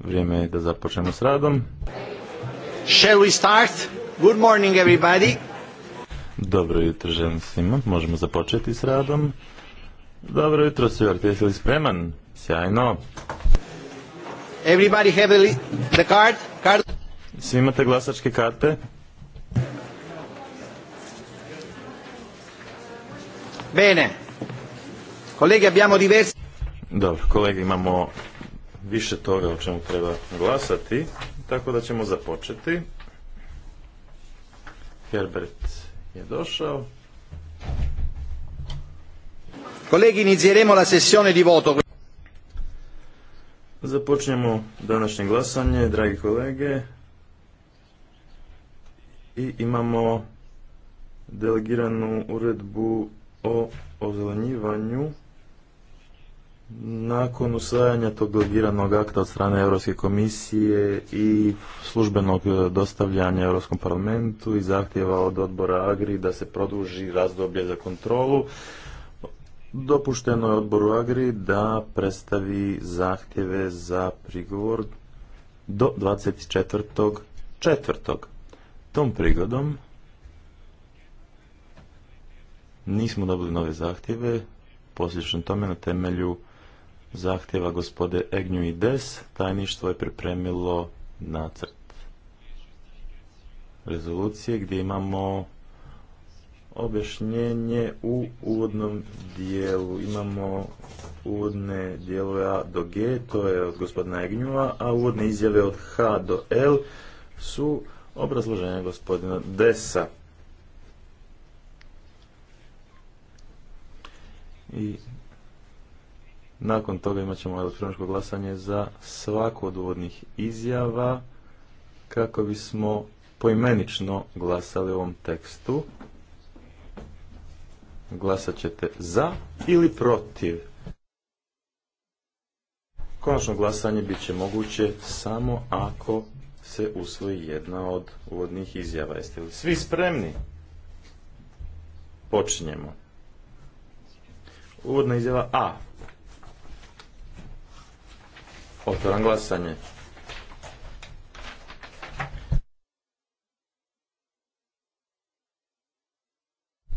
Vrijeme je da započnemo s radom. Shall we start? Good morning everybody. Dobro jutro želim svima. Možemo započeti s radom. Dobro jutro, Stuart. Jesi li spreman? Sjajno. Everybody have a the card? card? Svi imate glasačke karte? Bene. Kolege, abbiamo diversi... Dobro, kolege, imamo više toga o čemu treba glasati, tako da ćemo započeti. Herbert je došao. Kolegi, inizieremo la sessione di voto. Započnemo današnje glasanje, dragi kolege. I imamo delegiranu uredbu o ozelenjivanju nakon usvajanja tog delegiranog akta od strane Europske komisije i službenog e, dostavljanja Europskom parlamentu i zahtjeva od odbora Agri da se produži razdoblje za kontrolu, dopušteno je odboru Agri da predstavi zahtjeve za prigovor do 24. četvrtog. Tom prigodom nismo dobili nove zahtjeve, posljedično tome na temelju zahtjeva gospode Egnju i Des, tajništvo je pripremilo nacrt rezolucije gdje imamo objašnjenje u uvodnom dijelu. Imamo uvodne dijelove A do G, to je od gospodina Egnjua, a uvodne izjave od H do L su obrazloženje gospodina Desa. I nakon toga imat ćemo elektroničko glasanje za svaku od uvodnih izjava kako bismo poimenično glasali u ovom tekstu. Glasat ćete za ili protiv. Konačno glasanje bit će moguće samo ako se usvoji jedna od uvodnih izjava. Jeste li svi spremni? Počinjemo. Uvodna izjava A. Otvaram glasanje.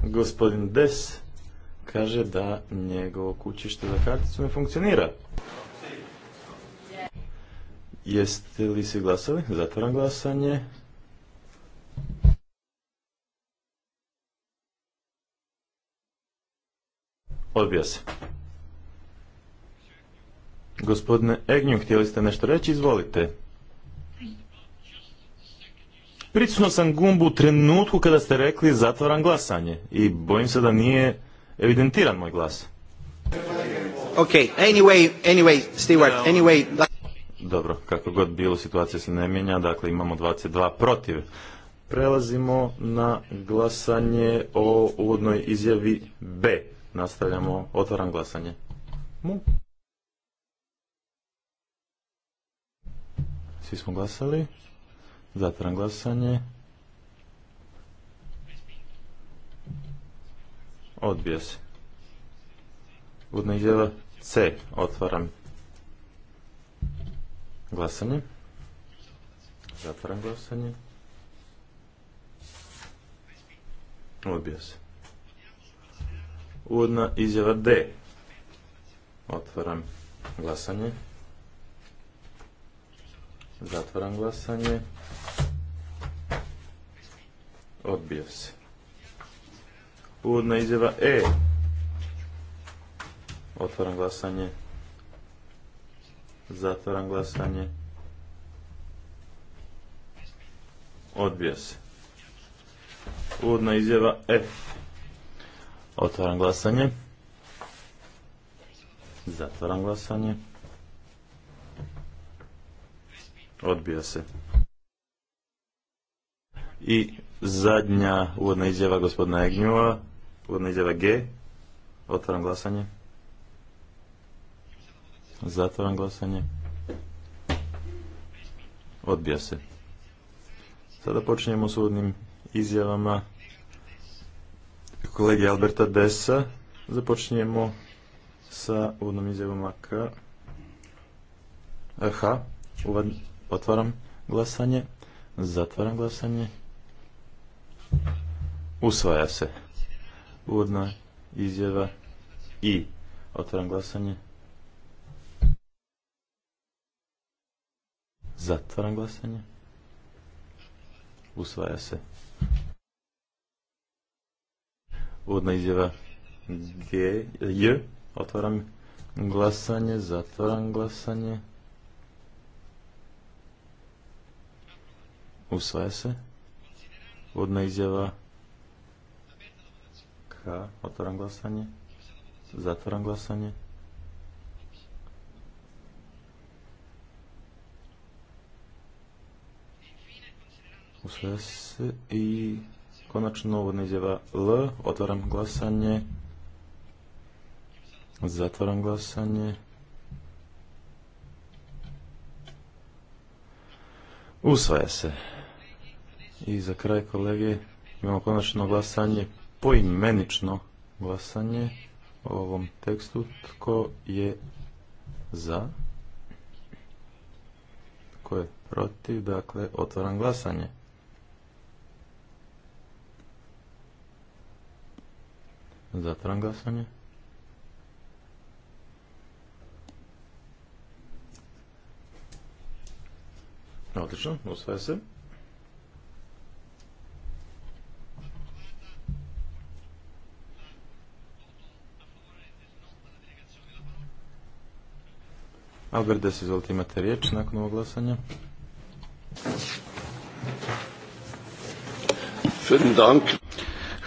Gospodin Des kaže da njegovo kućište za karticu ne funkcionira. Jeste li svi glasali? Zatvaram glasanje. Odbija se. Gospodine Egnju, htjeli ste nešto reći? Izvolite. Pricnuo sam gumbu u trenutku kada ste rekli zatvaram glasanje i bojim se da nije evidentiran moj glas. Ok, anyway, anyway, anyway... Dobro, kako god bilo, situacija se ne mijenja, dakle imamo 22 protiv. Prelazimo na glasanje o uvodnoj izjavi B. Nastavljamo, otvaram glasanje. Svi smo glasali. Zatvaram glasanje. Odbija se. Udna izjava C. Otvaram glasanje. Zatvaram glasanje. Odbija se. Uvodna izjava D. Otvaram glasanje. Zatvaram glasanje. Odbija se. Uvodna izjava E. Otvaram glasanje. Zatvaram glasanje. Odbija se. Uvodna izjava F. Otvaram glasanje. Zatvaram glasanje. Odbija se. I zadnja uvodna izjava gospodina Egnjova. uvodna izjava G. Otvaram glasanje. Zatvaram glasanje. Odbija se. Sada počinjemo s uvodnim izjavama kolege Alberta Dessa. Započinjemo sa uvodnom izjavom K. H. Otvaram glasanje. Zatvaram glasanje. Usvaja se. Uvodna izjava i otvaram glasanje. Zatvaram glasanje. Usvaja se. Uvodna izjava G, J. Otvaram glasanje, zatvaram glasanje. Usvaja se. Vodna izjava K. Otvaram glasanje. Zatvoram glasanje. Usvaja se i konačno vodna izjava L. Otvoram glasanje. Zatvoram glasanje. Usvaja se. I za kraj kolege imamo konačno glasanje, poimenično glasanje o ovom tekstu. Tko je za? Tko je protiv? Dakle, otvaram glasanje. Zatvaram glasanje. Odlično, usvaja se. Albert izvolite, imate riječ nakon ovog glasanja.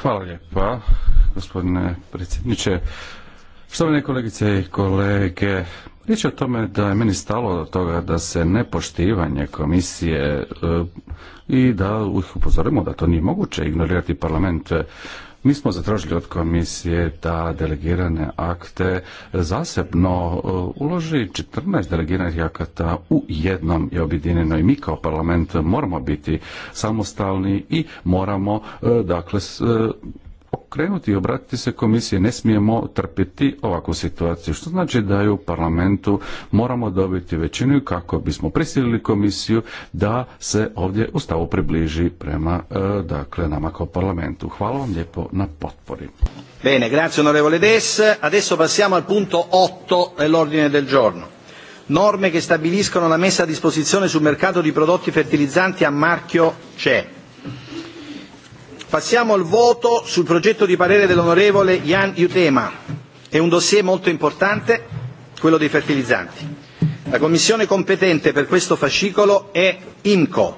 Hvala lijepa, gospodine predsjedniče. Štovane kolegice i kolege, riječ je o tome da je meni stalo od toga da se nepoštivanje komisije e, i da ih upozorimo da to nije moguće ignorirati parlament mi smo zatražili od komisije da delegirane akte zasebno e, uloži 14 delegiranih akata u jednom je objedinjeno i mi kao parlament moramo biti samostalni i moramo e, dakle e, okrenuti i obratiti se komisije. Ne smijemo trpiti ovakvu situaciju, što znači da je u parlamentu moramo dobiti većinu kako bismo prisilili komisiju da se ovdje ustavu približi prema e, dakle nama kao parlamentu. Hvala vam lijepo na potpori. Bene, grazie onorevole Des. Adesso passiamo al punto 8 dell'ordine del giorno norme che stabiliscono la messa a disposizione sul mercato di prodotti fertilizzanti a marchio CE. Passiamo al voto sul progetto di parere dell'onorevole Jan Jutema. È un dossier molto importante, quello dei fertilizzanti. La commissione competente per questo fascicolo è IMCO,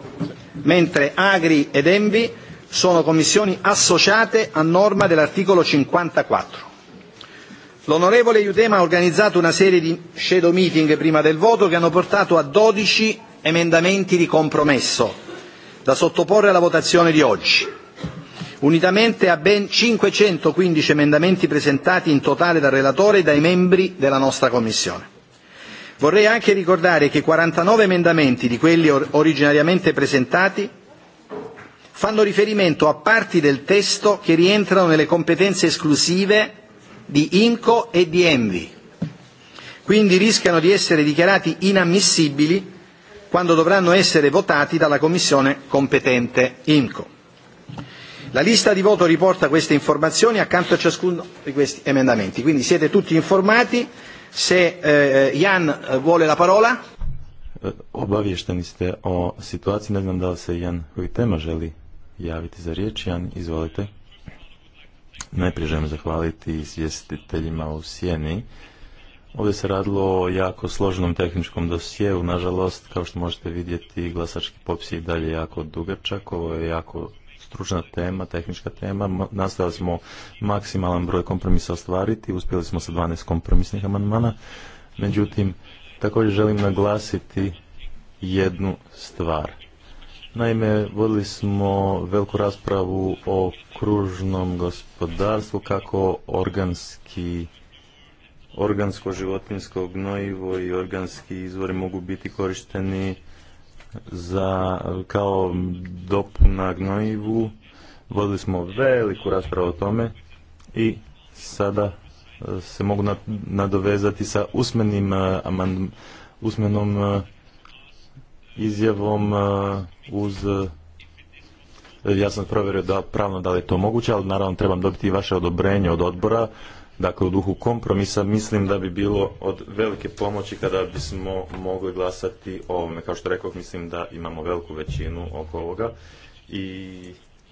mentre Agri ed Envi sono commissioni associate a norma dell'articolo 54. L'onorevole Jutema ha organizzato una serie di shadow meeting prima del voto che hanno portato a 12 emendamenti di compromesso da sottoporre alla votazione di oggi unitamente a ben 515 emendamenti presentati in totale dal relatore e dai membri della nostra Commissione. Vorrei anche ricordare che 49 emendamenti di quelli originariamente presentati fanno riferimento a parti del testo che rientrano nelle competenze esclusive di INCO e di ENVI, quindi rischiano di essere dichiarati inammissibili quando dovranno essere votati dalla Commissione competente INCO. La lista di voto riporta queste informazioni accanto a ciascuno di questi emendamenti, quindi siete tutti informati. Se eh, Jan eh, vuole la parola. Eh, Obavješteni ste o situaciji, ne znam da li se Jan tema želi javiti za riječ. Jan, izvolite. Najprije želim zahvaliti izvjestiteljima u Sjeni. Ovdje se radilo o jako složenom tehničkom dosjeu. Nažalost, kao što možete vidjeti, glasački popis je dalje jako dugačak. Ovo je jako stručna tema, tehnička tema. Nastavili smo maksimalan broj kompromisa ostvariti, uspjeli smo sa 12 kompromisnih amandmana. Međutim, također želim naglasiti jednu stvar. Naime, vodili smo veliku raspravu o kružnom gospodarstvu, kako organski organsko životinsko gnojivo i organski izvori mogu biti korišteni za, kao dop na gnojivu. Vodili smo veliku raspravu o tome i sada e, se mogu nadovezati sa usmenim e, usmenom e, izjavom uz ja sam provjerio da pravno da li je to moguće, ali naravno trebam dobiti i vaše odobrenje od odbora Dakle, u duhu kompromisa mislim da bi bilo od velike pomoći kada bismo mogli glasati o ovome. Kao što rekao, mislim da imamo veliku većinu oko ovoga i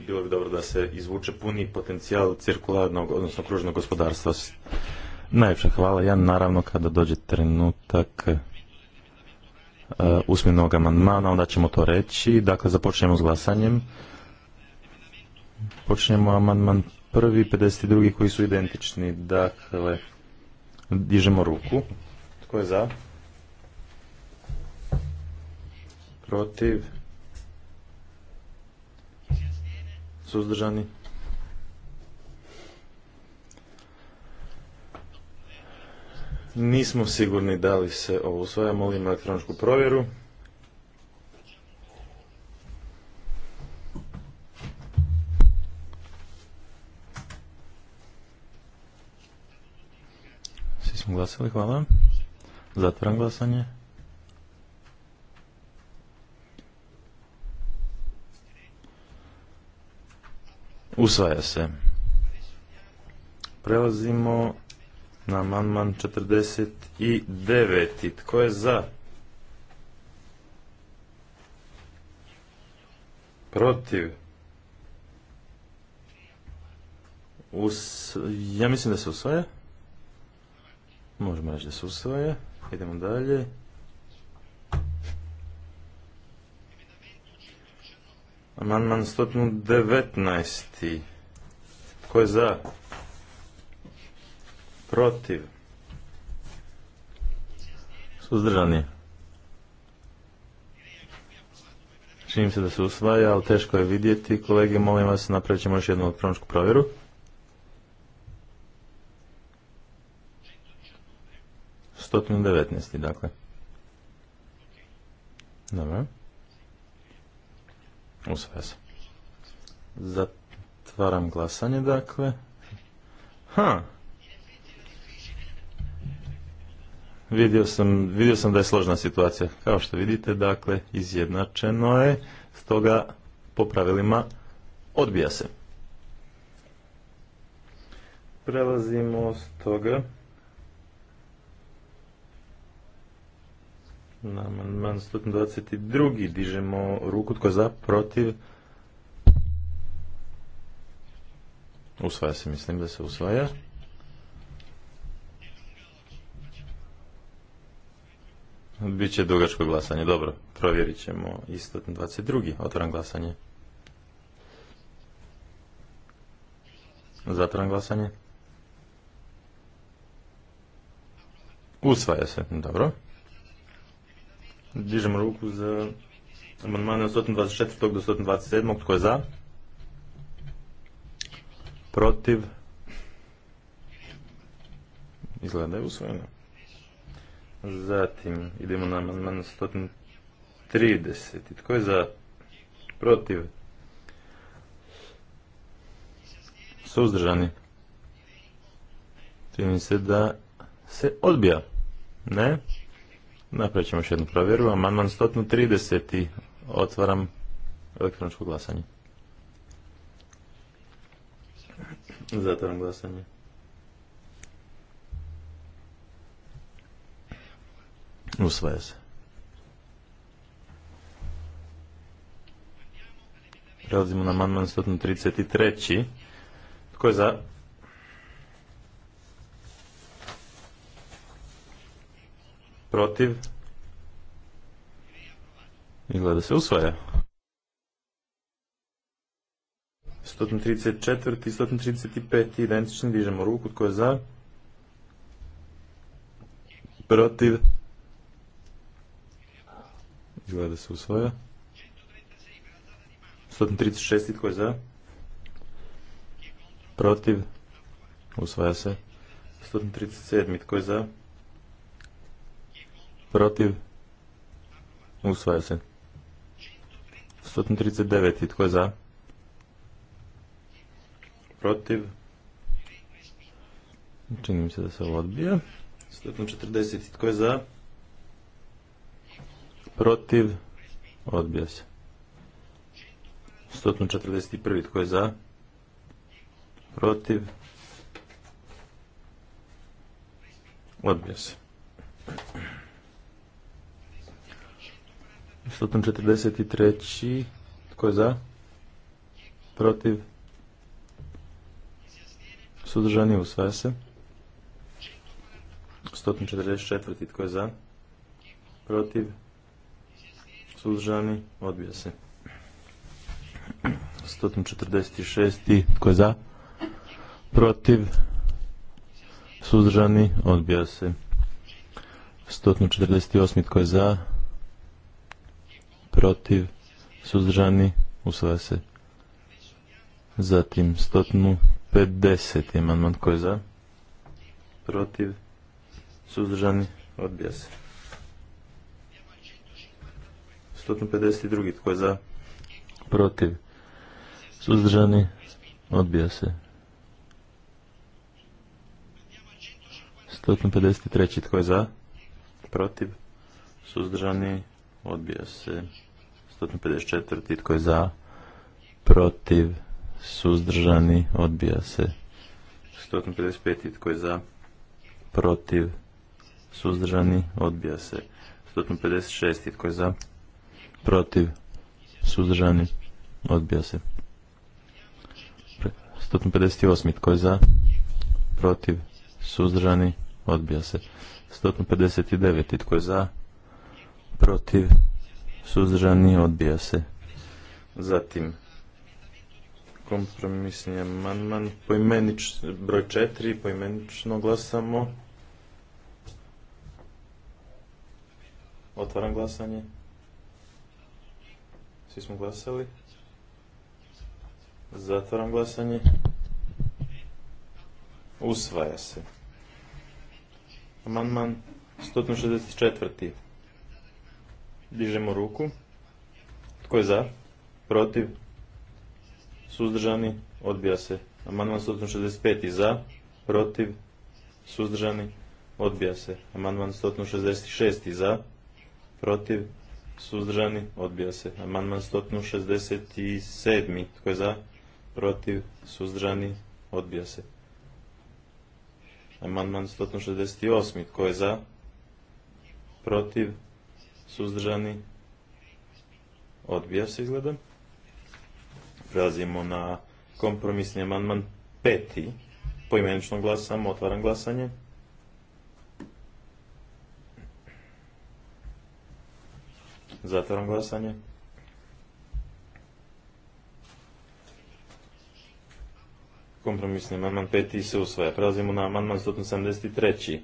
bilo bi dobro da se izvuče puni potencijal cirkularnog, odnosno kružnog gospodarstva. Najviše hvala. Ja naravno kada dođe trenutak Uh, usmenog amandmana, onda ćemo to reći. Dakle, započnemo s glasanjem. Počnemo amandman prvi i 52. koji su identični. Dakle, dižemo ruku. Tko je za? Protiv? Suzdržani? Nismo sigurni da li se ovo usvaja. Molim elektroničku provjeru. glasali, hvala. Zatvaram glasanje. Usvaja se. Prelazimo na manman 49. Tko je za? Protiv? Ja mislim da se usvaja. Možemo reći da se usvaja. Idemo dalje. Amandman 119. Ko je za? Protiv? Suzdržani? Čini se da se usvaja, ali teško je vidjeti. Kolege, molim vas, napravit ćemo još jednu elektroničku provjeru. 119. Dakle. Dobro. Usvaja se. Zatvaram glasanje, dakle. Ha! Vidio sam, vidio sam da je složna situacija. Kao što vidite, dakle, izjednačeno je. Stoga, po pravilima, odbija se. Prelazimo stoga na amandman 122. Dižemo ruku tko za, protiv. Usvaja se, mislim da se usvaja. Biće dugačko glasanje, dobro. Provjerit ćemo i 122. Otvaram glasanje. Zatvaram glasanje. Usvaja se, dobro. Dižemo ruku za amandmane od 124. do 127. Tko je za? Protiv? Izgleda da je usvojeno. Zatim idemo na amandman 130. Tko je za? Protiv? Suzdržani? Čini se da se odbija. Ne? Napravit ćemo još jednu provjeru. Amandman 130. I otvaram elektroničko glasanje. Zatvaram glasanje. Usvaja se. Prelazimo na amandman 133. Tko je za? protiv i da se usvaja 134. i 135. identični dižemo ruku tko je za protiv i da se usvaja 136. tko je za protiv usvaja se 137. tko je za protiv, usvaja se. 139. Tko je za? Protiv? Čini mi se da se ovo odbija. 140. Tko je za? Protiv? Odbija se. 141. Tko je za? Protiv? Odbija se. 143. Tko je za? Protiv? Sudržani usvaja se. 144. Tko je za? Protiv? Sudržani odbija se. 146. Tko je za? Protiv? Sudržani. odbija se. 148. Tko je za? protiv, suzdržani, usvaja se. Zatim 150. amandman tko je za, protiv, suzdržani, odbija se. 152. tko je za, protiv, suzdržani, odbija se. 153. tko je za, protiv, suzdržani, odbija se. 154. Tko je za? Protiv? Suzdržani? Odbija se. 155. Tko je za? Protiv? Suzdržani? Odbija se. 156. Tko je za? Protiv? Suzdržani? Odbija se. 158. Tko je za? Protiv? Suzdržani? Odbija se. 159. Tko je za? Protiv? suzdržani, odbija se. Zatim, kompromisni amandman, poimenič, broj četiri, poimenično glasamo. Otvaram glasanje. Svi smo glasali. Zatvaram glasanje. Usvaja se. Amandman 164. Dižemo ruku. Tko je za? Protiv? Suzdržani? Odbija se. Amandman 165. Za? Protiv? Suzdržani? Odbija se. Amandman 166. Za? Protiv? Suzdržani? Odbija se. Amandman 167. Tko je za? Protiv? Suzdržani? Odbija se. Amandman 168. Tko je za? Protiv? suzdržani, odbija se izgleda. Prelazimo na kompromisni amandman peti, poimenično glasamo, otvaram glasanje. Zatvaram glasanje. Kompromisni amandman peti se usvaja. Prelazimo na amandman 173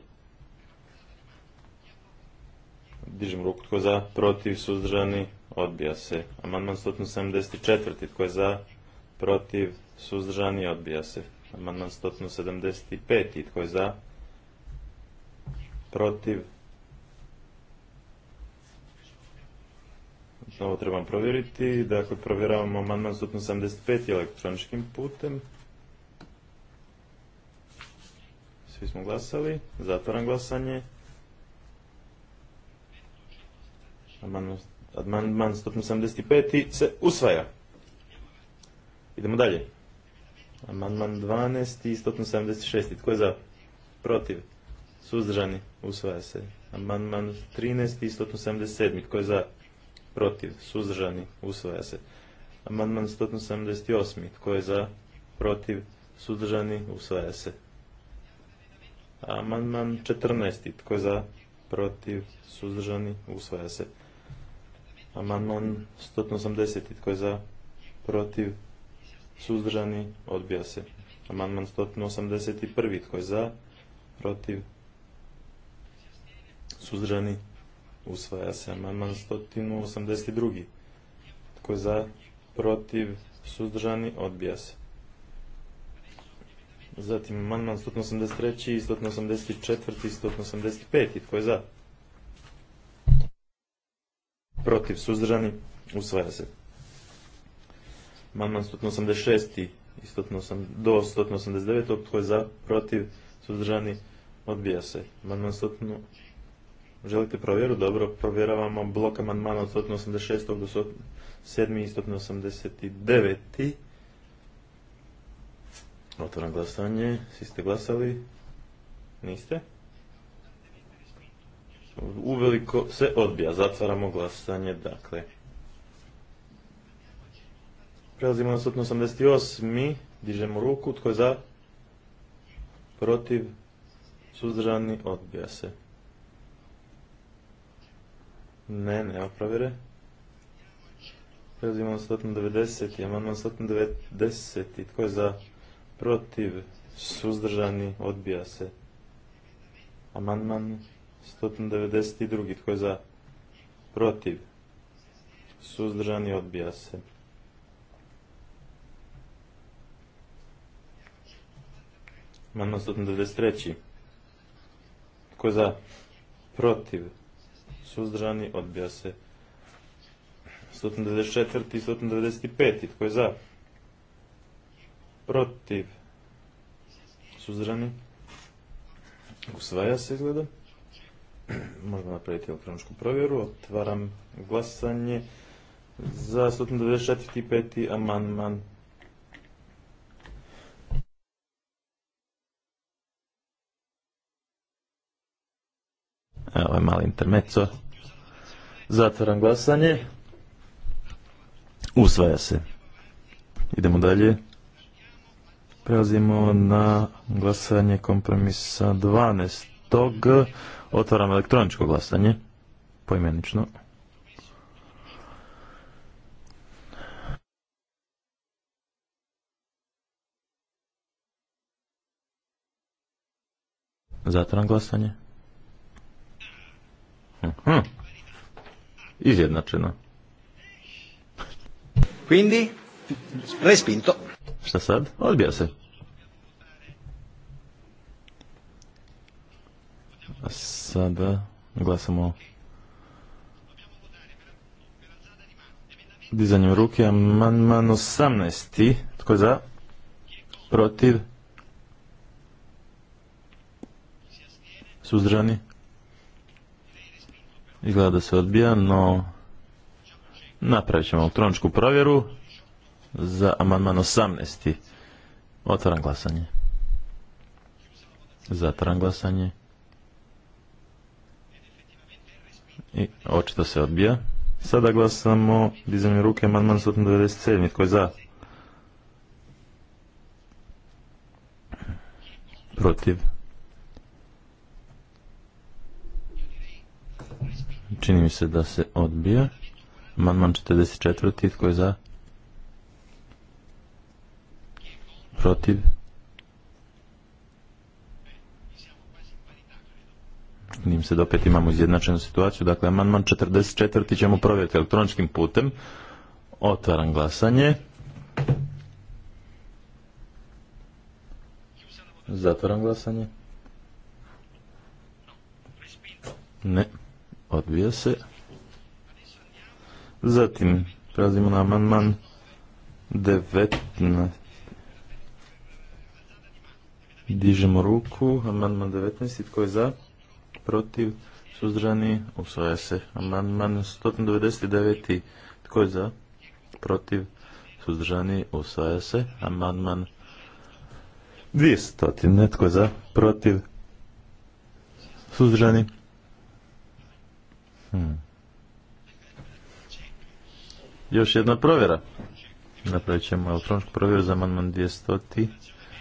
dižem ruku tko za, protiv, suzdržani, odbija se. Amandman 174. Tko je za, protiv, suzdržani, odbija se. Amandman 175. Tko je za, protiv, ovo trebam provjeriti. Dakle, provjeravamo amandman 175. elektroničkim putem. Svi smo glasali. Zatvaram glasanje. Amandman 175. se usvaja. Idemo dalje. Amandman 12. i 176. Tko je za? Protiv. Suzdržani. Usvaja se. Amandman 13. i 177. Tko je za? Protiv. Suzdržani. Usvaja se. Amandman 178. Tko je za? Protiv. Suzdržani. Usvaja se. Amandman 14. Tko je za? Protiv. Suzdržani. Usvaja se. Amandman 180. Tko je za? Protiv? Suzdržani? Odbija se. Amandman 181. Tko je za? Protiv? Suzdržani? Usvaja se. Amandman 182. Tko je za? Protiv? Suzdržani? Odbija se. Zatim amandman 183. i 184. 185. Tko je za? protiv, suzdržani, usvaja se. Amandman 186. i 108, do 189. tko je za, protiv, suzdržani, odbija se. Amandman Želite provjeru? Dobro, provjeravamo blok amandmana od 186. do 107. i 189. Otvoram glasanje. Svi ste glasali? Niste? uveliko se odbija. Zatvaramo glasanje, dakle. Prelazimo na Mi Dižemo ruku. Tko je za? Protiv? Suzdržani? Odbija se. Ne, ne opravire. Prelazimo na 190. Amandman 190. Tko je za? Protiv? Suzdržani? Odbija se. Amandman 192. Tko je za? Protiv. Suzdržani odbija se. 193. Tko je za? Protiv. Suzdržani odbija se. 194. i 195. Tko je za? Protiv. Suzdržani. Usvaja se izgleda. Možemo napraviti elektroničku provjeru. Otvaram glasanje za 194.5. četiri amandman. Evo je ovaj mali intermeco. Zatvaram glasanje. Usvaja se. Idemo dalje. Prelazimo na glasanje kompromisa 12. Otvaram elektroničko glasanje, poimenično. Zatvaram glasanje. Mhm. Izjednačeno. Quindi, respinto. Šta sad? Odbija se. A sada glasamo dizanjem ruke, amandman 18. Tko je za? Protiv? Suzdržani? Izgleda da se odbija, no napravit ćemo elektroničku provjeru za amandman 18. Otvaram glasanje. Zatvaram glasanje. I očito se odbija. Sada glasamo dizanjem ruke amandman 197. Tko je za? Protiv. Čini mi se da se odbija. Amandman 44. Tko je za? Protiv. Nim se da opet imamo izjednačenu situaciju. Dakle, amandman 44. ćemo provjeriti elektroničkim putem. Otvaram glasanje. Zatvaram glasanje. Ne, odvija se. Zatim, prelazimo na amandman 19. Dižemo ruku, amandman 19. Tko je za? protiv, suzdržani, usvaja se. Amandman 199. Tko je za? Protiv, suzdržani, usvaja se. Amandman 200. Tko je za? Protiv, suzdržani. Hmm. Još jedna provjera. Napravit ćemo elektronsku provjeru za amandman 200.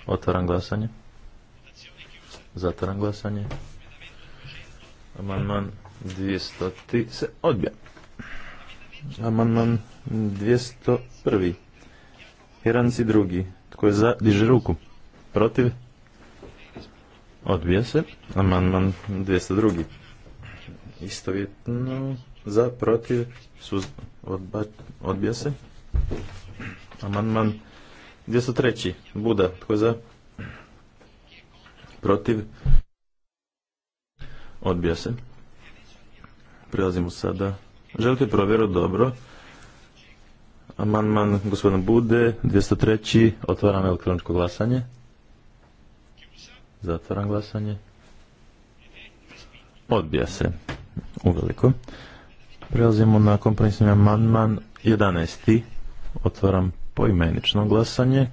Otvaram glasanje. Zatvaram glasanje. Amandman 200 se odbija. Amandman 201. Heranci drugi. Tko je za? Diže ruku. Protiv? Odbija se. Amandman 202. Istovjetno. Za, protiv, suz... Odba... odbija se. Amandman 203. Buda. Tko je za? Protiv? Odbija se. Prelazimo sada. Želite provjeru? Dobro. Amandman gospodin Bude, 203. Otvaram elektroničko glasanje. Zatvaram glasanje. Odbija se. Uveliko. Prelazimo na kompromisni Amanman, 11. Otvaram poimenično glasanje.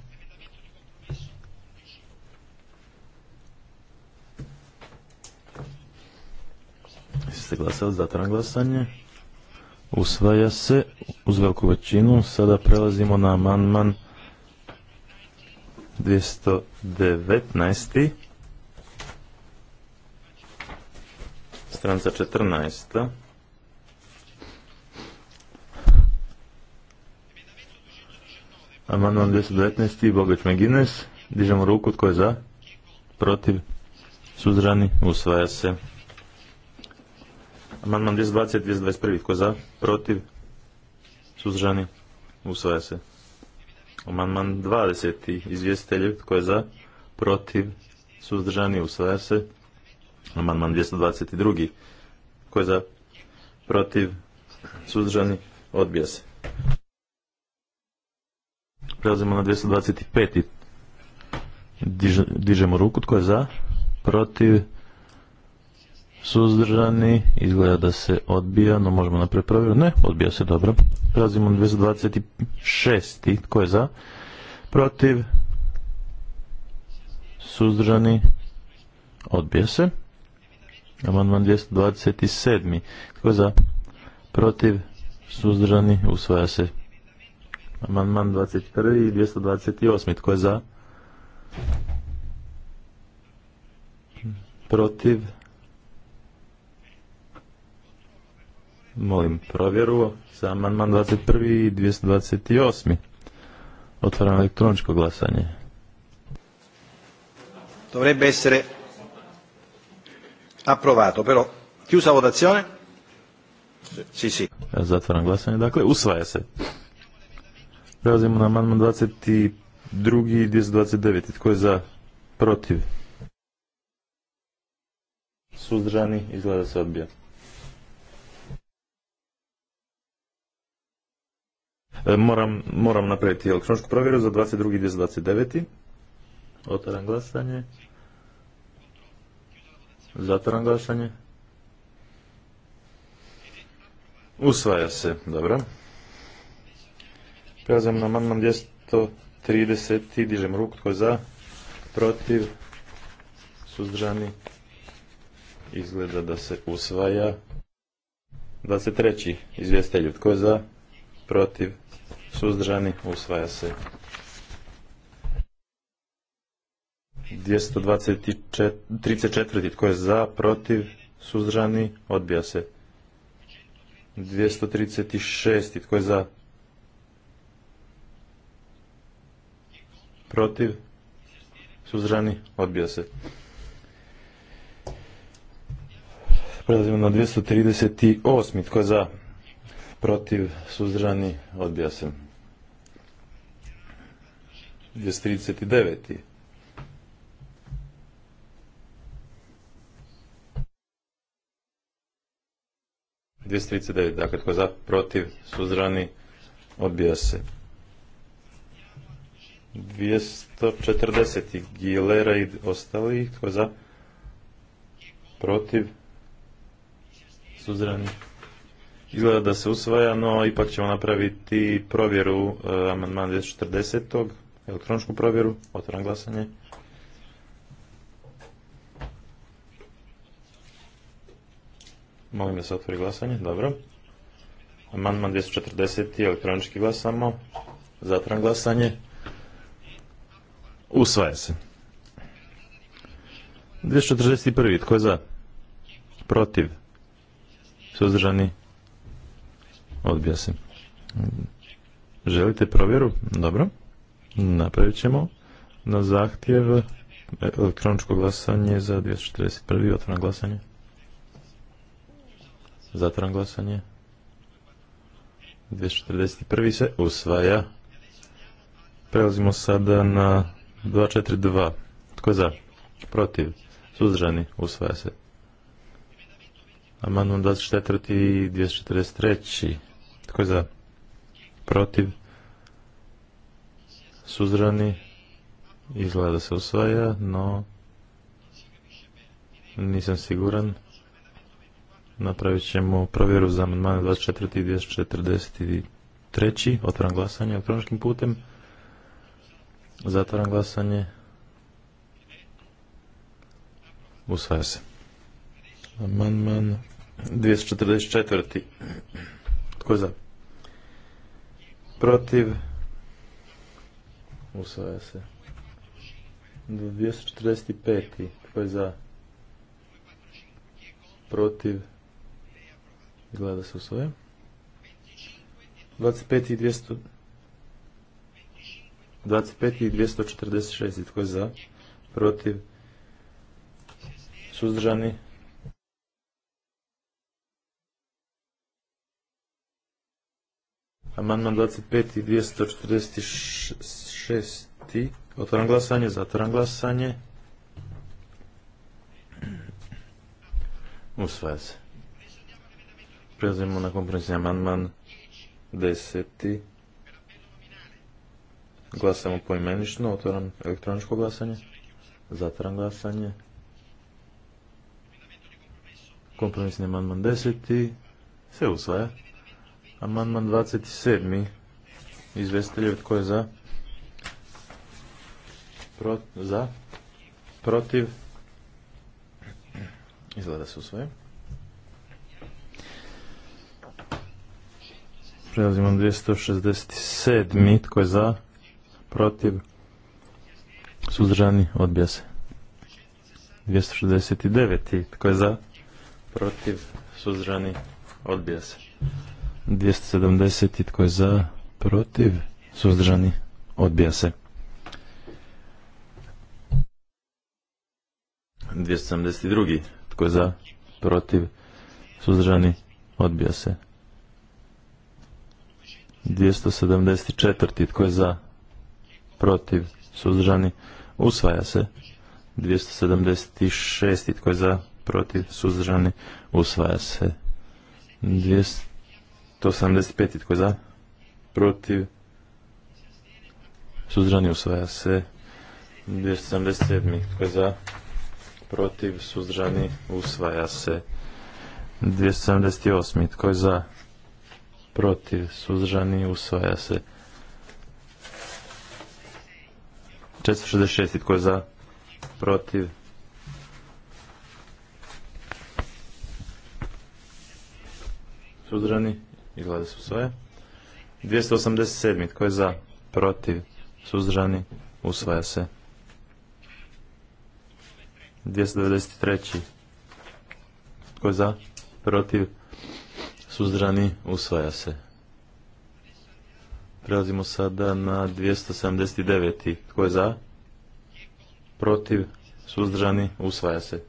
ste glasali, zatvaram glasanje. Usvaja se uz veliku većinu. Sada prelazimo na amandman 219. Stranca 14. Amandman 219. Bogać Megines. Dižemo ruku. Tko je za? Protiv? suzrani Usvaja se. Amandman 220, 221. Tko je za? Protiv? Suzdržani? Usvaja se. Amandman 20. Izvjestitelj. Tko je za? Protiv? Suzdržani? Usvaja se. Amandman 222. Tko je za? Protiv? Suzdržani? Odbija se. Prelazimo na 225. dižemo ruku. Tko je za? Protiv? suzdržani, izgleda da se odbija, no možemo na provjeru. Ne, odbija se, dobro. Prelazimo na 226. Tko je za? Protiv? Suzdržani? Odbija se. Amandman 227. Tko je za? Protiv? Suzdržani? Usvaja se. Amandman 21. i 228. Tko je za? Protiv? Molim provjeru za amandman 21. i 228. Otvaram elektroničko glasanje. Dovrebbe essere approvato, però chiusa votazione. Sì, sì. Zatvaram glasanje, dakle usvaja se. Prelazimo na amandman 22. i 229. Tko je za protiv? Suzdržani izgleda se odbija. E, moram, moram napraviti elektroničku provjeru za 22. i devet Otvaram glasanje. Zatvaram glasanje. Usvaja se, dobro. Prelazim na amandman 230. Dižem ruku, tko je za, protiv, suzdržani. Izgleda da se usvaja. 23. izvjestelju, tko je za, protiv, suzdržani, usvaja se. 234. Tko je za, protiv, suzdržani, odbija se. 236. Tko je za, protiv, suzdržani, odbija se. Prelazimo na 238. Tko je za, protiv, suzdržani, odbija se. 239. Dvjesto dakle tko je za, protiv, suzdržani, odbija se. 240. Gilera i ostali tko je za, protiv, suzdržani, izgleda da se usvaja, no ipak ćemo napraviti provjeru e, amandman amandman 240. elektroničku provjeru, otvoran glasanje. Molim da se otvori glasanje, dobro. Amandman 240. elektronički glasamo, zatvoram glasanje. Usvaja se. 241. Tko je za? Protiv? Suzdržani? Odbija se. Želite provjeru? Dobro. Napravit ćemo na zahtjev e, elektroničko glasanje za 241. Otvoreno glasanje. Zatvoreno glasanje. 241. se usvaja. Prelazimo sada na 242. Tko je za? Protiv. Suzdržani. Usvaja se. Amandman 24. i 243. Tko je za? Protiv? Suzrani? Izgleda da se usvaja, no nisam siguran. Napravit ćemo provjeru za amandmane 24. i 243. Otvaram glasanje elektroničkim putem. Zatvaram glasanje. Usvaja se. Amandman 244. Tko je za? protiv, usvaja se. 245. Tko je za? Protiv? gleda se usvaja 25. i 200... 25. i 246. Tko je za? Protiv? Suzdržani? Amandman 25 i 246. Otvaram glasanje, zatvaram glasanje. Usvaja se. Prelazimo na kompromisni amandman 10. Glasamo poimenično, otvaram elektroničko glasanje, zatvaram glasanje. Kompromisni amandman 10. Se usvaja. Amandman 27. Izvestelje, tko je za? za? Protiv? Izgleda se usvoje. Prelazimo 267. Tko je za? Protiv? Suzdržani? Odbija se. 269. Tko je za? Protiv? Suzdržani? Odbija se. 270 i tko je za, protiv, suzdržani, odbija se. 272. Tko je za, protiv, suzdržani, odbija se. 274. Tko je za, protiv, suzdržani, usvaja se. 276. Tko je za, protiv, suzdržani, usvaja se. 200 175. Tko je za? Protiv? Suzdržani usvaja se. 277. Tko je za? Protiv? Suzdržani usvaja se. 278. Tko je za? Protiv? Suzdržani usvaja se. 466. Tko je za? Protiv? Suzdržani? Izgleda da su sve. 287. Tko je za? Protiv. Suzdržani. Usvaja se. 293. Tko je za? Protiv. Suzdržani. Usvaja se. Prelazimo sada na 279. Tko je za? Protiv. Suzdržani. Usvaja se.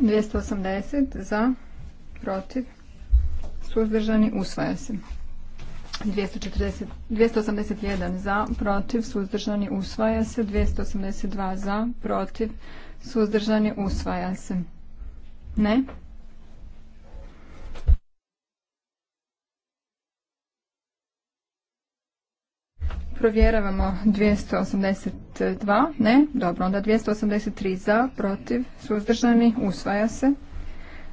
280 za protiv, suzdržani, usvaja se. 281 za, protiv, suzdržani, usvaja se. 282 za, protiv, suzdržani, usvaja se. Ne? Provjeravamo 282, ne, dobro, onda 283 za, protiv, suzdržani, usvaja se.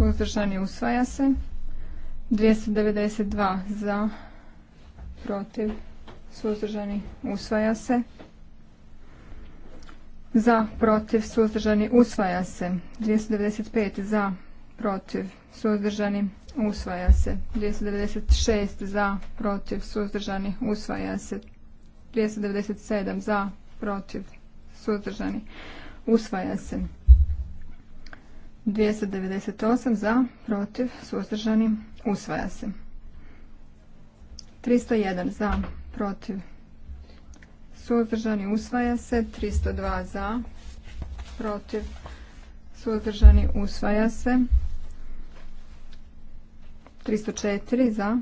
suzdržani usvaja se. 292 za, protiv, suzdržani usvaja se. Za, protiv, suzdržani usvaja se. 295 za, protiv, suzdržani usvaja se. 296 za, protiv, suzdržani usvaja se. 297 za, protiv, suzdržani usvaja se. 298 za, protiv, suzdržani, usvaja se. 301 za, protiv, suzdržani, usvaja se. 302 za, protiv, suzdržani, usvaja se. 304 za,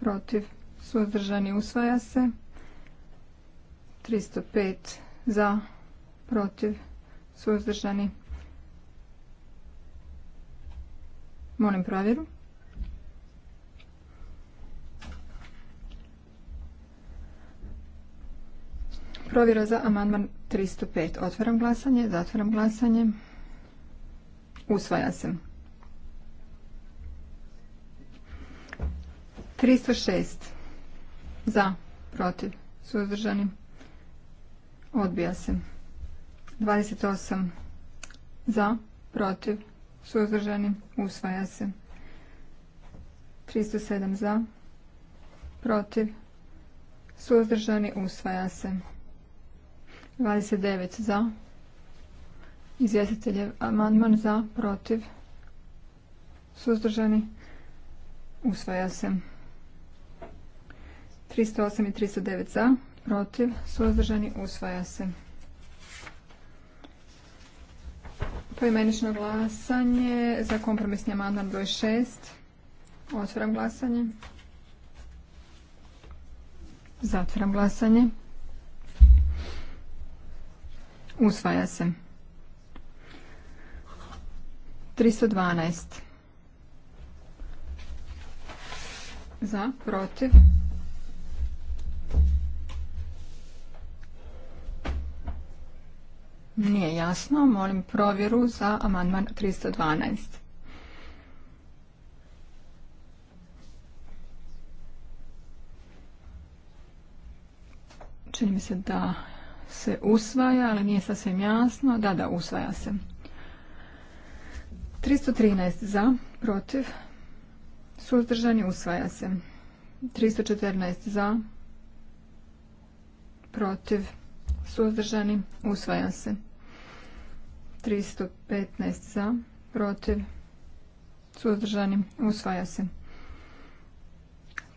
protiv, suzdržani, usvaja se. 305 za, protiv, suzdržani, usvaja se. Molim provjeru. Provjera za amandman 305. Otvaram glasanje, zatvaram glasanje. Usvaja se. 306. Za, protiv, suzdržani. Odbija se. 28. Za, protiv, Suzdržani? Usvaja se. 307 za. Protiv? Suzdržani? Usvaja se. 29 za. Izvjestitelj je amandman za. Protiv? Suzdržani? Usvaja se. 308 i 309 za. Protiv? Suzdržani? Usvaja se. Poimenično glasanje za kompromisni amandman broj 6. Otvaram glasanje. Zatvaram glasanje. Usvaja se. 312. Za, protiv, Nije jasno. Molim provjeru za amandman 312. Čini mi se da se usvaja, ali nije sasvim jasno. Da, da, usvaja se. 313 za, protiv, suzdržani, usvaja se. 314 za, protiv, suzdržani, usvaja se. 315 za, protiv, suzdržani, usvaja se.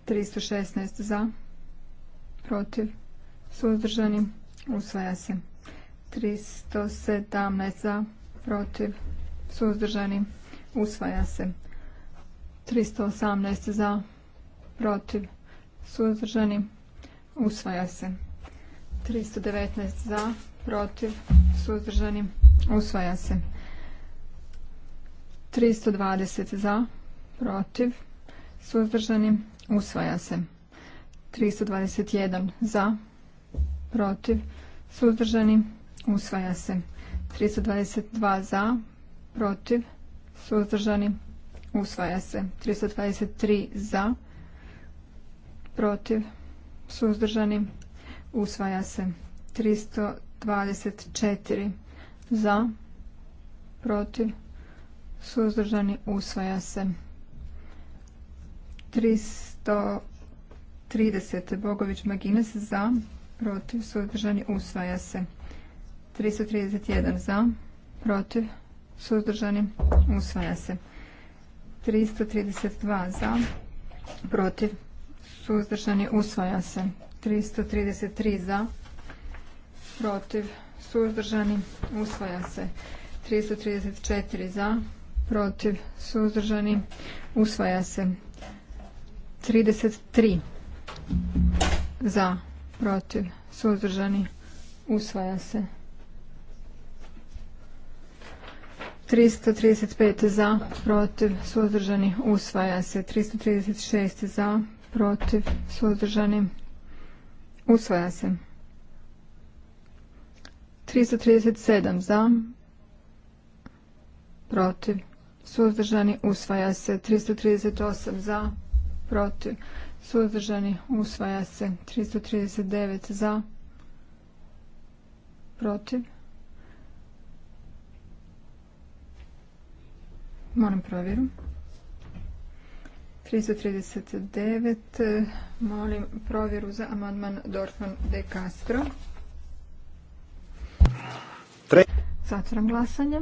316 za, protiv, suzdržani, usvaja se. 317 za, protiv, suzdržani, usvaja se. 318 za, protiv, suzdržani, usvaja se. 319 za, protiv, suzdržani, Usvaja se. 320 za, protiv, suzdržani. Usvaja se. 321 za, protiv, suzdržani. Usvaja se. 322 za, protiv, suzdržani. Usvaja se. 323 za, protiv, suzdržani. Usvaja se. 324 za, protiv, suzdržani, usvaja se. 330 Bogović Magines za, protiv, suzdržani, usvaja se. 331 za, protiv, suzdržani, usvaja se. 332 za, protiv, suzdržani, usvaja se. 333 za, protiv, suzdržani, usvaja se. 334 za, protiv, suzdržani, usvaja se. 33 za, protiv, suzdržani, usvaja se. 335 za, protiv, suzdržani, usvaja se. 336 za, protiv, suzdržani, usvaja se. 337 za, protiv, suzdržani, usvaja se. 338 za, protiv, suzdržani, usvaja se. 339 za, protiv. Moram provjeru. 339. Molim provjeru za amandman Dorfman de Castro. Zatvoram glasanje.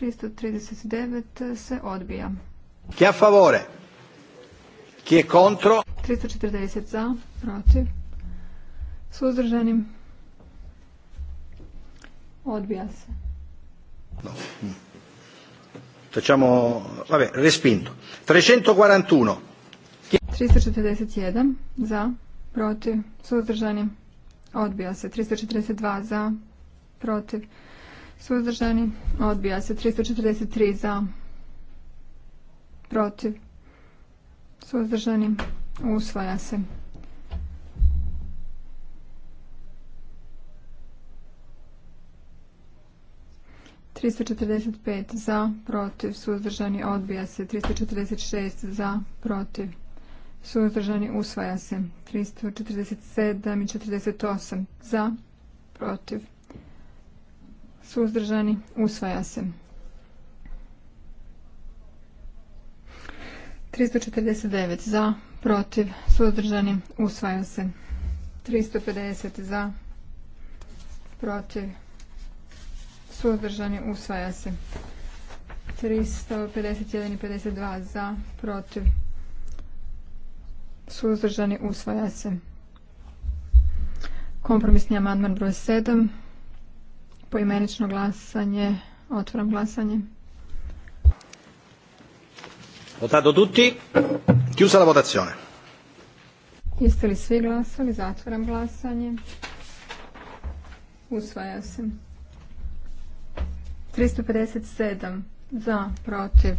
339 se odbija. Chi a favore? Chi je contro? 340 za, protiv. Suzdržanim. Odbija se. No. Facciamo, vabbè, respinto. 341. 341 za, protiv, suzdržanim. Odbija se 342 za, protiv, suzdržani. Odbija se 343 za, protiv, suzdržani. Usvaja se. 345 za protiv suzdržani odbija se 346 za protiv Suzdržani usvaja se. 347 i 48 za, protiv. Suzdržani usvaja se. 349 za, protiv, suzdržani, usvaja se. 350 za, protiv, suzdržani, usvaja se. 351 i 52 za, protiv, suzdržani, usvaja se. Kompromisni amandman broj 7, poimenično glasanje, otvaram glasanje. Votato tutti, chiusa la votazione. Jeste li svi glasali? Zatvaram glasanje. Usvaja se. 357 za, protiv.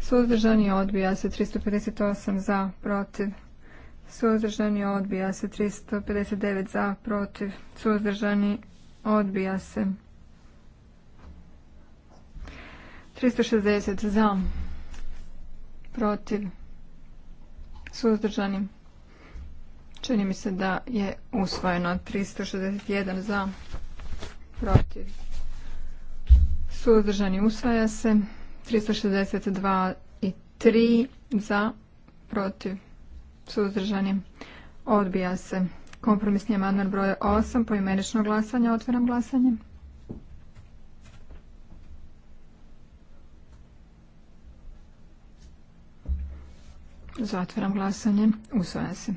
Suzdržani odbija se 358 za, protiv. Suzdržani odbija se 359 za, protiv. Suzdržani odbija se 360 za, protiv. Suzdržani Čini mi se da je usvojeno 361 za, protiv. Suzdržani usvaja se 362 i 3 za, protiv. Suzdržani. Odbija se. Kompromisni amandman broj 8. Poimenično glasanje. Otvaram glasanje. Zatvaram glasanje. Usvaja se.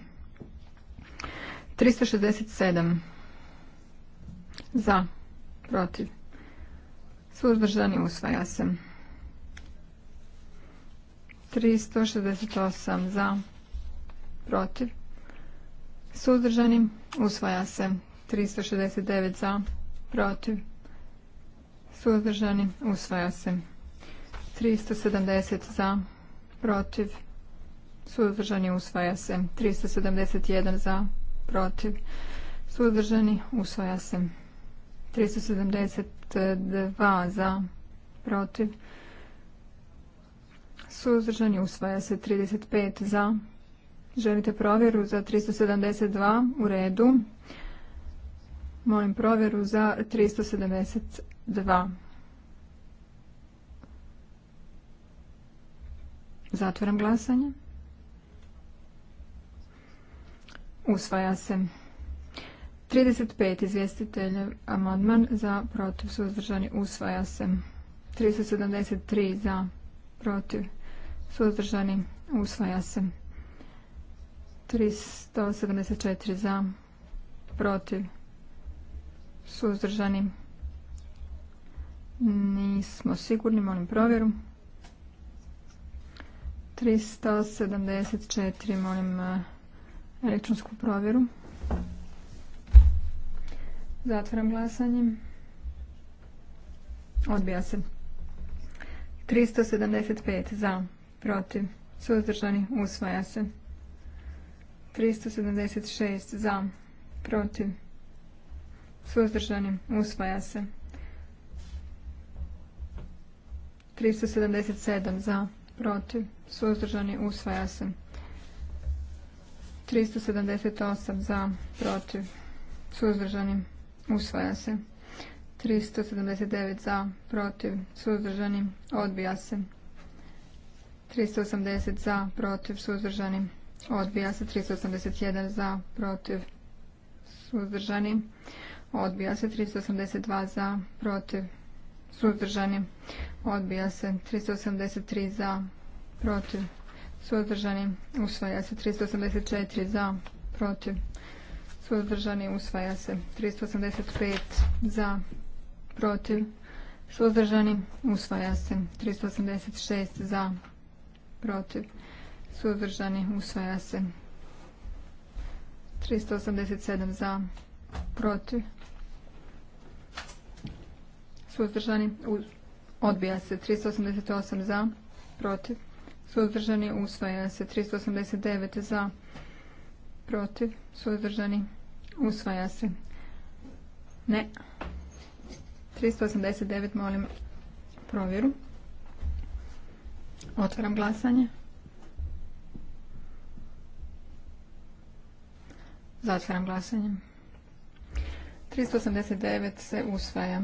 367. Za. Protiv. Suzdržani usvaja se. 368 za protiv, suzdržani, usvaja se. 369 za, protiv, suzdržanim usvaja se. 370 za, protiv, suzdržani, usvaja se. 371 za, protiv, suzdržani, usvaja se. 372 za, protiv, suzdržani, usvaja se. 35 za, protiv, Želite provjeru za 372 u redu. Molim provjeru za 372. Zatvaram glasanje. Usvaja se. 35 izvjestitelj amandman za protiv suzdržani usvaja se. 373 za protiv suzdržani usvaja se. 374 za, protiv, suzdržani. Nismo sigurni, molim provjeru. 374, molim eh, elektronsku provjeru. Zatvaram glasanje. Odbija se. 375 za, protiv, suzdržani, usvaja se. 376 za, protiv, suzdržani, usvaja se. 377 za, protiv, suzdržani, usvaja se. 378 za, protiv, suzdržani, usvaja se. 379 za, protiv, suzdržani, odbija se. 380 za, protiv, suzdržani, Odbija se 381 za, protiv, suzdržani. Odbija se 382 za, protiv, suzdržani. Odbija se 383 za, protiv, suzdržani. Usvaja se 384 za, protiv, suzdržani. Usvaja se 385 za, protiv, suzdržani. Usvaja se 386 za, protiv, Suzdržani usvaja se. 387 za. Protiv. Suzdržani odbija se. 388 za. Protiv. Suzdržani usvaja se. 389 za. Protiv. Suzdržani usvaja se. Ne. 389 molim provjeru. Otvaram glasanje. Zatvaram glasanje. 389 se usvaja.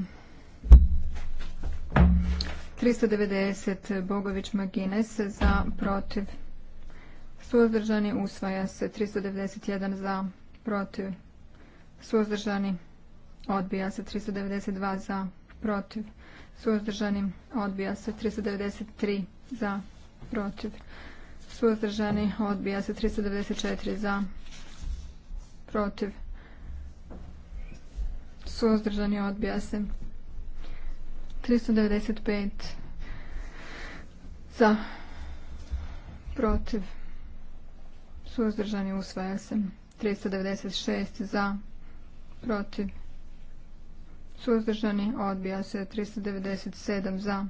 390 Bogović Magines za protiv. Suzdržani usvaja se 391 za protiv. Suzdržani odbija se 392 za protiv. Suzdržani odbija se 393 za protiv. Suzdržani odbija se 394 za protiv, suzdržani odbija se. 395 za, protiv, suzdržani usvaja se. 396 za, protiv, suzdržani odbija se. 397 za,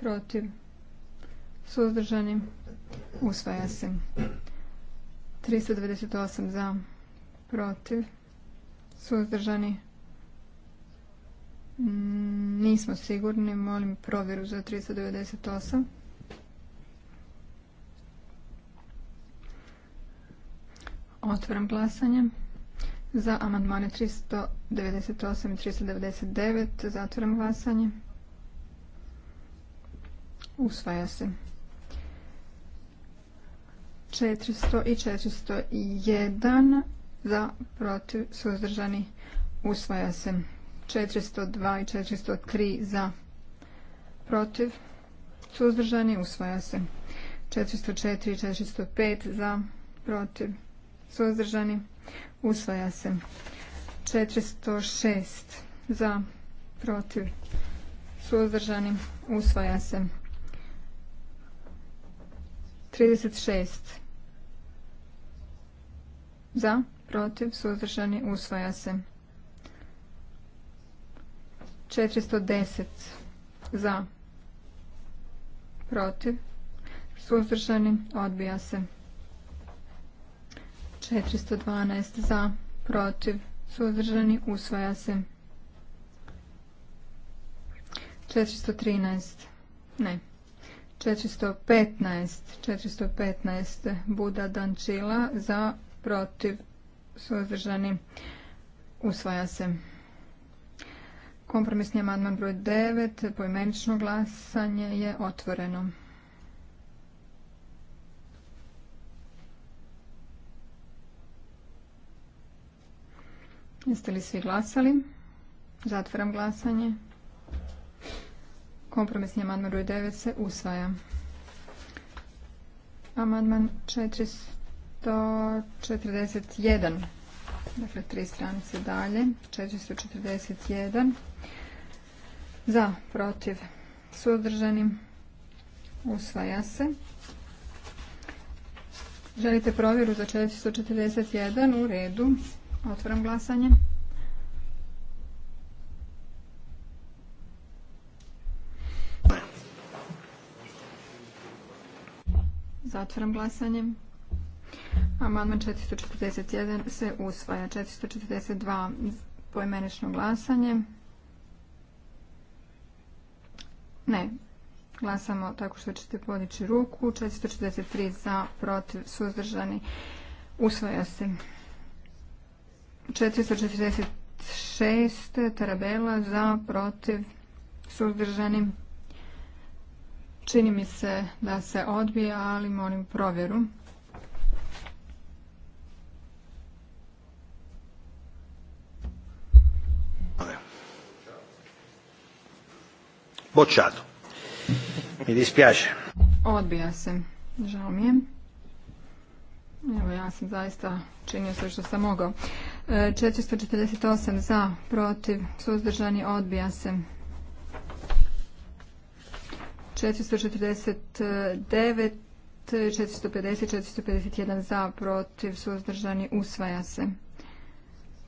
protiv, suzdržani usvaja se. 398 za, protiv, suzdržani. Mm, nismo sigurni, molim provjeru za 398. Otvaram glasanje. Za amandmane 398 i 399 zatvaram glasanje. Usvaja se. 400 i 401 za protiv suzdržani usvaja se 402 i 403 za protiv suzdržani usvaja se 404 i 405 za protiv suzdržani usvaja se 406 za protiv suzdržani usvaja se 36 za, protiv, suzdržani, usvaja se. 410 za, protiv, suzdržani, odbija se. 412 za, protiv, suzdržani, usvaja se. 413, ne, 415, 415 Buda Dančila za, protiv, suzdržani, usvaja se. Kompromisni amandman broj 9, pojmenično glasanje je otvoreno. Jeste li svi glasali? Zatvaram glasanje. Kompromisni amandman broj 9 se usvaja. Amandman 400. 441. Dakle, tri stranice dalje. 441. Za, protiv, suzdržani. Usvaja se. Želite provjeru za 441? U redu. Otvaram glasanje. Zatvaram glasanje. Amandman 441 se usvaja. 442 pojmenično glasanje. Ne. Glasamo tako što ćete podići ruku. 443 za, protiv, suzdržani. Usvaja se. 446 Tarabela za, protiv, suzdržani. Čini mi se da se odbija, ali molim provjeru. Bocciato. Mi dispiace. Odbija se. Žao mi je. Evo ja sam zaista činio sve što sam mogao. 448 e, za, protiv, suzdržani, odbija se. 449, 450, 451 za, protiv, suzdržani, usvaja se.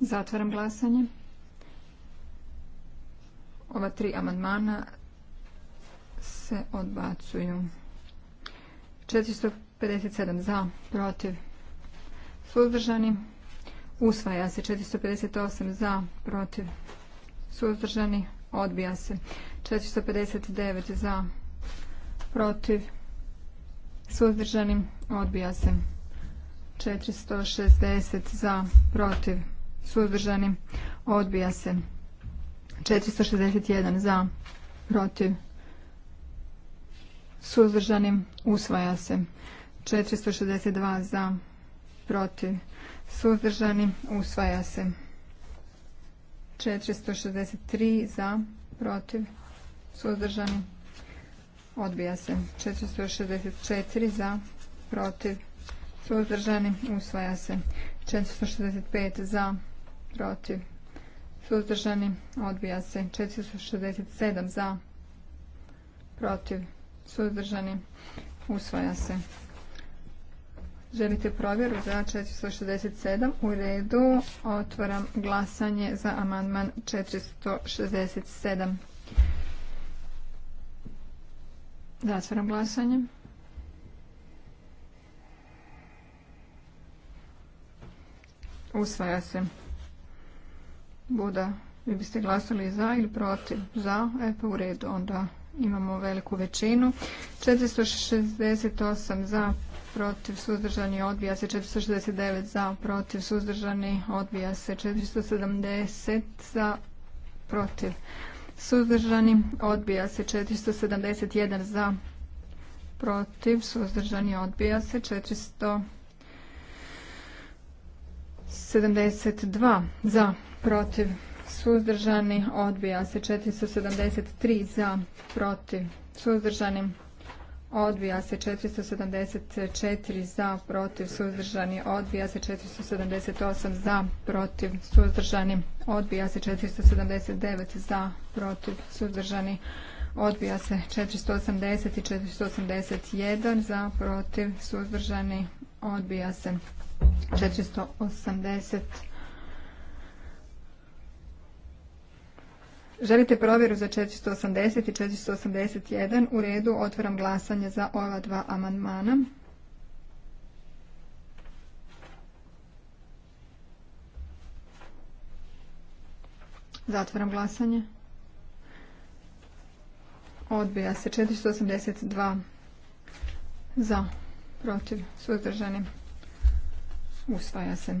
Zatvaram glasanje. Ova tri amandmana se odbacuju. 457 za, protiv, suzdržani. Usvaja se 458 za, protiv, suzdržani. Odbija se 459 za, protiv, suzdržani. Odbija se 460 za, protiv, suzdržani, odbija se. 461 za, protiv, suzdržani, usvaja se. 462 za, protiv, suzdržani, usvaja se. 463 za, protiv, suzdržani, odbija se. 464 za, protiv, suzdržani, usvaja se. 465 za, protiv, suzdržani, odbija se. 467 za, protiv, suzdržani, usvaja se. Želite provjeru za 467? U redu. Otvaram glasanje za amandman 467. Zatvaram glasanje. Usvaja se. Buda, vi biste glasali za ili protiv? Za, e pa u redu, onda imamo veliku većinu. 468 za, protiv, suzdržani, odbija se 469 za, protiv, suzdržani, odbija se 470 za, protiv, suzdržani, odbija se 471 za, protiv, suzdržani, odbija se 72 za, protiv, suzdržani, odbija se 473 za, protiv, suzdržani, odbija se 474 za, protiv, suzdržani, odbija se 478 za, protiv, suzdržani, odbija se 479 za, protiv, suzdržani, odbija se 480 i 481 za, protiv, suzdržani, odbija se 480 Želite provjeru za 480 i 481? U redu, otvaram glasanje za ova dva amandmana. Zatvaram glasanje. Odbija se 482 za, protiv, suzdržani. Usvaja se.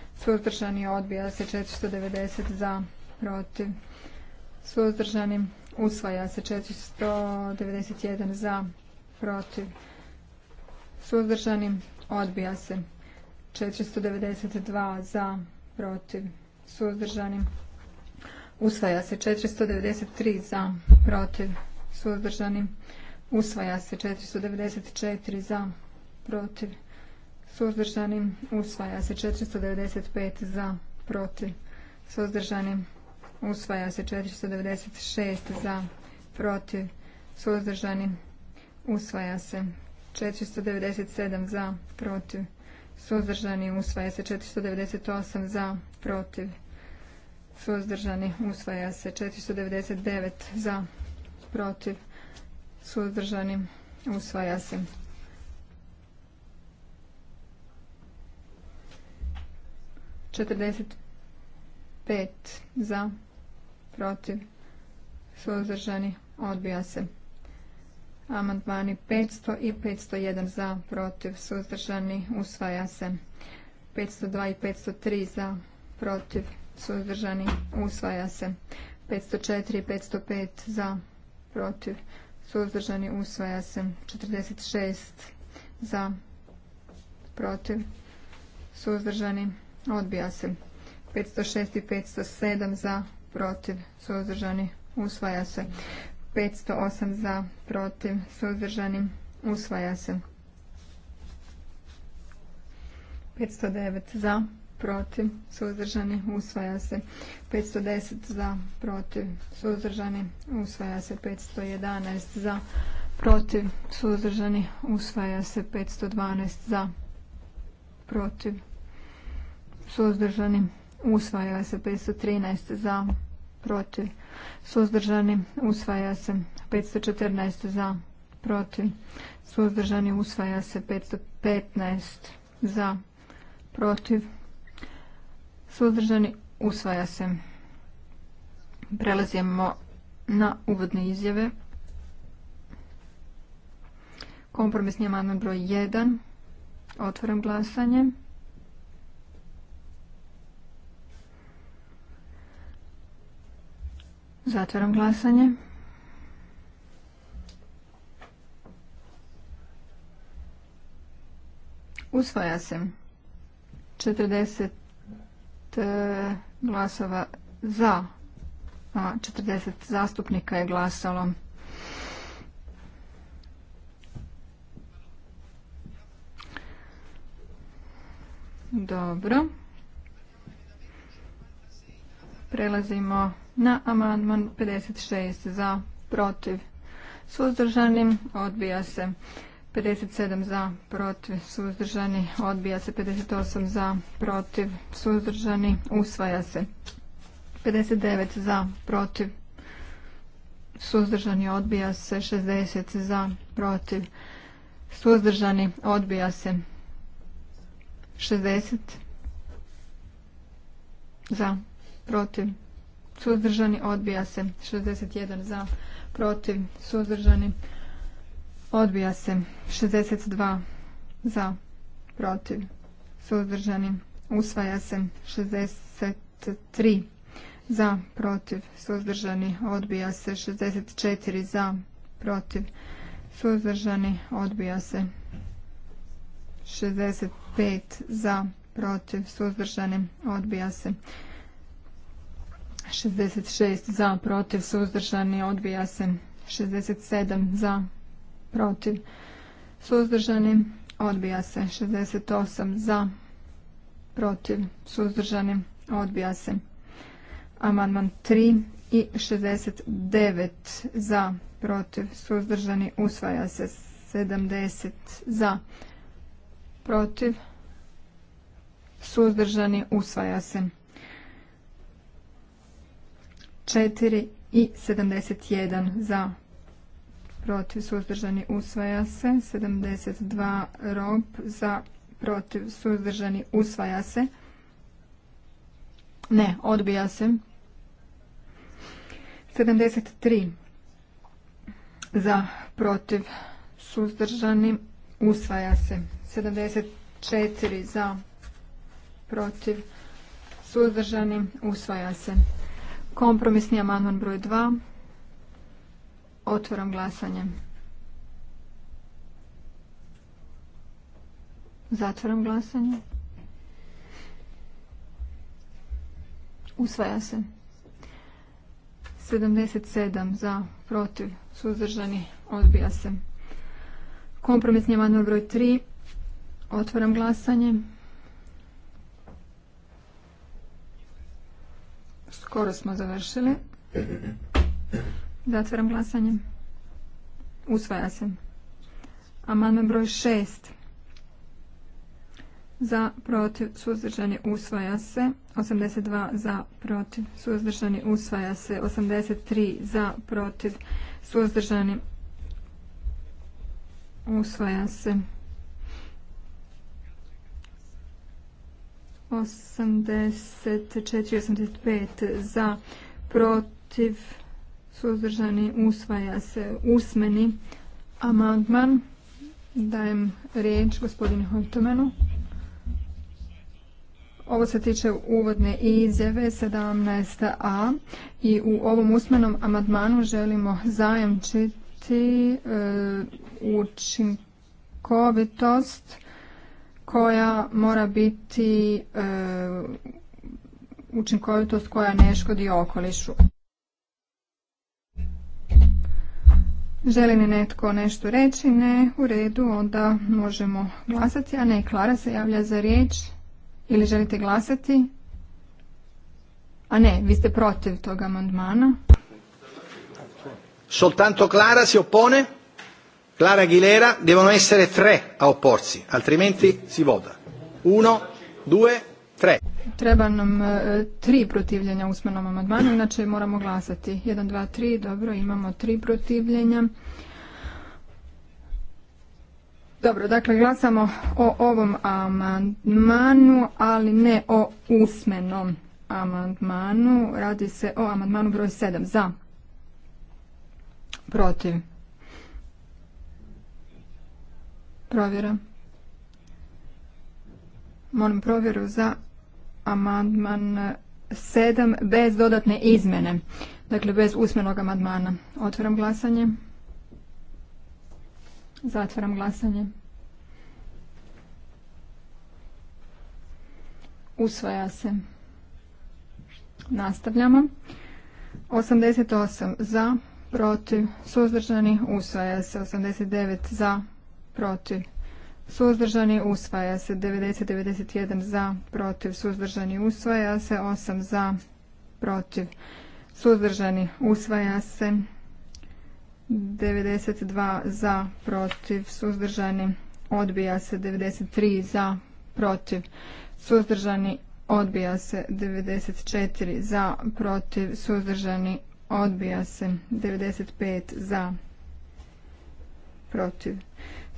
suzdržani odbija se 490 za protiv suzdržani usvaja se 491 za protiv suzdržani odbija se 492 za protiv suzdržani usvaja se 493 za protiv suzdržani usvaja se 494 za protiv suzdržani, usvaja se 495 za, protiv, suzdržani, usvaja se 496 za, protiv, suzdržani, usvaja se 497 za, protiv, suzdržani, usvaja se 498 za, protiv, suzdržani, usvaja se 499 za, protiv, suzdržani, usvaja se 45 za, protiv, suzdržani, odbija se. Amandmani 500 i 501 za, protiv, suzdržani, usvaja se. 502 i 503 za, protiv, suzdržani, usvaja se. 504 i 505 za, protiv, suzdržani, usvaja se. 46 za, protiv, suzdržani, usvaja se Odbija se. 506 i 507 za, protiv, suzdržani, usvaja se. 508 za, protiv, suzdržani, usvaja se. 509 za, protiv, suzdržani, usvaja se. 510 za, protiv, suzdržani, usvaja se. 511 za, protiv, suzdržani, usvaja se. 512 za, protiv, suzdržani, usvaja se 513 za, protiv, suzdržani, usvaja se 514 za, protiv, suzdržani, usvaja se 515 za, protiv, suzdržani, usvaja se. Prelazimo na uvodne izjave. Kompromisni amandman broj 1. Otvorem glasanje. Zatvaram glasanje. Usvaja se. 40 e, glasova za, a 40 zastupnika je glasalo. Dobro. Prelazimo na amandman 56 za protiv suzdržanim odbija se 57 za protiv suzdržani odbija se 58 za protiv suzdržani usvaja se 59 za protiv suzdržani odbija se 60 za protiv suzdržani odbija se 60 za protiv suzdržani, odbija se. 61 za, protiv, suzdržani, odbija se. 62 za, protiv, suzdržani, usvaja se. 63 za, protiv, suzdržani, odbija se. 64 za, protiv, suzdržani, odbija se. 65 za, protiv, suzdržani, odbija se. 66 za, protiv, suzdržani, odbija se. 67 za, protiv, suzdržani, odbija se. 68 za, protiv, suzdržani, odbija se. Amandman 3 i 69 za, protiv, suzdržani, usvaja se. 70 za, protiv, suzdržani, usvaja se. 4 i 71 za protiv suzdržani usvaja se 72 rob za protiv suzdržani usvaja se ne odbija se 73 za protiv suzdržani usvaja se 74 za protiv suzdržani usvaja se Kompromisni amandman broj 2. Otvaram glasanje. Zatvaram glasanje. Usvaja se. 77 za, protiv, suzdržani, odbija se. Kompromisni amandman broj 3. Otvaram glasanje. Skoro smo završili. Zatvaram glasanje. Usvaja se. Amandman broj šest. Za, protiv, suzdržani, usvaja se. 82 za, protiv, suzdržani, usvaja se. 83 za, protiv, suzdržani, usvaja se. 84-85 za protiv suzdržani usvaja se usmeni amandman. Dajem riječ gospodinu Hojtomenu. Ovo se tiče uvodne izjave 17a i u ovom usmenom amandmanu želimo zajamčiti e, učinkovitost učinkovitost koja mora biti e, učinkovitost koja ne škodi okolišu. Želi li netko nešto reći? Ne, u redu, onda možemo glasati. A ne, Klara se javlja za riječ. Ili želite glasati? A ne, vi ste protiv tog amandmana. Soltanto Klara se opone? Clara Aguilera devono essere tre a opporsi, altrimenti si vota. Uno, due, tre. Treba nam eh, tri protivljenja usmenom amandmanu, inače moramo glasati. Jedan, dva, tri, dobro, imamo tri protivljenja. Dobro, dakle glasamo o ovom amandmanu, ali ne o usmenom amandmanu. Radi se o amandmanu broj 7. Za. Protiv. Provjera. Molim provjeru za amandman 7 bez dodatne izmjene. Dakle, bez usmenog amandmana. Otvaram glasanje. Zatvaram glasanje. Usvaja se. Nastavljamo. 88 za, protiv, suzdržani, usvaja se. 89 za, protiv, suzdržani, usvaja se 90, 91 za, protiv, suzdržani, usvaja se 8 za, protiv, suzdržani, usvaja se 92 za, protiv, suzdržani, odbija se 93 za, protiv, suzdržani, odbija se 94 za, protiv, suzdržani, odbija se 95 za, protiv,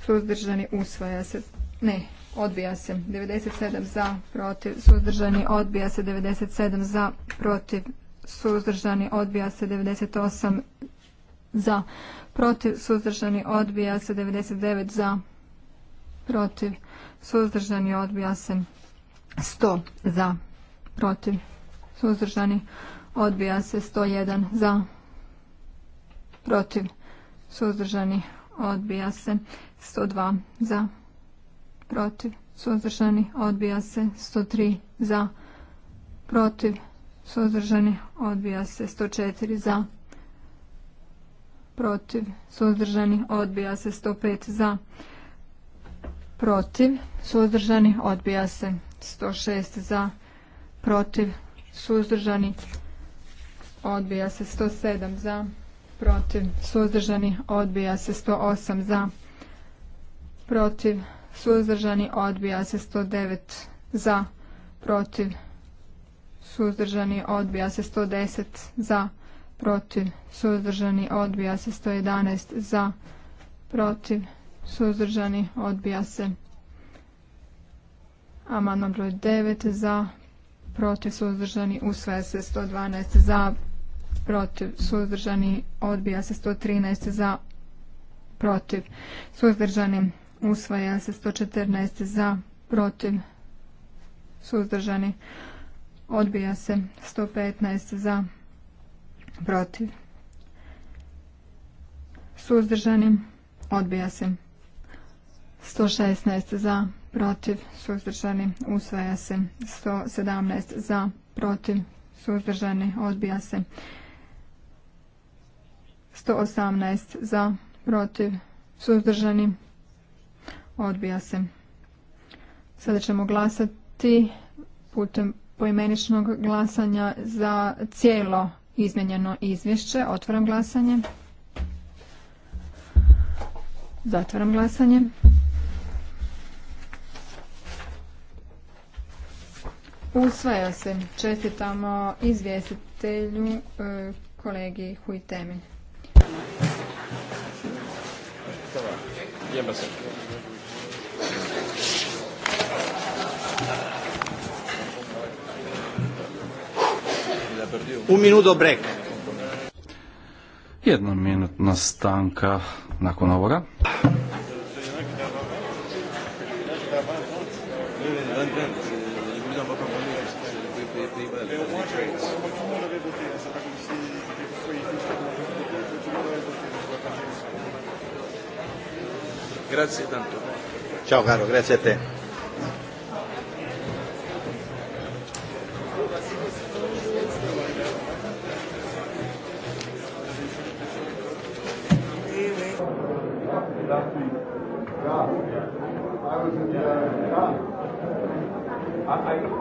suzdržani usvaja se ne odbija se 97 za protiv suzdržani odbija se 97 za protiv suzdržani odbija se 98 za protiv suzdržani odbija se 99 za protiv suzdržani odbija se 100 za protiv suzdržani odbija se 101 za protiv suzdržani odbija se 102 za, protiv, suzdržani, odbija se. 103 za, protiv, suzdržani, odbija se. 104 za, protiv, suzdržani, odbija se. 105 za, protiv, suzdržani, odbija se. 106 za, protiv, suzdržani, odbija se. 107 za, protiv, suzdržani, odbija se. 108 za, protiv, suzdržani, odbija se 109 za, protiv, suzdržani, odbija se 110 za, protiv, suzdržani, odbija se 111 za, protiv, suzdržani, odbija se amandman broj 9 za, protiv, suzdržani, usvaja se 112 za, protiv, suzdržani, odbija se 113 za, protiv, suzdržani, usvaja se 114 za protiv suzdržani odbija se 115 za protiv suzdržani odbija se 116 za protiv suzdržani usvaja se 117 za protiv suzdržani odbija se 118 za protiv suzdržani Odbija se. Sada ćemo glasati putem poimeničnog glasanja za cijelo izmijenjeno izvješće. Otvaram glasanje. Zatvaram glasanje. Usvaja se. Čestitamo izvjestitelju e, kolegi Huitemi. se. Un minuto break. Jedna minutna stanka nakon ovoga. Grazie tanto. Ciao caro, grazie a te. last week. Yeah. I was in,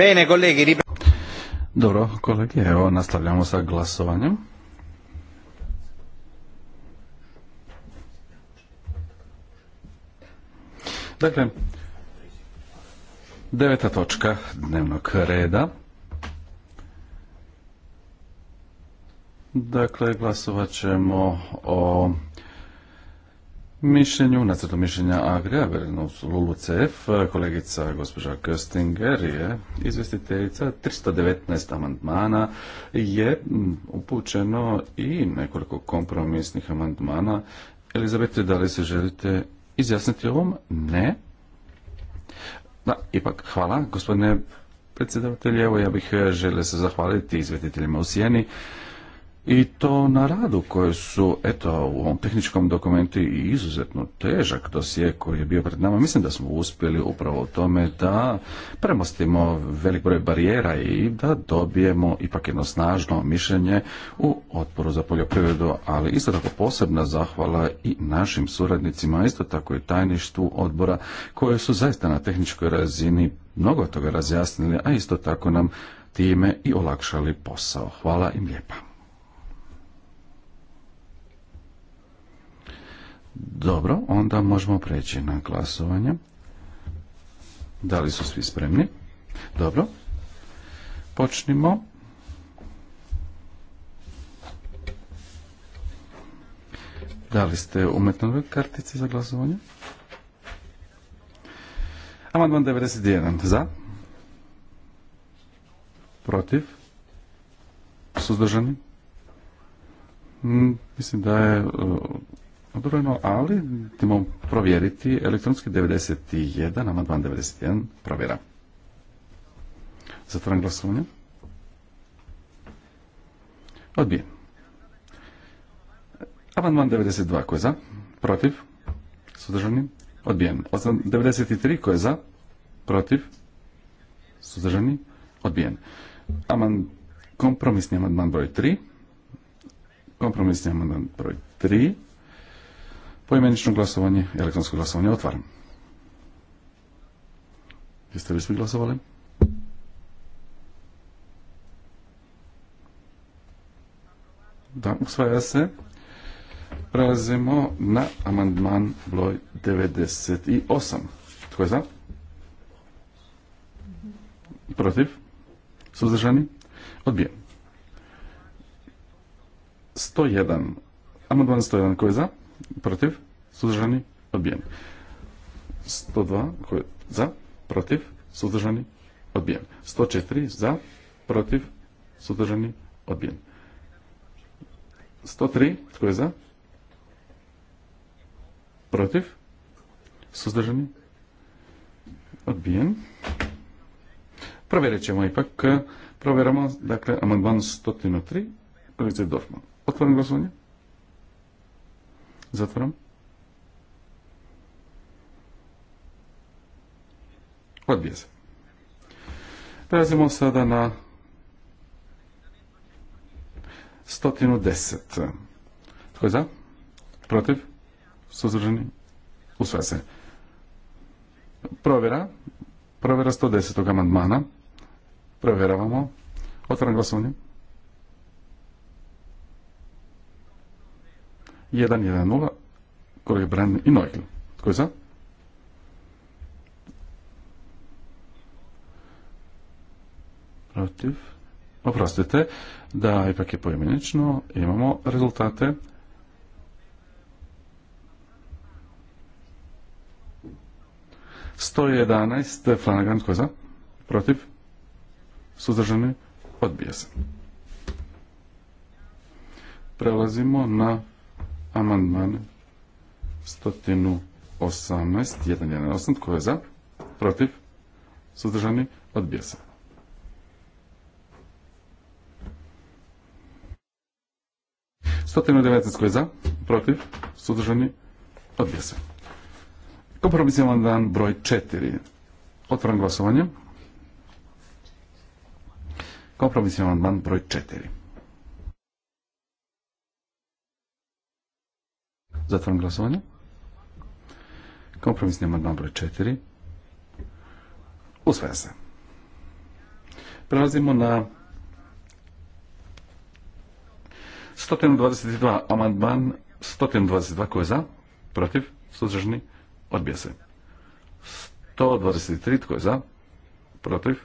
Bene, kolegi, Dobro, kolegi evo, nastavljamo sa glasovanjem. Dakle, deveta točka dnevnog reda. Dakle, glasovat ćemo o mišljenju, nacrtu mišljenja Agrija, Vernus Lulu CF, kolegica gospođa Köstinger je izvestiteljica 319 amandmana je upućeno i nekoliko kompromisnih amandmana. Elizabete, da li se želite izjasniti ovom? Ne. Da, ipak, hvala. Gospodine predsjedavatelje. evo ja bih e, želio se zahvaliti izvjestiteljima u Sijeni i to na radu koje su, eto, u ovom tehničkom dokumentu i izuzetno težak dosje koji je bio pred nama. Mislim da smo uspjeli upravo u tome da premostimo velik broj barijera i da dobijemo ipak jedno snažno mišljenje u Otporu za poljoprivredu, ali isto tako posebna zahvala i našim suradnicima, isto tako i tajništvu odbora koje su zaista na tehničkoj razini mnogo toga razjasnili, a isto tako nam time i olakšali posao. Hvala im lijepa. Dobro, onda možemo preći na glasovanje. Da li su svi spremni? Dobro. Počnimo. Da li ste umetnuli kartici za glasovanje? Amandman 91. Za? Protiv? Suzdržani? Mislim da je Odbrojeno, ali idemo provjeriti elektronski 91, amandman 91, provjera. Zatvoram glasovanje. Odbijen. Amandman 92, ko je za? Protiv? Sudržani? Odbijen. 93, ko je za? Protiv? Sudržani? Odbijen. Aman, kompromisni amandman broj 3. Kompromisni amandman broj 3. Poimenično glasovanje, elektronsko glasovanje otvaram. Jeste li svi glasovali? Da, usvaja se. Prelazimo na amandman broj 98. Tko je za? Protiv? Suzdržani? Odbijem. 101. Amandman 101. Tko je za? protiv, suzdržani, odbijen. 102 koje za, protiv, suzdržani, odbijen. 104 za, protiv, suzdržani, odbijen. 103 tko je za, protiv, suzdržani, odbijen. Provjerit ćemo ipak, provjeramo, dakle, amandman 103, kolegice Dorfman. Otvorim glasovanje. Zatvaram. Odbija se. Prelazimo sada na 110. Tko je za? Protiv? Suzdržani? Usvaja se. Provjera. Provjera 110. amandmana. Provjeravamo. Otvaram glasovanje. 110, koji je Brenn i Neugl. Tko je za? Protiv. Oprostite, da ipak je poimenično Imamo rezultate. Sto jedanaest, Flanagan, tko je za? Protiv? Suzdržani? Odbija se. Prelazimo na amandman 118, osam tko je za, protiv, suzdržani, odbija se. Stotinu devetnaest tko je za, protiv, suzdržani, odbija se. Kompromisni amandman broj 4. Otvaram glasovanje. Kompromisni amandman broj 4. Zatvaram glasovanje. Kompromisni amandman broj 4. Usvaja se. Prelazimo na 122 amandman 122 koje je za, protiv, suzdržani, odbija se. 123 tko je za, protiv,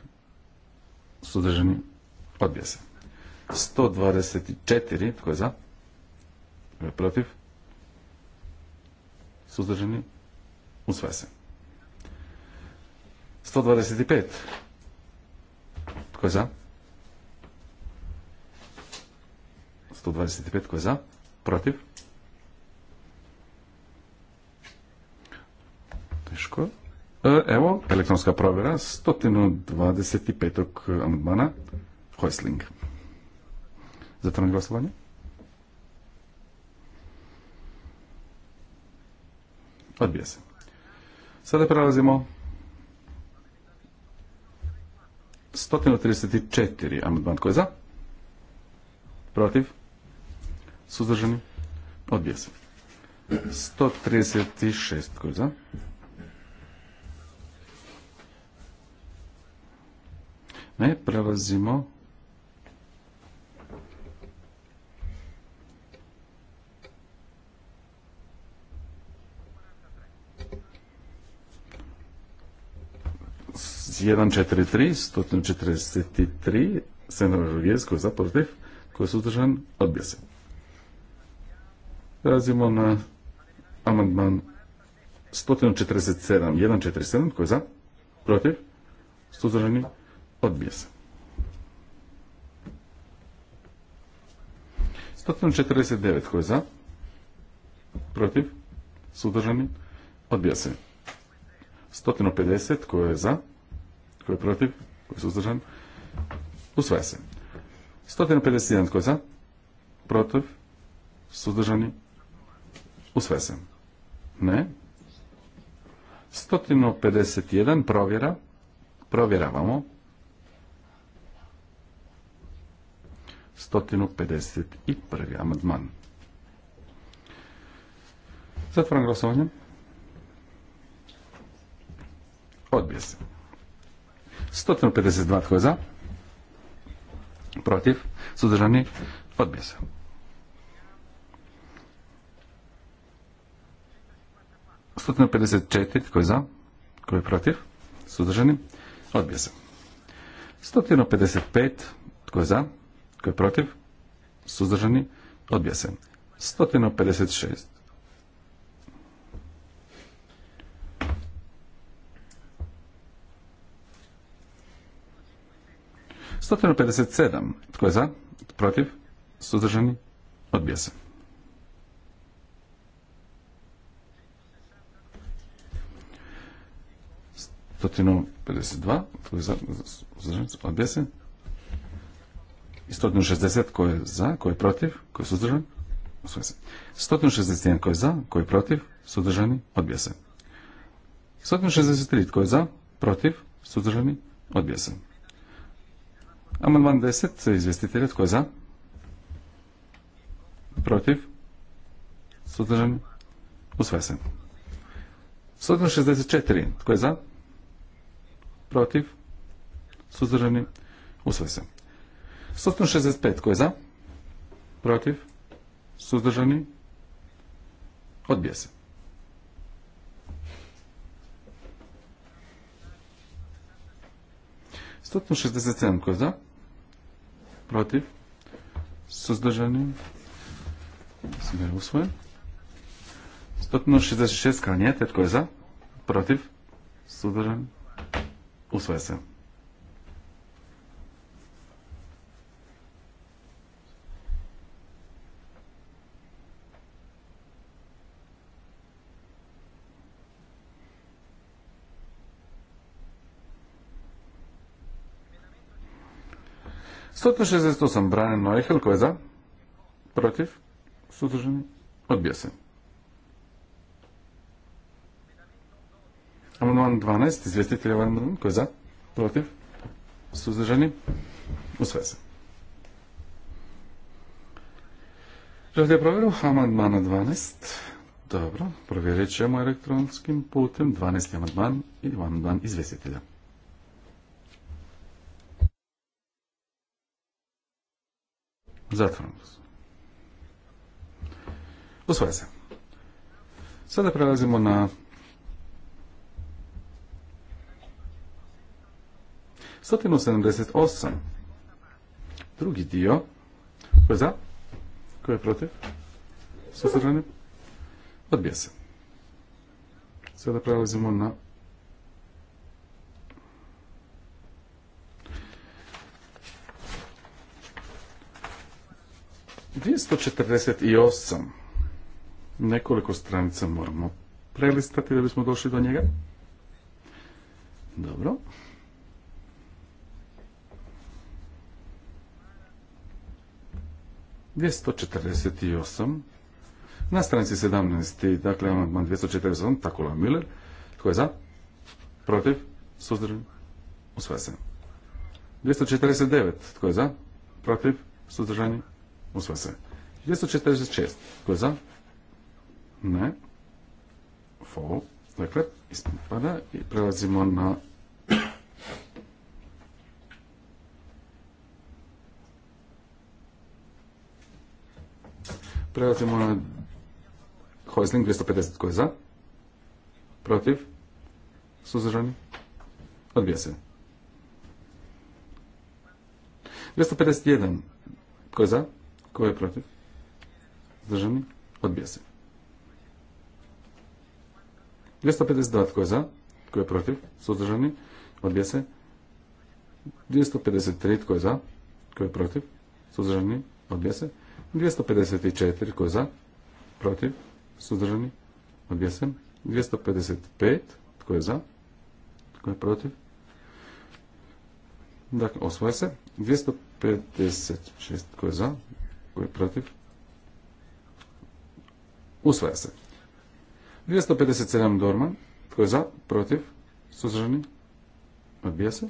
suzdržani, odbija se. 124 tko je za, protiv, suzdržani, usvaja se. 125. Tko je za? 125. Tko je za? Protiv? Teško. E, evo, elektronska provjera 125. amandmana Hojsling. Zatvorno glasovanje. Odbija se. Sada prelazimo 134 amandman tko je za? Protiv? Suzdržani? Odbija se. 136 tko je za? Ne, prelazimo 143, 143, Senor je za protiv, koji je sudržan, odbija se. Prelazimo na amandman 147, 147, koji je za, protiv, suzdržani, odbija se. 149, koji je za, protiv, suzdržani, odbija se. 150, koji je za, tko je protiv? Tko je suzdržan? Usvaja se. 151. Tko je za? Protiv? Suzdržani? Usvaja se. Ne. 151. Provjera. Provjeravamo. 151. amadman. Zatvoram glasovanje. Odbije se. 152 tko je za? Protiv? Suzdržani? Odbija se. 154 tko je za? Tko je protiv? Suzdržani? Odbija se. 155 tko je za? Tko je protiv? Suzdržani? Odbija se. 156 157. Tko je za? Protiv? Suzdržani? Odbija se. 152. Tko je za? se. Tko je za? Tko je protiv? Tko je suzdržan? se. 161. Tko je za? Tko je protiv? Suzdržani? Odbija se. 163. Tko je za? Protiv? Suzdržani? Odbija se. Amandman 10, izvjestitelja, tko je za? Protiv? Suzdržan? Usve se. 164, tko je za? Protiv? Suzdržani? Usve se. 165, tko je za? Protiv? Suzdržani? Odbija se. Sudržan 67, tko je za? protiv, suzdržani, mislim da je usvojen. 166 kranjete, tko je za, protiv, suzdržan, usvoje se. 168 Brian Neuhel, tko je za? Protiv? Suzdržani? Odbija se. Amandman 12, izvjestitelj amandman, tko je za? Protiv? Suzdržani? usve se. Želite provjeru amandmana 12? Dobro, provjerit ćemo elektronskim putem 12. amandman i amandman izvjestitelja. Zatvorno u Usvaja se. Sada prelazimo na 178. Drugi dio. Ko je za? Ko je protiv? Suzdržani? Odbija se. Sada prelazimo na 248. Nekoliko stranica moramo prelistati da bismo došli do njega. Dobro. Dvjesto na stranici 17. Dakle, amandman 248, tako Miller. Tko je za? Protiv? Suzdržan? Usvaja se. 249. Tko je za? Protiv? Suzdržani? Usvaja se. 246. Tko za? Ne. Fall. Dakle, ispada i prelazimo na Prelazimo na Hoisling 250 koji za. Protiv. Suzdržani. Odbija se. 251 koji za ko je protiv? Zdržani? Odbija se. 252. Tko je za? Tko je protiv? Suzdržani? Odbija se. 253. Tko je za? Tko je protiv? Suzdržani? Odbija se. 254. Tko je za? Protiv? Suzdržani? Odbija se. 255. Tko je za? Tko je protiv? Dakle, osvoje se. 256. Tko je za? Tko je protiv? Usvaja se. 257 Dorman. Tko je za? Protiv? Suzdržani? Odbija se.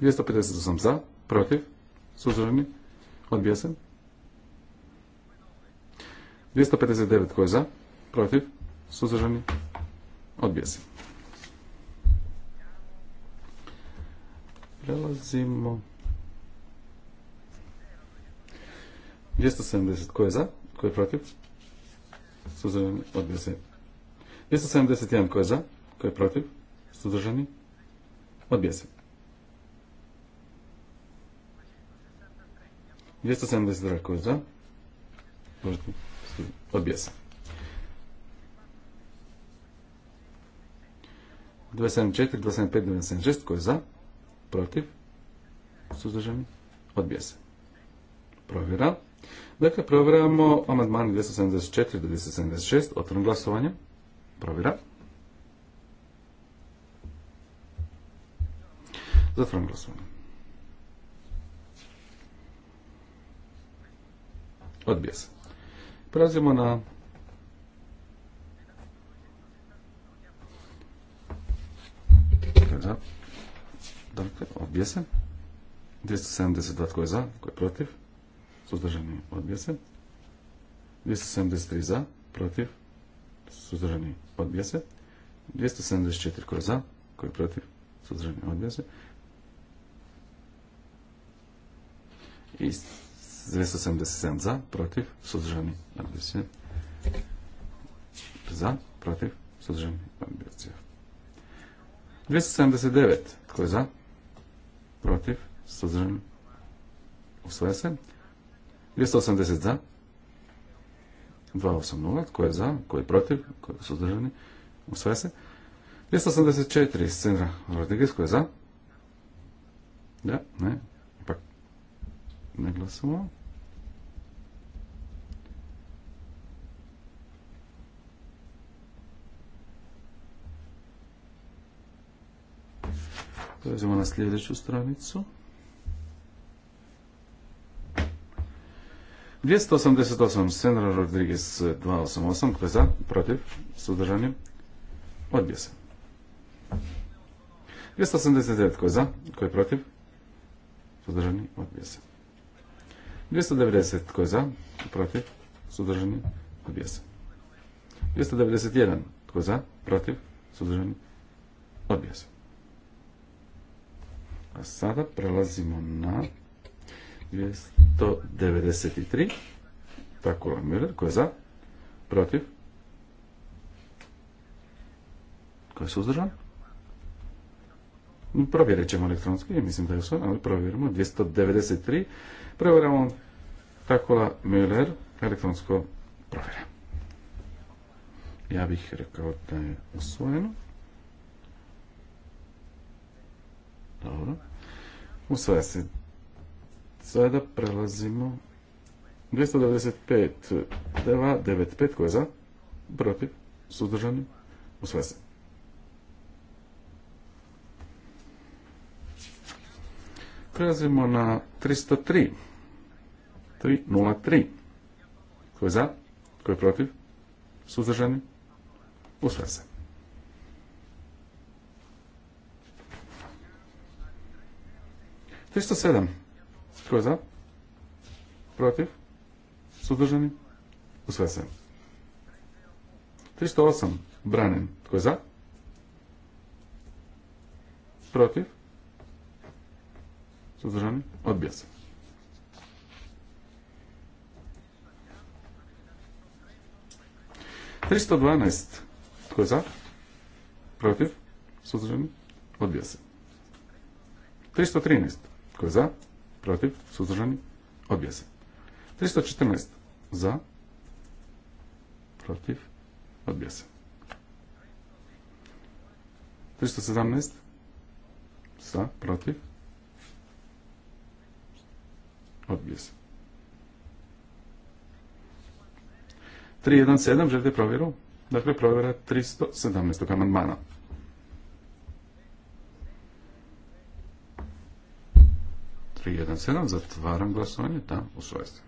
258 za, protiv, suzdržani, odbija se. 259 tko je za, protiv, suzdržani, odbija se. Prelazimo. 270. Ko je za? Ko je protiv? Suzdržani? odbio se. 271. Ko je za? Ko je protiv? Suzdržani? odbio se. 272. Ko je za? Protiv? Odbija se. 274, 275, 276. Ko je za? Protiv? Suzdržani? Odbija se. Provjera. Dakle, provjeramo amandmani 274 do 276. Otvorno glasovanje. Provjera. Zatvorno glasovanje. Odbija se. Prelazimo na Dakle, odbija se. 272 tko je za, tko je protiv. Suzdržani odbija se. 273 za, protiv. Suzdržani odbija se. 274 tko je za, tko je protiv. Suzdržani odbija se. I 277 za, protiv. Suzdržani odbija se. Za, protiv. Suzdržani odbija se. 279 tko je za, protiv, suzdržan, usvoja se. 280 za, 280, tko je za, tko je protiv, tko je suzdržani, usvoja se. 284 Sandra Rodriguez, tko je za? Da, ne, ipak ne glasamo. Prelazimo na sljedeću stranicu. 288 Senra Rodriguez 288 tko je za, protiv, suzdržani, odbija se. 289 tko je za, tko je protiv, suzdržani, odbija se. 290 tko je za, protiv, suzdržani, odbija se. 291 tko je za, protiv, suzdržani, odbija se. A sada prelazimo na 293. Tako Müller, ko je za? Protiv? Ko je suzdržan? Provjerit ćemo elektronski, mislim da je sve, ali provjerimo. 293. Provjeramo Takola Müller, elektronsko provjera. Ja bih rekao da je usvojeno. Dobro. U se. Sada prelazimo 295, 295, ko je za? Protiv? Suzdržani? u se. Prelazimo na 303. 303. Ko je za? Ko je protiv? Suzdržani? Usvaja se. 307. Tko je za? Protiv? Sudržani? Usve se. 308. Branen. Tko je za? Protiv? Sudržani? Odbija se. 312 Tko je za? Protiv? Suzdržani? Odbija se. 313. Tko je za? Protiv? Suzdržani? Odbija se. 314. Za? Protiv? Odbija se. 317. Za? Protiv? Odbija se. 317. Želite provjeru? Dakle, provjera 317. amandmana. 317. Zatvaram glasovanje. Da, usvoje se.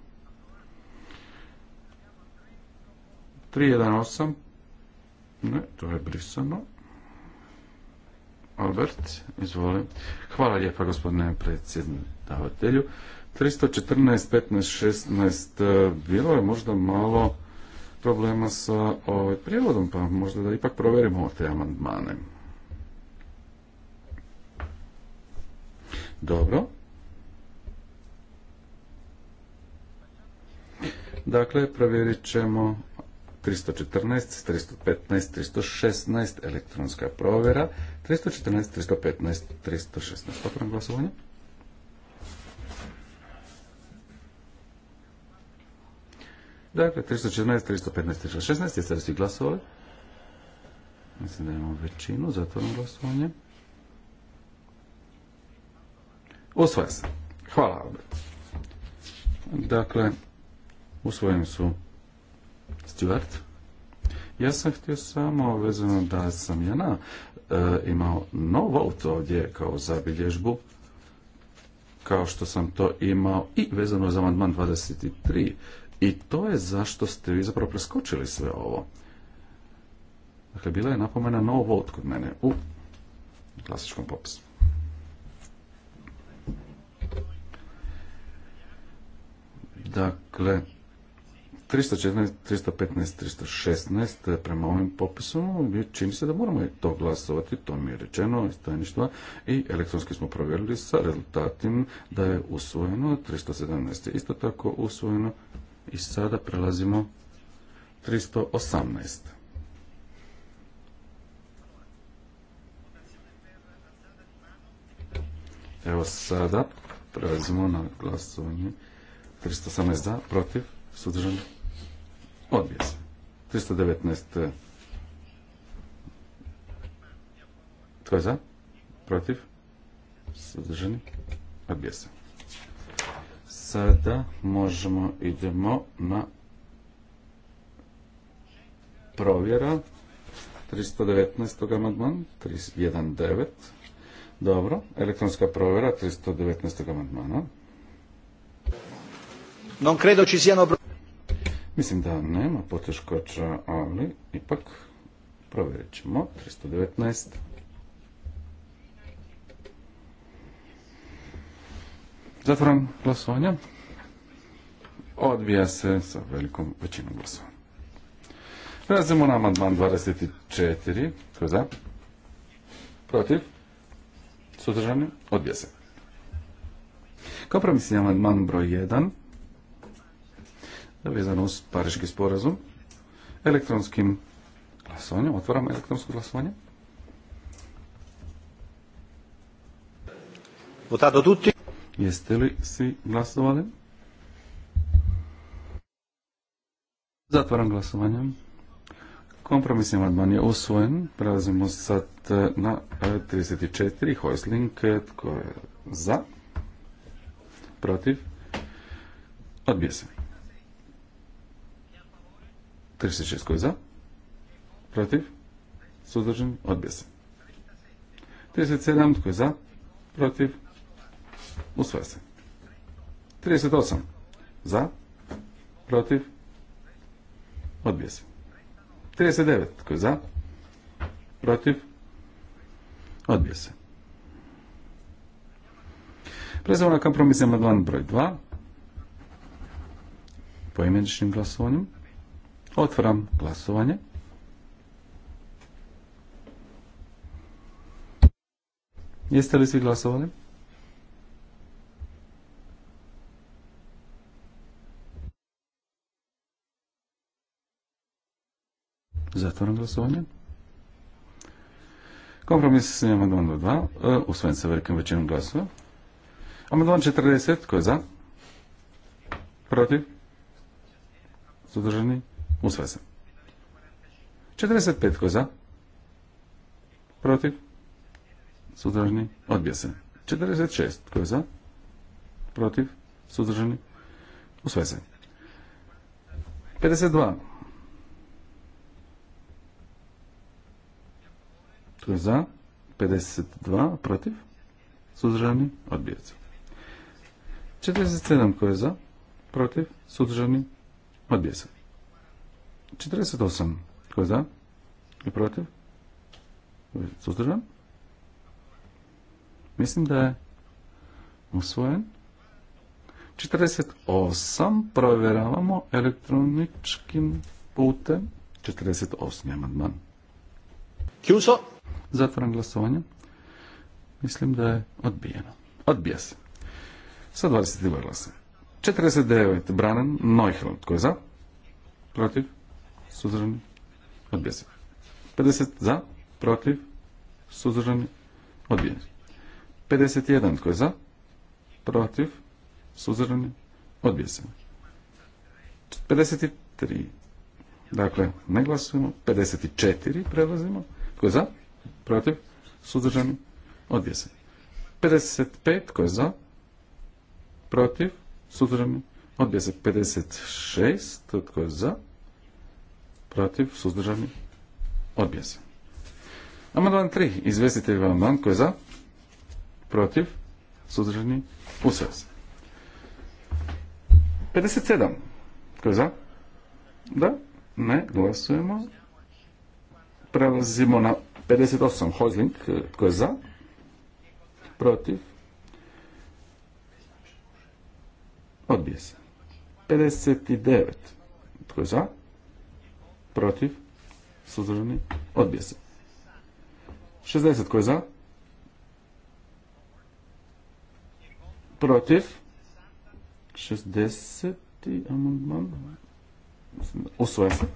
318. Ne, to je brisano. Albert, izvolite Hvala lijepa gospodine predsjedavatelju. 314, 15, 16, bilo je možda malo problema sa ovaj, prijevodom, pa možda da ipak proverimo te amandmane. Dobro, Dakle, provjerit ćemo 314, 315, 316, elektronska provjera, 314, 315, 316. Otvoram glasovanje. Dakle, 314, 315, 316, jeste li svi glasovali? Mislim da imamo većinu, zatvoram glasovanje. Osvaja se. Hvala, Albert. Dakle, usvojeni su Stuart. Ja sam htio samo vezano da sam ja na e, imao novo auto ovdje kao zabilježbu kao što sam to imao i vezano za amandman 23 i to je zašto ste vi zapravo preskočili sve ovo. Dakle, bila je napomena no vote kod mene u klasičkom popisu. Dakle, 314, 315, 316 eh, prema ovim popisom čini se da moramo to glasovati, to mi je rečeno iz tajništva i elektronski smo provjerili sa rezultatim da je usvojeno 317 isto tako usvojeno i sada prelazimo 318. Evo sada prelazimo na glasovanje 318 za, protiv, sudržanje. Odbija se. 319. E. Tko je za? Protiv? Sadržani? Odbija se. Sada možemo, idemo na provjera 319. amandman 319. Dobro, elektronska provjera 319. amandmana. Non credo ci siano Mislim da nema poteškoća, ali ipak provjerit ćemo. 319. Zatvoram glasovanja. Odbija se sa velikom većinom glasova. Prelazimo na amandman 24. Ko je za? Protiv? Sudržani? Odbija se. Kao Kompromisni amandman broj 1 vezano uz Pariški sporazum elektronskim glasovanjem. Otvaram elektronsko glasovanje. Votato tutti. Jeste li svi glasovali? Zatvaram glasovanje. Kompromisni amandman je usvojen. Prelazimo sad e, na 34. E, link Tko je za? Protiv? Odbije se. 36 koji je za? Protiv? Suzdržan? Odbija se. 37 koji je za? Protiv? usvoja se. 38 za? Protiv? Odbija se. 39 koji je za? Protiv? Odbija se. Prezavljamo na kompromisnjama broj 2 poimeničnim glasovanjem. Otvaram glasovanje. Jeste li svi glasovali? Zatvaram glasovanje. Kompromis je amandman 2. E, usvojen se velikom većinom glasova. Amandman 40. Ko je za? Protiv? Sudržani? u se. 45 tko je za? Protiv? sudržani Odbija se. 46 tko je za? Protiv? sudržani Usvaja se. 52 tko je za? 52 protiv? sudržani Odbija se. 47 tko je za? Protiv? sudržani Odbija se. 48. Tko je za? I protiv? Suzdržan? Mislim da je usvojen. 48 provjeravamo elektroničkim putem. 48. amandman. Kjuso? Zatvoram glasovanje. Mislim da je odbijeno. Odbija se. Sa 22 glasa. 49. Branan Neuhel. Tko je za? Protiv? suzdržani, odbija se. 50 za, protiv, suzdržani, odbija se. 51 tko je za, protiv, suzdržani, odbija se. 53, dakle, ne glasujemo. 54 prelazimo, tko je za, protiv, suzdržani, odbija se. 55 tko je za, protiv, suzdržani, odbija se. 56 tko je za, protiv, suzdržani, odbija se. Amandman 3. Izvestitelj amandman koji je za, protiv, suzdržani, usvaja se. 57. Koji je za? Da? Ne, glasujemo. Prelazimo na 58. Hozling, koji je za? Protiv? Odbije se. 59. Tko je za? protiv, suzdržani, odbija se. 60 koje za, protiv, 60. amandman, usvoja se.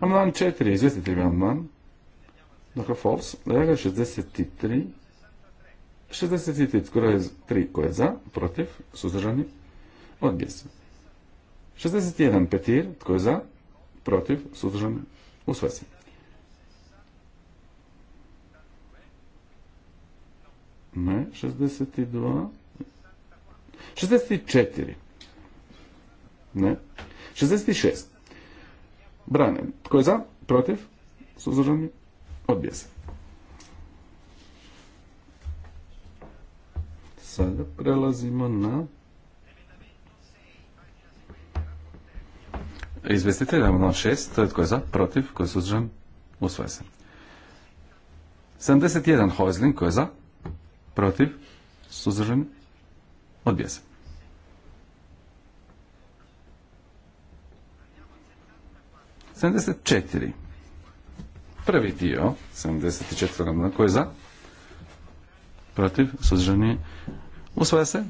Amandman 4, izvjestitelj amandman, dakle false, dakle 63, 63 skoro je 3 koje je za, protiv, suzdržani, odbija se. 61 petir, tko je za, protiv, suzdržane u svesi. Ne, 62. 64. Ne. 66. Brane. Tko je za? Protiv? Suzdržani? Odbija se. Sada prelazimo na šest, to je tko je za, protiv, tko je suzdržan, usvaja se. 71 hojzlin, tko je za, protiv, suzdržan, odbija se. Sedamdeset četiri. Prvi dio, 74 četiri tko je za, protiv, suzdržan, usvaja se.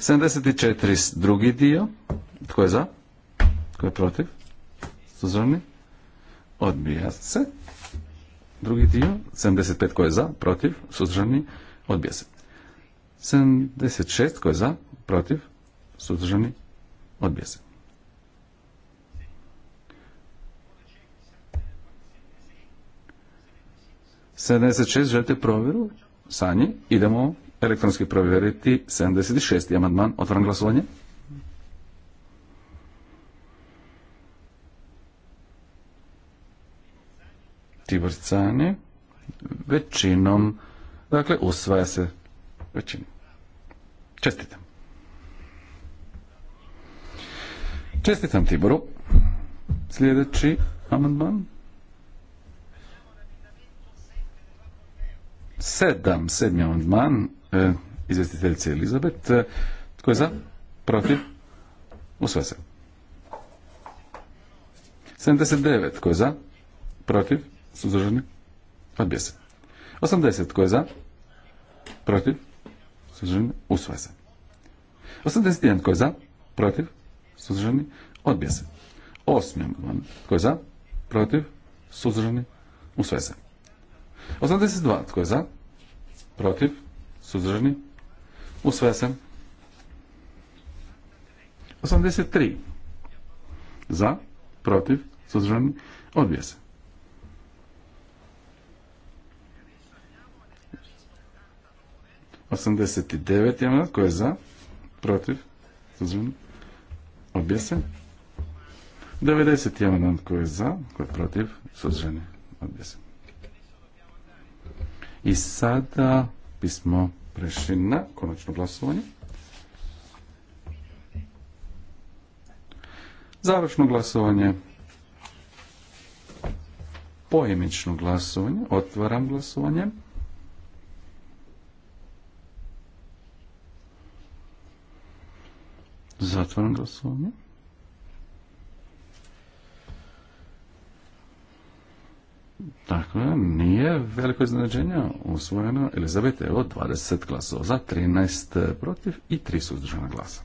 74 drugi dio, tko je za, tko je protiv? Suzdržani? Odbija se. Drugi dio, 75 tko je za, protiv, suzdržani, odbija se. 76 tko je za, protiv, suzdržani, odbija se. Sedamdeset šest želite provjeru sanji idemo elektronski provjeriti 76. amandman otvaram glasovanje Tibor većinom, dakle, usvaja se većinom. Čestitam. Čestitam Tiboru. Sljedeći amandman. Sedam, sedmi amandman e, izvjestiteljice Elizabet. E, tko je za? Protiv? Usvaja se. 79. Tko je za? Protiv? Suzdržani? Odbija se. 80. Tko je za? Protiv? Suzdržani? Usvoje se. 81. Tko je za? Protiv? Suzdržani? Odbija se. 8. Tko je za? Protiv? Suzdržani? Usvoje se. 82. Tko je za? Protiv? Suzdržani? Usvoje se. 83. Za? Protiv? Suzdržani? Odbija se. 89. amandman, tko je za? Protiv? Suzdržani? Odbija se. 90. tko je za? Tko je protiv? Suzdržani? Odbija I sada bismo prešli na konačno glasovanje. Završno glasovanje. Poimično glasovanje. Otvaram glasovanje. Zatvaram glasovanje. Dakle, nije veliko iznenađenje usvojeno. Elizabete, evo 20 glasova za, 13 protiv i 3 suzdržana glasa.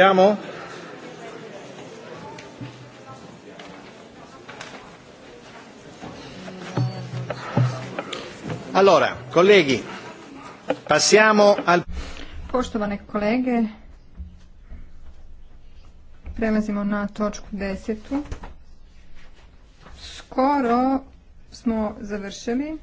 Andiamo? Allora, colleghi, passiamo al... Poštovane kolege, prelazimo na točku desetu. Skoro smo završili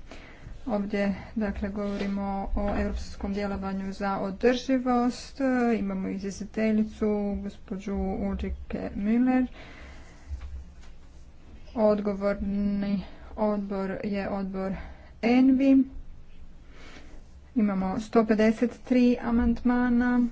Ovdje dakle govorimo o europskom djelovanju za održivost. Imamo izvjestiteljicu gospođu Ulrike Müller. Odgovorni odbor je odbor Envi. Imamo 153 amandmana.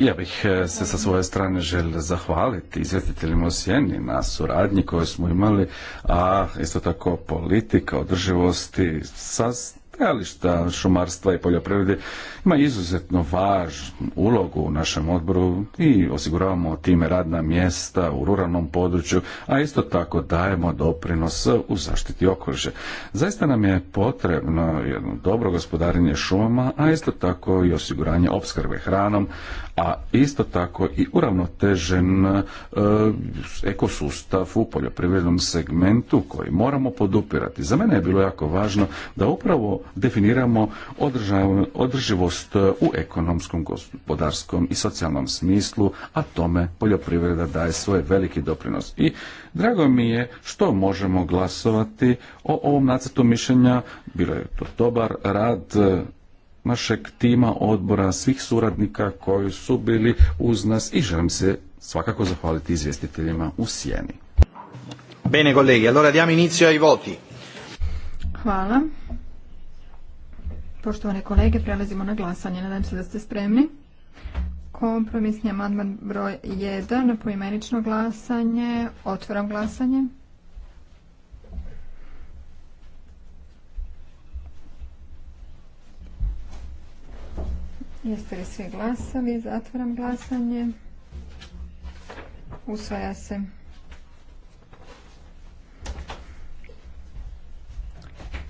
Ja bih e, se sa svoje strane želio zahvaliti izvjetiteljima u Sjeni na suradnji koju smo imali, a isto tako politika održivosti sa stajališta šumarstva i poljoprivrede ima izuzetno važnu ulogu u našem odboru i osiguravamo time radna mjesta u ruralnom području, a isto tako dajemo doprinos u zaštiti okoliša. Zaista nam je potrebno jedno dobro gospodarenje šumama, a isto tako i osiguranje opskrbe hranom, a isto tako i uravnotežen e, ekosustav u poljoprivrednom segmentu koji moramo podupirati. Za mene je bilo jako važno da upravo definiramo održivost e, u ekonomskom, gospodarskom i socijalnom smislu, a tome poljoprivreda daje svoj veliki doprinos. I drago mi je što možemo glasovati o ovom nacrtu mišljenja. Bilo je to dobar rad e, našeg tima odbora, svih suradnika koji su bili uz nas i želim se svakako zahvaliti izvjestiteljima u Sjeni. Bene, kolegi, allora diamo inizio ai voti. Hvala. Poštovane kolege, prelazimo na glasanje. Nadam se da ste spremni. Kompromisni amandman broj 1, poimenično glasanje. Otvaram glasanje. Jeste li svi glasali? Zatvaram glasanje. Usvaja se.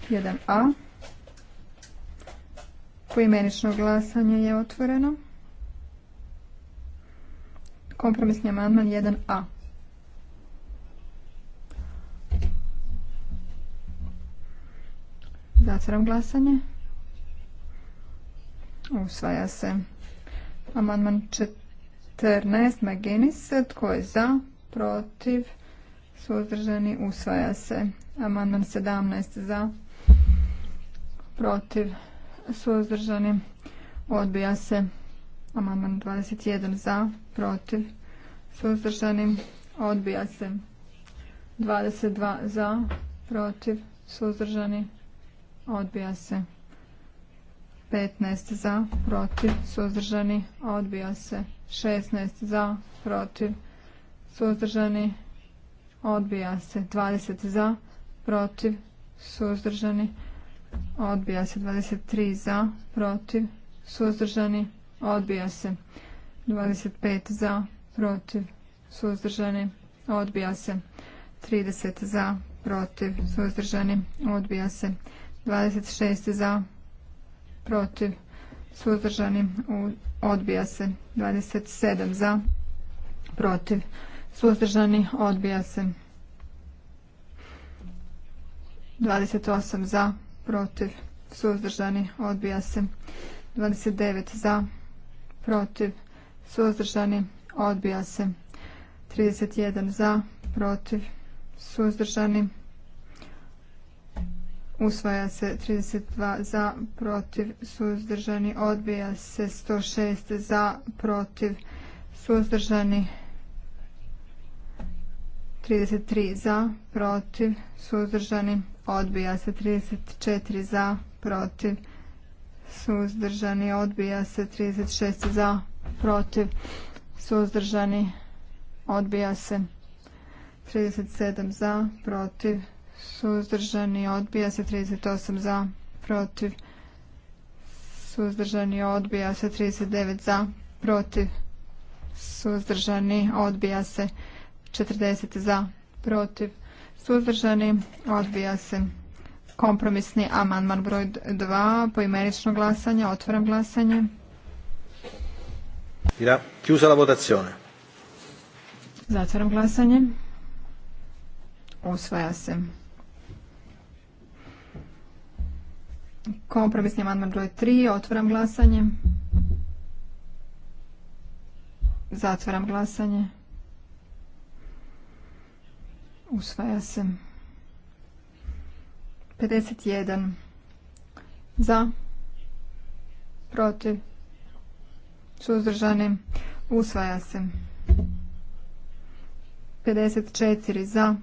Jedan A. Poimenično glasanje je otvoreno. Kompromisni amandman 1a. Zatvaram glasanje. Usvaja se. Amandman 14. Maginis. Tko je za? Protiv? Suzdržani? Usvaja se. Amandman 17. Za? Protiv? suzdržani, odbija se. Amandman 21 za, protiv, suzdržani, odbija se. 22 za, protiv, suzdržani, odbija se. 15 za, protiv, suzdržani, odbija se. 16 za, protiv, suzdržani, odbija se. 20 za, protiv, suzdržani, odbija se 23 za, protiv, suzdržani, odbija se 25 za, protiv, suzdržani, odbija se 30 za, protiv, suzdržani, odbija se 26 za, protiv, suzdržani, odbija se 27 za, protiv, suzdržani, odbija se 28 za, protiv, suzdržani, odbija se. 29 za, protiv, suzdržani, odbija se. 31 za, protiv, suzdržani, usvaja se. 32 za, protiv, suzdržani, odbija se. 106 za, protiv, suzdržani, 33 za, protiv, suzdržani, odbija se 34 za, protiv, suzdržani, odbija se 36 za, protiv, suzdržani, odbija se 37 za, protiv, suzdržani, odbija se 38 za, protiv, suzdržani, odbija se 39 za, protiv, suzdržani, odbija se 40 za, protiv, Suzdržani odbija se. Kompromisni amandman broj 2. Poimenično glasanje. Otvaram glasanje. Chiusa la votazione. Zatvaram glasanje. Usvaja se. Kompromisni amandman broj 3. Otvaram glasanje. Zatvaram glasanje. Usvaja se. 51. Za. Protiv. Suzdržani. Usvaja se. 54. Za.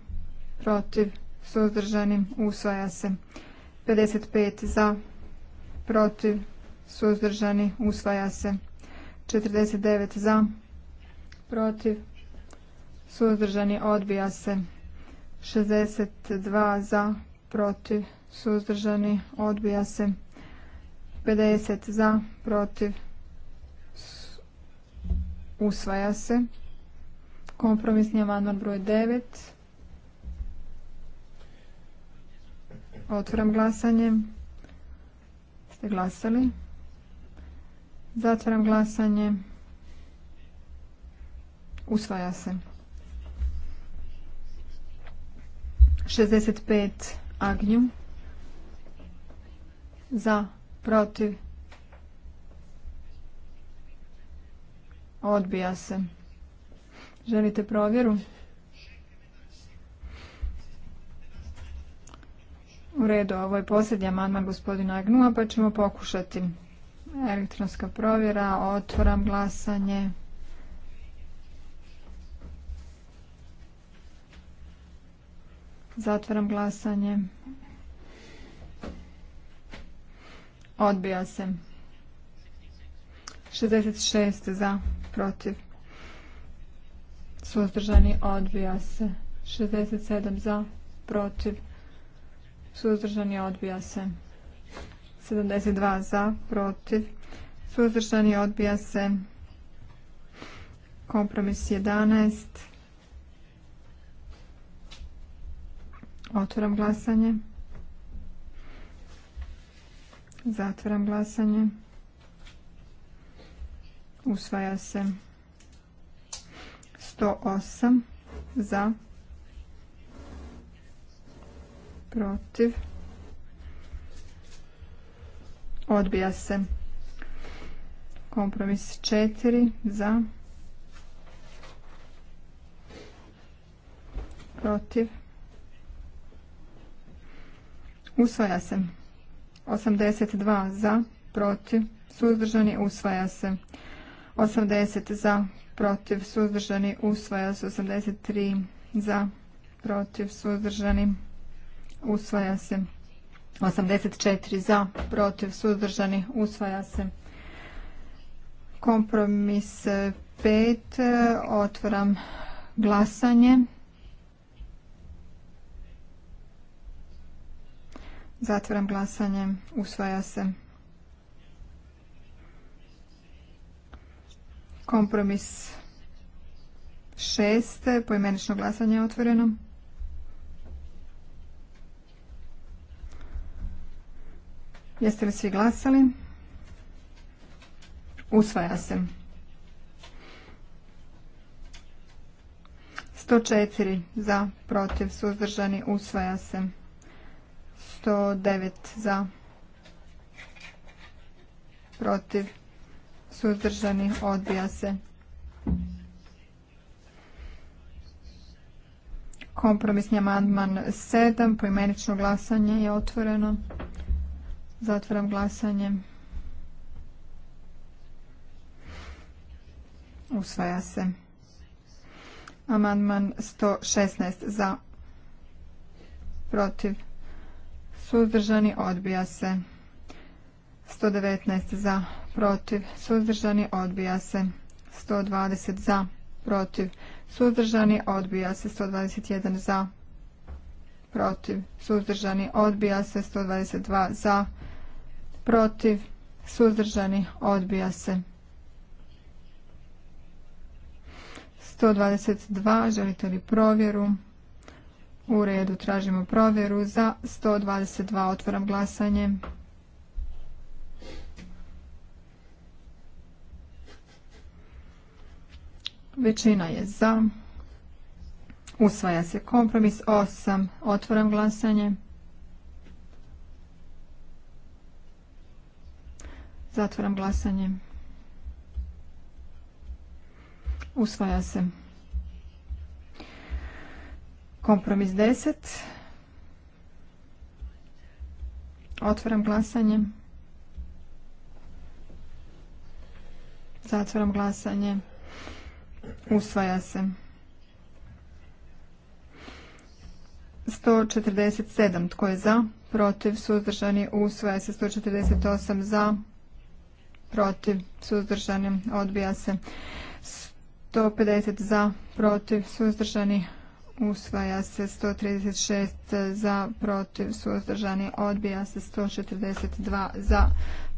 Protiv. Suzdržani. Usvaja se. 55. Za. Protiv. Suzdržani. Usvaja se. 49. Za. Protiv. Suzdržani. Odbija se. 62 za, protiv, suzdržani, odbija se. 50 za, protiv, usvaja se. Kompromisni amandman broj 9. Otvaram glasanje. Ste glasali? Zatvaram glasanje. Usvaja se. 65 Agnju za protiv odbija se želite provjeru u redu ovo je posljednji amandman gospodina Agnua pa ćemo pokušati elektronska provjera otvoram glasanje Zatvaram glasanje. Odbija se. 66 za, protiv. Suzdržani odbija se. 67 za, protiv. Suzdržani odbija se. 72 za, protiv. Suzdržani odbija se. Kompromis 11. Otvaram glasanje. Zatvaram glasanje. Usvaja se 108 za protiv odbija se kompromis 4 za protiv Usvaja se. 82 za, protiv, suzdržani, usvaja se. 80 za, protiv, suzdržani, usvaja se. 83 za, protiv, suzdržani, usvaja se. 84 za, protiv, suzdržani, usvaja se. Kompromis 5, otvoram glasanje. Zatvaram glasanje. Usvaja se. Kompromis šest. Pojmenično glasanje je otvoreno. Jeste li svi glasali? Usvaja se. 104 za, protiv, suzdržani, usvaja se. 109 za protiv suzdržani odbija se kompromisni amandman 7 poimenično glasanje je otvoreno zatvaram glasanje usvaja se amandman 116 za protiv suzdržani, odbija se. 119 za, protiv, suzdržani, odbija se. 120 za, protiv, suzdržani, odbija se. 121 za, protiv, suzdržani, odbija se. 122 za, protiv, suzdržani, odbija se. 122, želite li provjeru? U redu tražimo provjeru za 122. Otvaram glasanje. Većina je za. Usvaja se kompromis 8. Otvaram glasanje. Zatvaram glasanje. Usvaja se. Kompromis 10. Otvaram glasanje. Zatvaram glasanje. Usvaja se. 147. Tko je za? Protiv. Suzdržani. Usvaja se. 148. Za. Protiv. Suzdržani. Odbija se. 150. Za. Protiv. Suzdržani usvaja se 136 za, protiv, suzdržani, odbija se 142 za,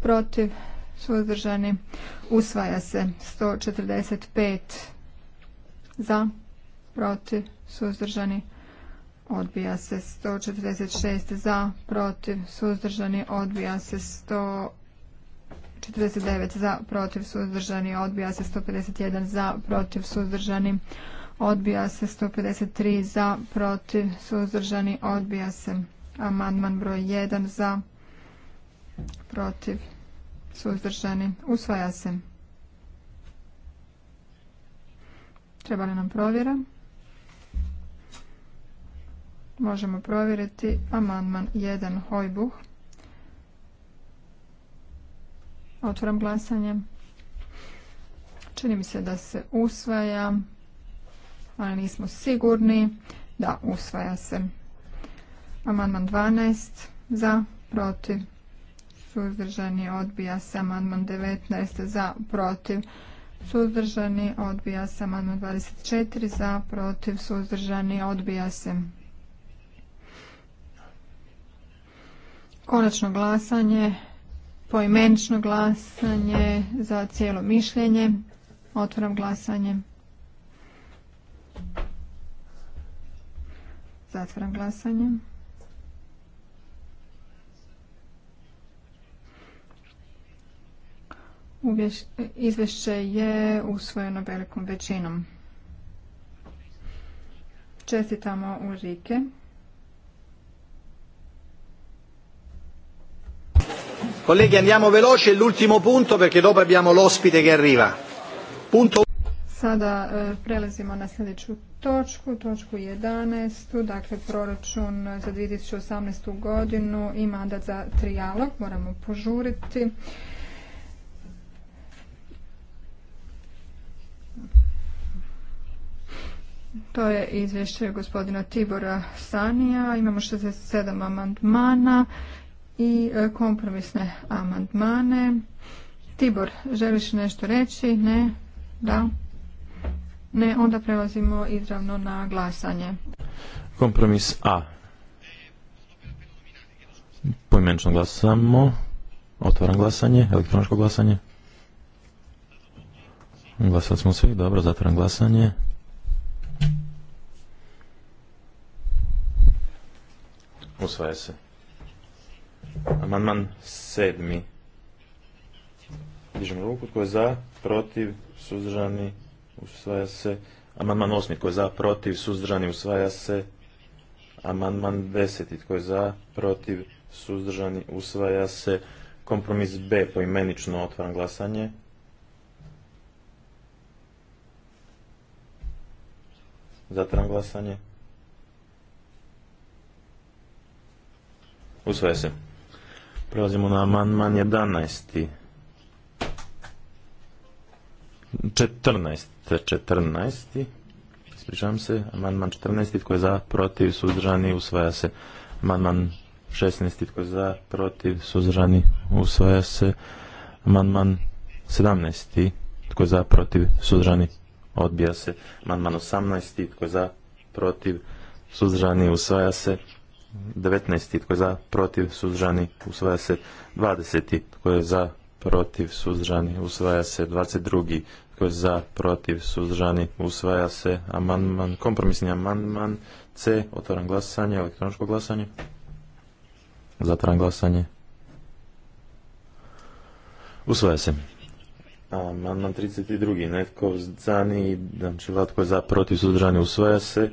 protiv, suzdržani, usvaja se 145 za, protiv, suzdržani, odbija se 146 za, protiv, suzdržani, odbija se 100 49 za, protiv, suzdržani, odbija se 151 za, protiv, suzdržani, odbija se odbija se 153 za protiv suzdržani odbija se amandman broj 1 za protiv suzdržani usvaja se treba li nam provjera možemo provjeriti amandman 1 hojbuh otvaram glasanje čini mi se da se usvaja ali nismo sigurni. Da, usvaja se. Amandman 12 za, protiv, suzdržani, odbija se. Amandman 19 za, protiv, suzdržani, odbija se. Amandman 24 za, protiv, suzdržani, odbija se. Konačno glasanje, poimenično glasanje za cijelo mišljenje. Otvaram glasanje. Zatvaram glasanje. izvješće je usvojeno velikom većinom. Čestitamo u Rike. Colleghi, andiamo veloce, l'ultimo punto perché dopo abbiamo l'ospite che arriva. Punto Sada e, prelazimo na sljedeću točku, točku 11. Dakle, proračun za 2018. godinu i mandat za trijalog. Moramo požuriti. To je izvješće gospodina Tibora Sanija. Imamo 67 amandmana i e, kompromisne amandmane. Tibor, želiš nešto reći? Ne? Da. Ne, onda prelazimo izravno na glasanje. Kompromis A. Pojmenično glasamo. Otvaram glasanje, elektroničko glasanje. Glasali smo svi, dobro, zatvaram glasanje. Usvaja se. Amandman sedmi. Dižemo ruku, tko je za, protiv, suzdržani, usvaja se. Amandman 8. tko je za, protiv, suzdržani, usvaja se. Amandman 10. tko je za, protiv, suzdržani, usvaja se. Kompromis B poimenično otvaram glasanje. Zatvaram glasanje. Usvaja se. Prelazimo na amandman 11. 14. 14. Ispričavam se. Amandman 14. Tko je za, protiv, suzdržani, usvaja se. Amandman 16. Tko je za, protiv, suzdržani, usvaja se. Amandman 17. Tko je za, protiv, suzdržani, odbija se. Amandman 18. Tko je za, protiv, suzdržani, usvaja se. 19. Tko je za, protiv, suzdržani, usvaja se. 20. Tko je za, protiv, suzdržani, usvaja se. 22. Tko je za, protiv, suzdržani, usvaja se. Amandman, kompromisni amandman C. Otvaram glasanje, elektroničko glasanje. Zatvaram glasanje. Usvaja se. Amandman 32. Netko zani, znači Vlatko je za, protiv, suzdržani, usvaja se.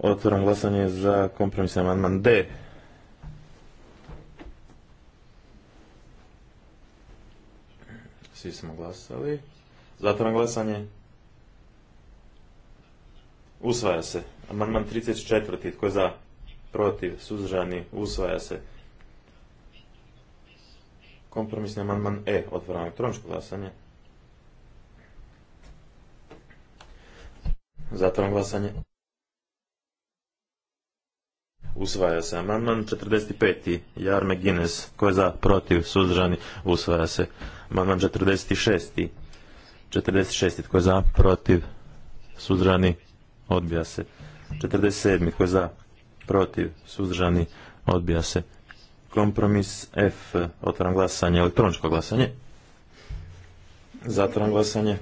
Otvaram glasanje za kompromisni amandman D. Svi smo glasali. Zatvaram glasanje. Usvaja se. Amandman 34. Tko je za? Protiv. Suzdržani. Usvaja se. Kompromisni amandman E. Otvaram elektroničko glasanje. Zatvaram glasanje. Usvaja se. Amandman 45. Jarme Gines. Tko je za? Protiv. Suzdržani. Usvaja se. Amandman 46. 46. Tko je za? Protiv? Suzdržani? Odbija se. 47. Tko je za? Protiv? Suzdržani? Odbija se. Kompromis F. Otvaram glasanje. Elektroničko glasanje. Zatvaram glasanje.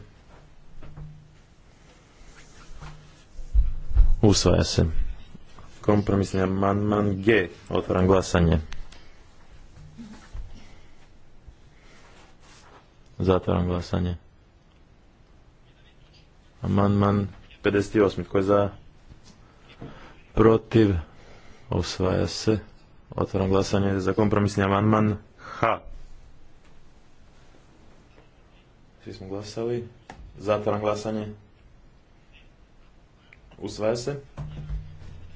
Usvaja se. Kompromisni amandman G. Otvaram glasanje. Zatvaram glasanje. Amandman 58. Tko je za? Protiv? Osvaja se. Otvaram glasanje za kompromisni amandman ha Svi smo glasali. Zatvaram glasanje. Usvaja se.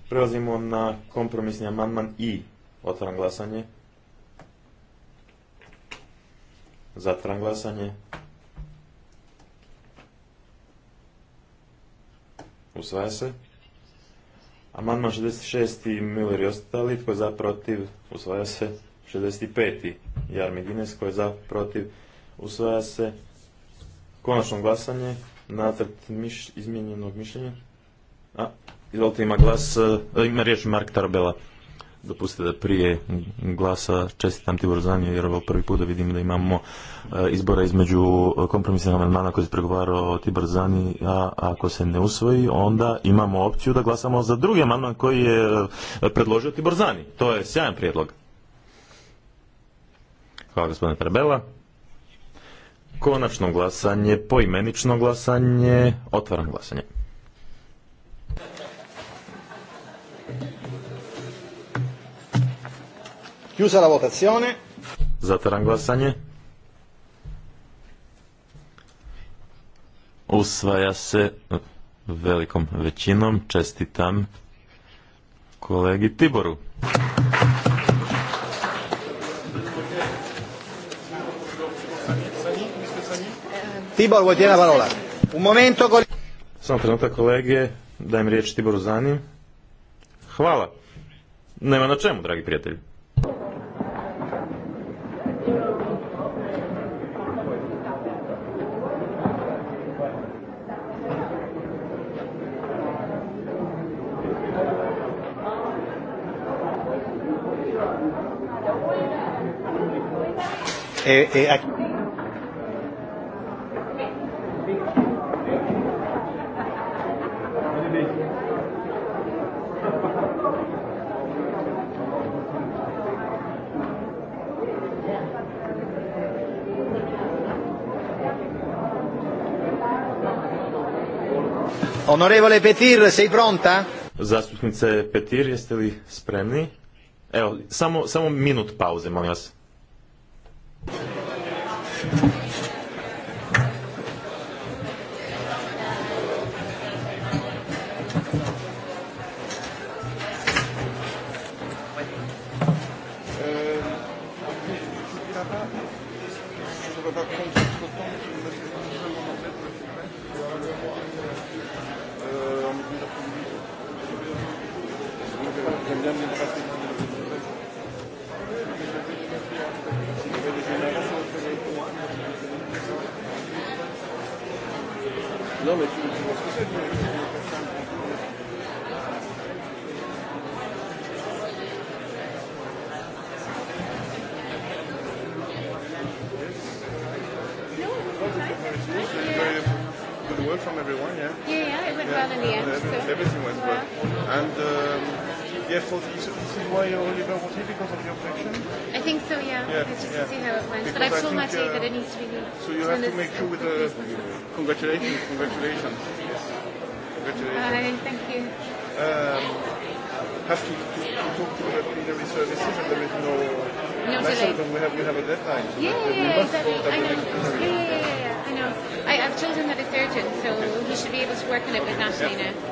Prelazimo na kompromisni amandman I. Otvaram glasanje. Zatvaram glasanje. Usvaja se. Amandman 66. Miller i ostali. Tko je za protiv? Usvaja se. 65. Jarmi Gines. Tko je za protiv? Usvaja se. Konačno glasanje. Nacrt izmijenjenog mišljenja. A, izvolite ima glas, e, ima riječ Mark Tarabela dopustite da prije glasa čestitam Tibor Zanju jer ovo prvi put da vidim da imamo e, izbora između kompromisnih amandmana koji se pregovarao Tibor Borzani, a ako se ne usvoji onda imamo opciju da glasamo za drugi amandman koji je e, predložio Ti Borzani. To je sjajan prijedlog. Hvala gospodine Trebela Konačno glasanje, poimenično glasanje, otvaram glasanje. Chiusa la votazione. Zatvaram glasanje. Usvaja se velikom većinom. Čestitam kolegi Tiboru. Tibor, vuoi dire parola? Un momento, Samo trenutak kolege, dajem riječ Tiboru Zanim. Hvala. Nema na čemu, dragi prijatelji eh, eh, Onorevole Petir, sei pronta? Zastupnice Petir, jeste li spremni? Evo, samo, samo minut pauze, molim vas. Congratulations, congratulations. Congratulations. Hi, thank you. Um, have to, to, to talk to the plenary services and there is no, no message but we have, we have a deadline. So yeah, yeah, yeah, we exactly. I know. Yeah, yeah, yeah, yeah, I know. I, I've chosen that it's urgent, so he should be able to work on it okay. with Natalina. yeah.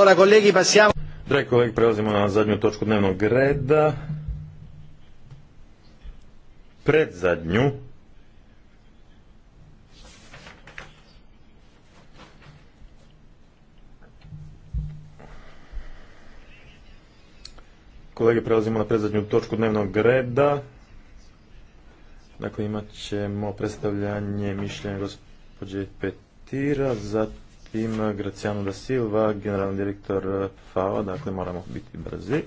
Allora, kolegi, passiamo... Dragi kolegi, prelazimo na zadnju točku dnevnog reda. Predzadnju. Kolege, prelazimo na predzadnju točku dnevnog reda. Dakle, imat ćemo predstavljanje mišljenja gospođe Petira, za tim eh, Graciano da Silva, generalni direktor eh, FAO, dakle moramo biti brzi.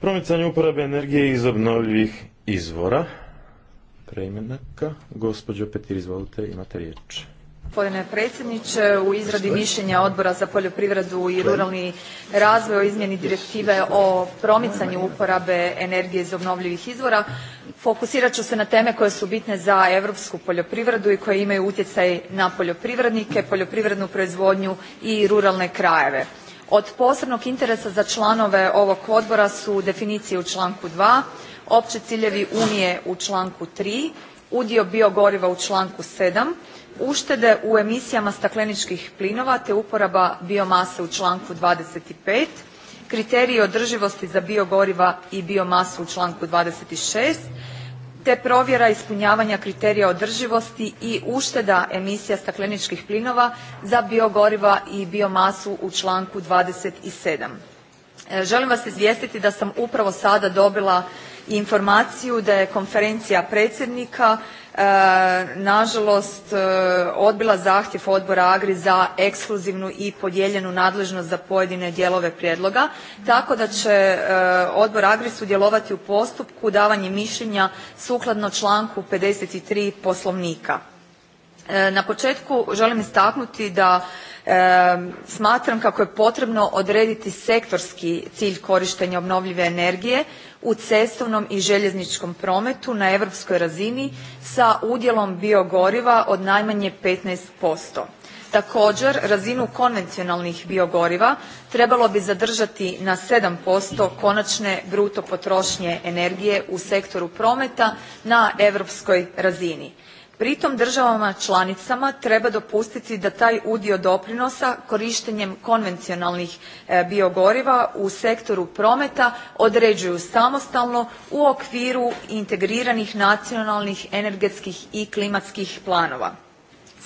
Promicanje uporabe energije iz obnovljivih izvora. Preimenaka. Gospođo Petir, izvolite, imate riječ. Gospodine predsjedniče, u izradi mišljenja Odbora za poljoprivredu i ruralni razvoj o izmjeni direktive o promicanju uporabe energije iz obnovljivih izvora fokusirat ću se na teme koje su bitne za europsku poljoprivredu i koje imaju utjecaj na poljoprivrednike, poljoprivrednu proizvodnju i ruralne krajeve. Od posebnog interesa za članove ovog odbora su definicije u članku 2, opći ciljevi unije u članku 3, udio biogoriva u članku 7, uštede u emisijama stakleničkih plinova te uporaba biomase u članku 25., kriteriji održivosti za biogoriva i biomasu u članku 26. te provjera ispunjavanja kriterija održivosti i ušteda emisija stakleničkih plinova za biogoriva i biomasu u članku 27. E, želim vas izvijestiti da sam upravo sada dobila informaciju da je konferencija predsjednika E, nažalost e, odbila zahtjev odbora Agri za ekskluzivnu i podijeljenu nadležnost za pojedine dijelove prijedloga tako da će e, odbor Agri sudjelovati u postupku davanje mišljenja sukladno članku 53. Poslovnika. Na početku želim istaknuti da smatram kako je potrebno odrediti sektorski cilj korištenja obnovljive energije u cestovnom i željezničkom prometu na europskoj razini sa udjelom biogoriva od najmanje 15%. Također razinu konvencionalnih biogoriva trebalo bi zadržati na 7% konačne bruto potrošnje energije u sektoru prometa na europskoj razini. Pritom državama članicama treba dopustiti da taj udio doprinosa korištenjem konvencionalnih e, biogoriva u sektoru prometa određuju samostalno u okviru integriranih nacionalnih energetskih i klimatskih planova.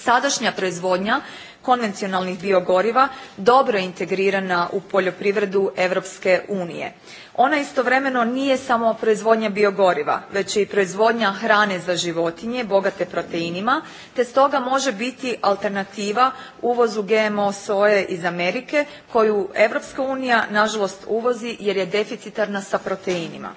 Sadašnja proizvodnja konvencionalnih biogoriva dobro integrirana u poljoprivredu Europske unije. Ona istovremeno nije samo proizvodnja biogoriva već i proizvodnja hrane za životinje bogate proteinima te stoga može biti alternativa uvozu GMO soje iz Amerike koju Europska unija nažalost uvozi jer je deficitarna sa proteinima.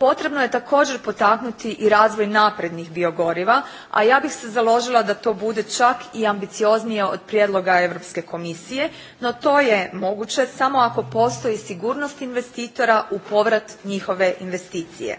Potrebno je također potaknuti i razvoj naprednih biogoriva, a ja bih se založila da to bude čak i ambicioznije od prijedloga Europske komisije, no to je moguće samo ako postoji sigurnost investitora u povrat njihove investicije.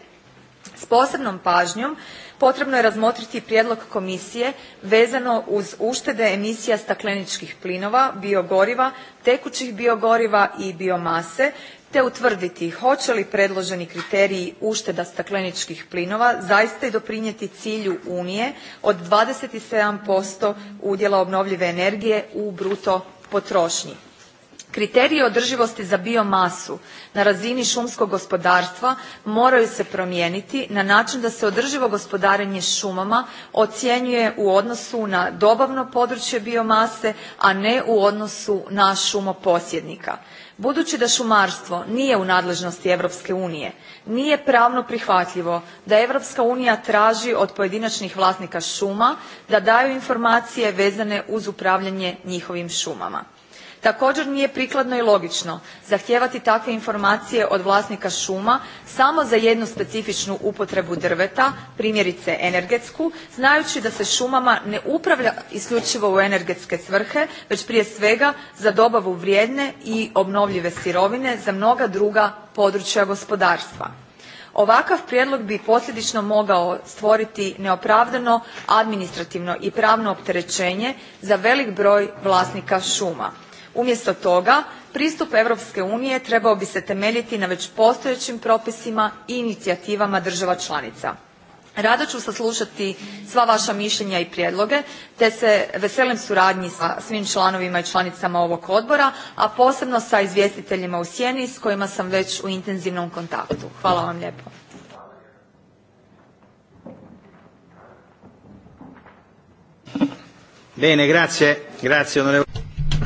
S posebnom pažnjom potrebno je razmotriti prijedlog komisije vezano uz uštede emisija stakleničkih plinova, biogoriva, tekućih biogoriva i biomase te utvrditi hoće li predloženi kriteriji ušteda stakleničkih plinova zaista i doprinijeti cilju unije od 27% udjela obnovljive energije u bruto potrošnji. Kriteriji održivosti za biomasu na razini šumskog gospodarstva moraju se promijeniti na način da se održivo gospodarenje šumama ocjenjuje u odnosu na dobavno područje biomase, a ne u odnosu na šumoposjednika. Budući da šumarstvo nije u nadležnosti Europske unije, nije pravno prihvatljivo da Europska unija traži od pojedinačnih vlasnika šuma da daju informacije vezane uz upravljanje njihovim šumama. Također nije prikladno i logično zahtijevati takve informacije od vlasnika šuma samo za jednu specifičnu upotrebu drveta, primjerice energetsku, znajući da se šumama ne upravlja isključivo u energetske svrhe već prije svega za dobavu vrijedne i obnovljive sirovine za mnoga druga područja gospodarstva. Ovakav prijedlog bi posljedično mogao stvoriti neopravdano administrativno i pravno opterećenje za velik broj vlasnika šuma umjesto toga pristup europske unije trebao bi se temeljiti na već postojećim propisima i inicijativama država članica. rado ću saslušati sva vaša mišljenja i prijedloge te se veselim suradnji sa svim članovima i članicama ovog odbora a posebno sa izvjestiteljima u sjeni s kojima sam već u intenzivnom kontaktu. hvala vam lijepo.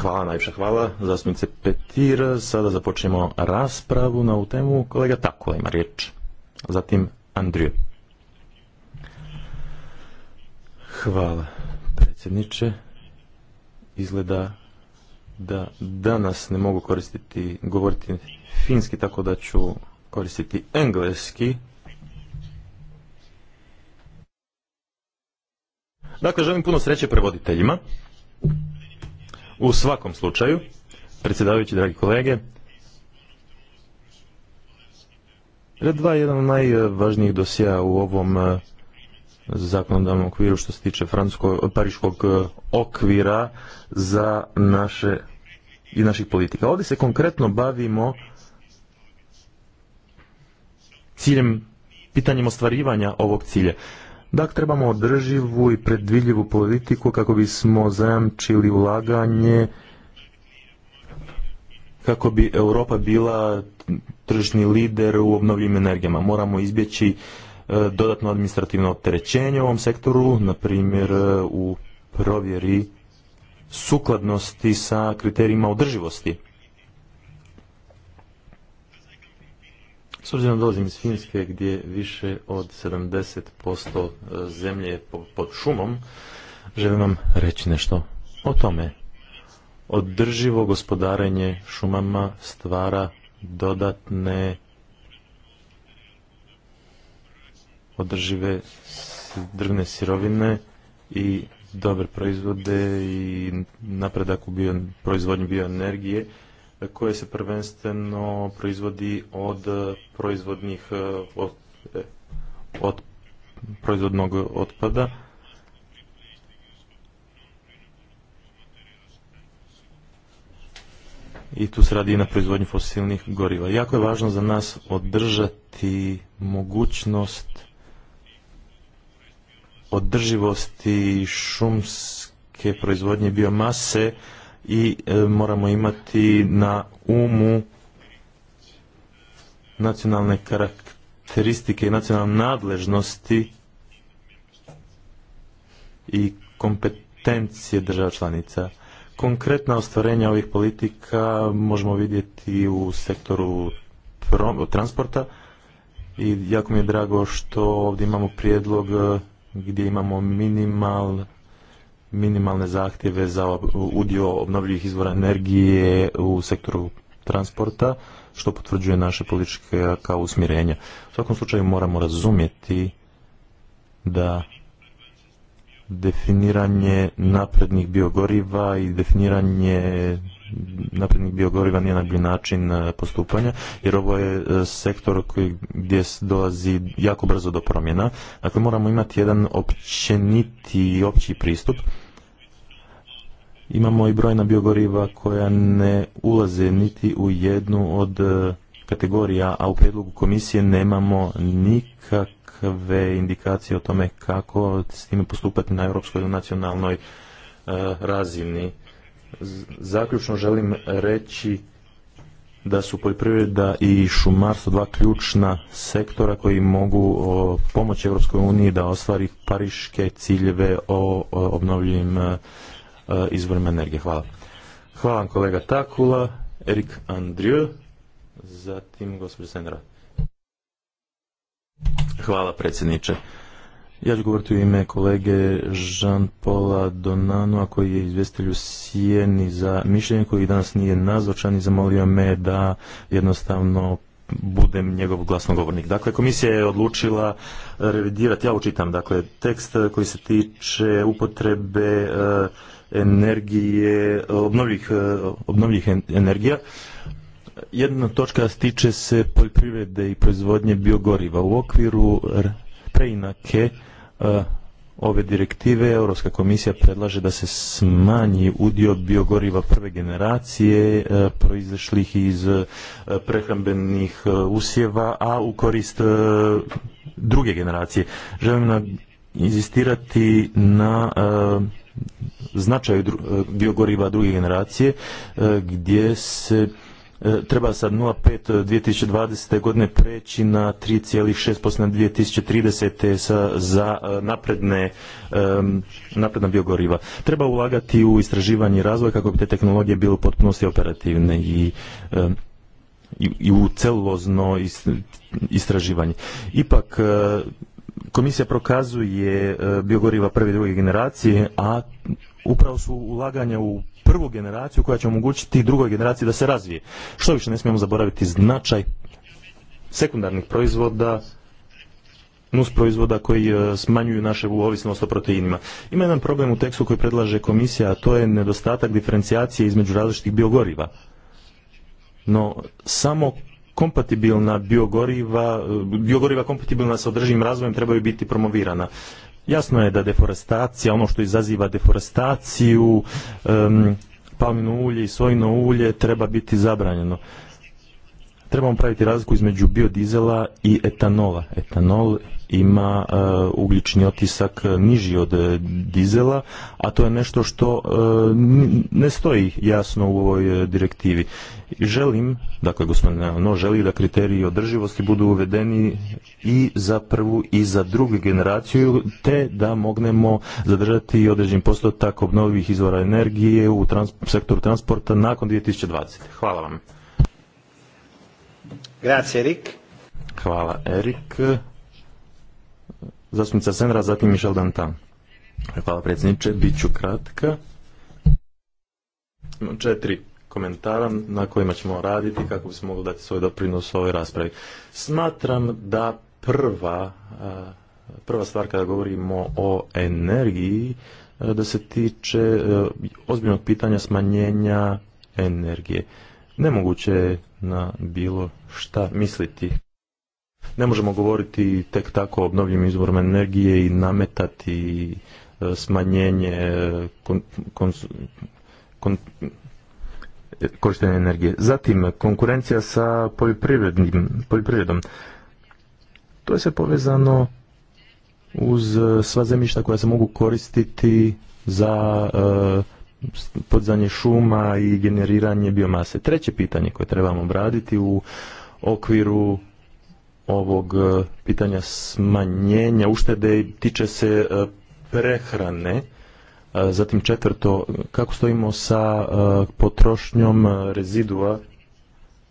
Hvala, najviše hvala. Zastupnice Petir, sada započnemo raspravu na ovu temu. Kolega Takula ima riječ. Zatim Andriju. Hvala, predsjedniče. Izgleda da danas ne mogu koristiti, govoriti finski, tako da ću koristiti engleski. Dakle, želim puno sreće prevoditeljima. U svakom slučaju, predsjedavajući, dragi kolege, red dva je jedan od najvažnijih dosija u ovom e, zakonodavnom okviru što se tiče pariškog e, okvira za naše i naših politika. Ovdje se konkretno bavimo ciljem, pitanjem ostvarivanja ovog cilja. Dakle, trebamo održivu i predvidljivu politiku kako bismo zajamčili ulaganje, kako bi Europa bila tržni lider u obnovljivim energijama. Moramo izbjeći e, dodatno administrativno opterećenje u ovom sektoru, na primjer e, u provjeri sukladnosti sa kriterijima održivosti. S obzirom dolazim iz Finske gdje više od 70% e, zemlje je pod šumom, želim vam reći nešto o tome. Održivo gospodarenje šumama stvara dodatne održive drvne sirovine i dobre proizvode i napredak u bio, proizvodnju bioenergije koje se prvenstveno proizvodi od proizvodnih e, od, e, od proizvodnog otpada. I tu se radi i na proizvodnju fosilnih goriva. Jako je važno za nas održati mogućnost održivosti šumske proizvodnje biomase i e, moramo imati na umu nacionalne karakteristike i nacionalne nadležnosti i kompetencije država članica. Konkretna ostvarenja ovih politika možemo vidjeti u sektoru transporta i jako mi je drago što ovdje imamo prijedlog e, gdje imamo minimalno minimalne zahtjeve za udio obnovljivih izvora energije u sektoru transporta, što potvrđuje naše političke kao usmjerenja. U svakom slučaju moramo razumjeti da definiranje naprednih biogoriva i definiranje naprednih biogoriva nije najbolji način e, postupanja, jer ovo je e, sektor koji, gdje dolazi jako brzo do promjena. Dakle, moramo imati jedan općeniti i opći pristup. Imamo i brojna biogoriva koja ne ulaze niti u jednu od e, kategorija, a u prijedlogu komisije nemamo nikakve indikacije o tome kako s time postupati na europskoj ili nacionalnoj razini zaključno želim reći da su poljoprivreda i šumarstvo dva ključna sektora koji mogu pomoći Europskoj uniji da ostvari pariške ciljeve o obnovljivim e, e, izvorima energije. Hvala. Hvala vam kolega Takula, Erik Andrieu, zatim gospođa Senra. Hvala predsjedniče. Ja ću govoriti u ime kolege Jean-Paula a koji je izvjestitelj u Sijeni za mišljenje koji danas nije nazočan i zamolio me da jednostavno budem njegov glasnogovornik. Dakle, komisija je odlučila revidirati, ja učitam, dakle, tekst koji se tiče upotrebe eh, energije, obnovljivih, eh, energija. Jedna točka tiče se poljoprivrede i proizvodnje biogoriva. U okviru preinake e, ove direktive Europska komisija predlaže da se smanji udio biogoriva prve generacije e, proizašlih iz e, prehrambenih usjeva, a u korist druge generacije. Želim na inzistirati na značaju biogoriva druge generacije gdje se E, treba sa 0,5 2020. godine preći na 3,6% na 2030. Sa, za e, napredne, e, napredna biogoriva. Treba ulagati u istraživanje i razvoj kako bi te tehnologije bile u potpunosti operativne i i, u celulozno istraživanje. Ipak, komisija prokazuje biogoriva prve i druge generacije, a upravo su ulaganja u prvu generaciju koja će omogućiti drugoj generaciji da se razvije. Što više ne smijemo zaboraviti značaj sekundarnih proizvoda, nus proizvoda koji e, smanjuju naše uovisnost o proteinima. Ima jedan problem u tekstu koji predlaže komisija, a to je nedostatak diferencijacije između različitih biogoriva. No, samo kompatibilna biogoriva, e, biogoriva kompatibilna sa održivim razvojem trebaju biti promovirana. Jasno je da deforestacija, ono što izaziva deforestaciju, um, palmino ulje i sojno ulje treba biti zabranjeno. Trebamo praviti razliku između biodizela i etanola. Etanol ima e, ugljični otisak e, niži od e, dizela, a to je nešto što ne stoji jasno u ovoj direktivi. Želim, dakle gospodine, no želi da kriteriji održivosti budu uvedeni i za prvu i za drugu generaciju, te da mognemo zadržati određen postotak obnovljivih izvora energije u sektoru transporta nakon 2020. Hvala vam. Grazie, Erik. Hvala, Erik zastupnica Senra, zatim Mišel Dantan. Hvala predsjedniče, bit ću kratka. Imam četiri komentara na kojima ćemo raditi kako bismo mogli dati svoj doprinos ovoj raspravi. Smatram da prva, prva stvar kada govorimo o energiji, da se tiče ozbiljnog pitanja smanjenja energije. Nemoguće je na bilo šta misliti ne možemo govoriti tek tako o obnovljivim izvorima energije i nametati e, smanjenje e, kon, e, korištenja energije. Zatim, konkurencija sa poljoprivredom. To je sve povezano uz sva zemljišta koja se mogu koristiti za podzanje šuma i generiranje biomase. Treće pitanje koje trebamo obraditi u okviru ovog e, pitanja smanjenja uštede tiče se e, prehrane. E, zatim četvrto, kako stojimo sa potrošnjom rezidua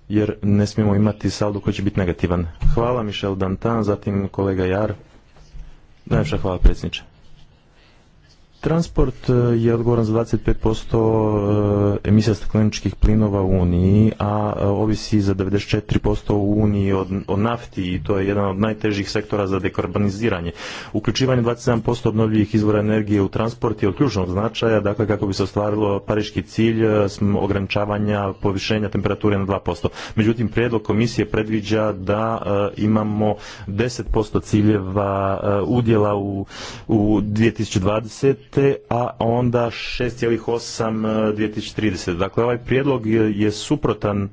jer ne smijemo imati saldo koji će biti negativan. Hvala Mišel Dantan, zatim kolega Jar. Najviše hvala predsjedniče. Transport e, je odgovoran za 25% e, emisija stakleničkih plinova u Uniji, a e, ovisi za 94% u Uniji od, nafti i to je jedan od najtežih sektora za dekarboniziranje. Uključivanje 27% obnovljivih izvora energije u transport je od ključnog značaja, dakle kako bi se ostvarilo pariški cilj ograničavanja povišenja temperature na 2%. Međutim, prijedlog komisije predviđa da imamo 10% ciljeva udjela u, u 2020 a onda 6,8 2030. E, dakle, ovaj prijedlog je, suprotan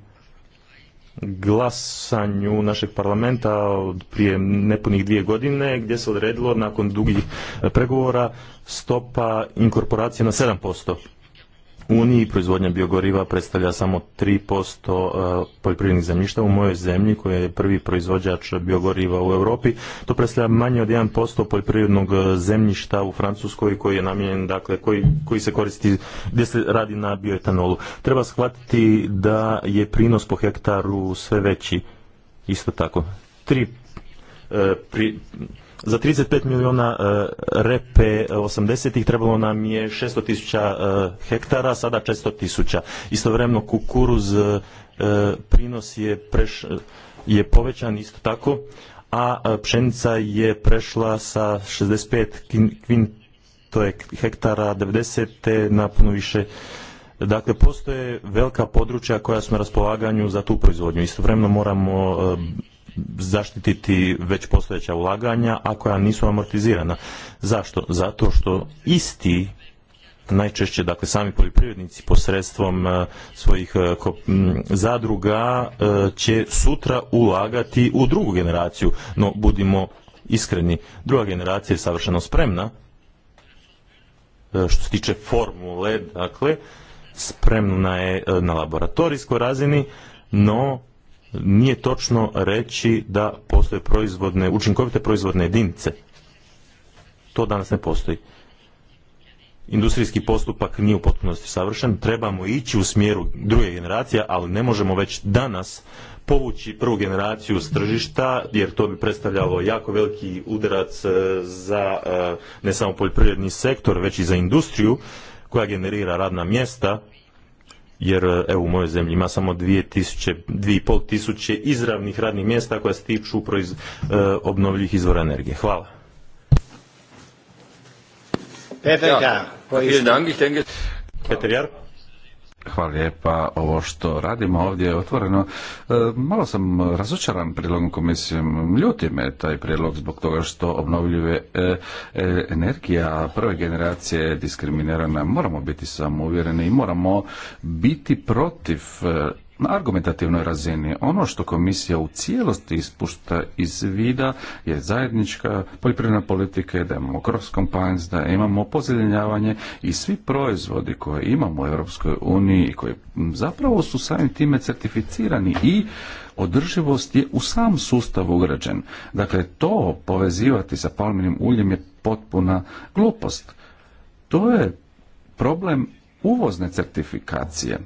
glasanju našeg parlamenta od prije nepunih dvije godine gdje se odredilo nakon dugih e, pregovora stopa inkorporacije na 7%. Uniji proizvodnja biogoriva predstavlja samo 3% e, poljoprivrednih zemljišta u mojoj zemlji koja je prvi proizvođač biogoriva u Europi. To predstavlja manje od 1% poljoprivrednog e, zemljišta u Francuskoj koji je namijenjen, dakle, koji, koji se koristi, gdje se radi na bioetanolu. Treba shvatiti da je prinos po hektaru sve veći. Isto tako. Tri, e, za 35 milijuna e, repe 80-ih trebalo nam je 600 tisuća e, hektara, sada 400 tisuća. Istovremeno kukuruz e, prinos je, povećan isto tako, a pšenica je prešla sa 65 kvint to je hektara 90. na puno više. Dakle, postoje velika područja koja su na raspolaganju za tu proizvodnju. Istovremeno moramo zaštititi već postojeća ulaganja, a koja nisu amortizirana. Zašto? Zato što isti najčešće dakle sami poljoprivrednici posredstvom e, svojih e, zadruga e, će sutra ulagati u drugu generaciju, no budimo iskreni, druga generacija je savršeno spremna što se tiče formule, dakle spremna je na laboratorijskoj razini, no nije točno reći da postoje proizvodne, učinkovite proizvodne jedinice. To danas ne postoji. Industrijski postupak nije u potpunosti savršen, trebamo ići u smjeru druge generacije, ali ne možemo već danas povući prvu generaciju s tržišta, jer to bi predstavljalo jako veliki udarac e, za e, ne samo poljoprivredni sektor, već i za industriju koja generira radna mjesta jer e, evo u mojoj zemlji ima samo 2000, 2500 izravnih radnih mjesta koja se tiču proiz, e, obnovljivih izvora energije. Hvala. Peter Jar. Hvala lijepa. Ovo što radimo ovdje je otvoreno. E, malo sam razočaran prijedlogom komisije. Ljuti me taj prijedlog zbog toga što obnovljive e, e, energija prve generacije je diskriminirana. Moramo biti samouvjereni i moramo biti protiv na argumentativnoj razini. Ono što komisija u cijelosti ispušta iz vida je zajednička poljoprivredna politika, da imamo cross compliance, da imamo pozeljenjavanje i svi proizvodi koje imamo u Europskoj uniji i koji zapravo su samim time certificirani i održivost je u sam sustav ugrađen. Dakle, to povezivati sa palminim uljem je potpuna glupost. To je problem uvozne certifikacije.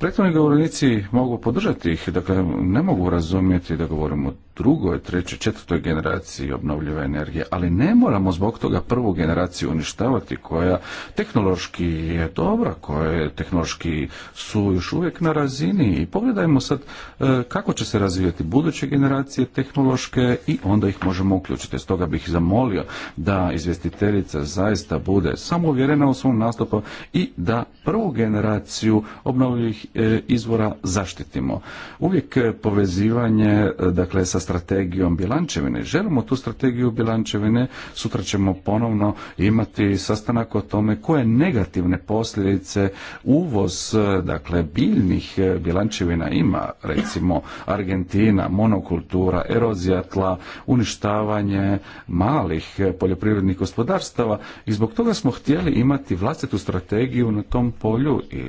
Prethodni govornici mogu podržati ih, dakle ne mogu razumjeti da govorimo drugoj, trećoj, četvrtoj generaciji obnovljive energije, ali ne moramo zbog toga prvu generaciju uništavati koja tehnološki je dobra, koje tehnološki su još uvijek na razini i pogledajmo sad e, kako će se razvijati buduće generacije tehnološke i onda ih možemo uključiti. Stoga bih zamolio da izvjestiteljica zaista bude samouvjerena u svom nastupu i da prvu generaciju obnovljivih e, izvora zaštitimo. Uvijek povezivanje dakle sa strategijom bilančevine. Želimo tu strategiju bilančevine, sutra ćemo ponovno imati sastanak o tome koje negativne posljedice uvoz dakle biljnih bilančevina ima, recimo Argentina, monokultura, erozija tla, uništavanje malih poljoprivrednih gospodarstava i zbog toga smo htjeli imati vlastitu strategiju na tom polju i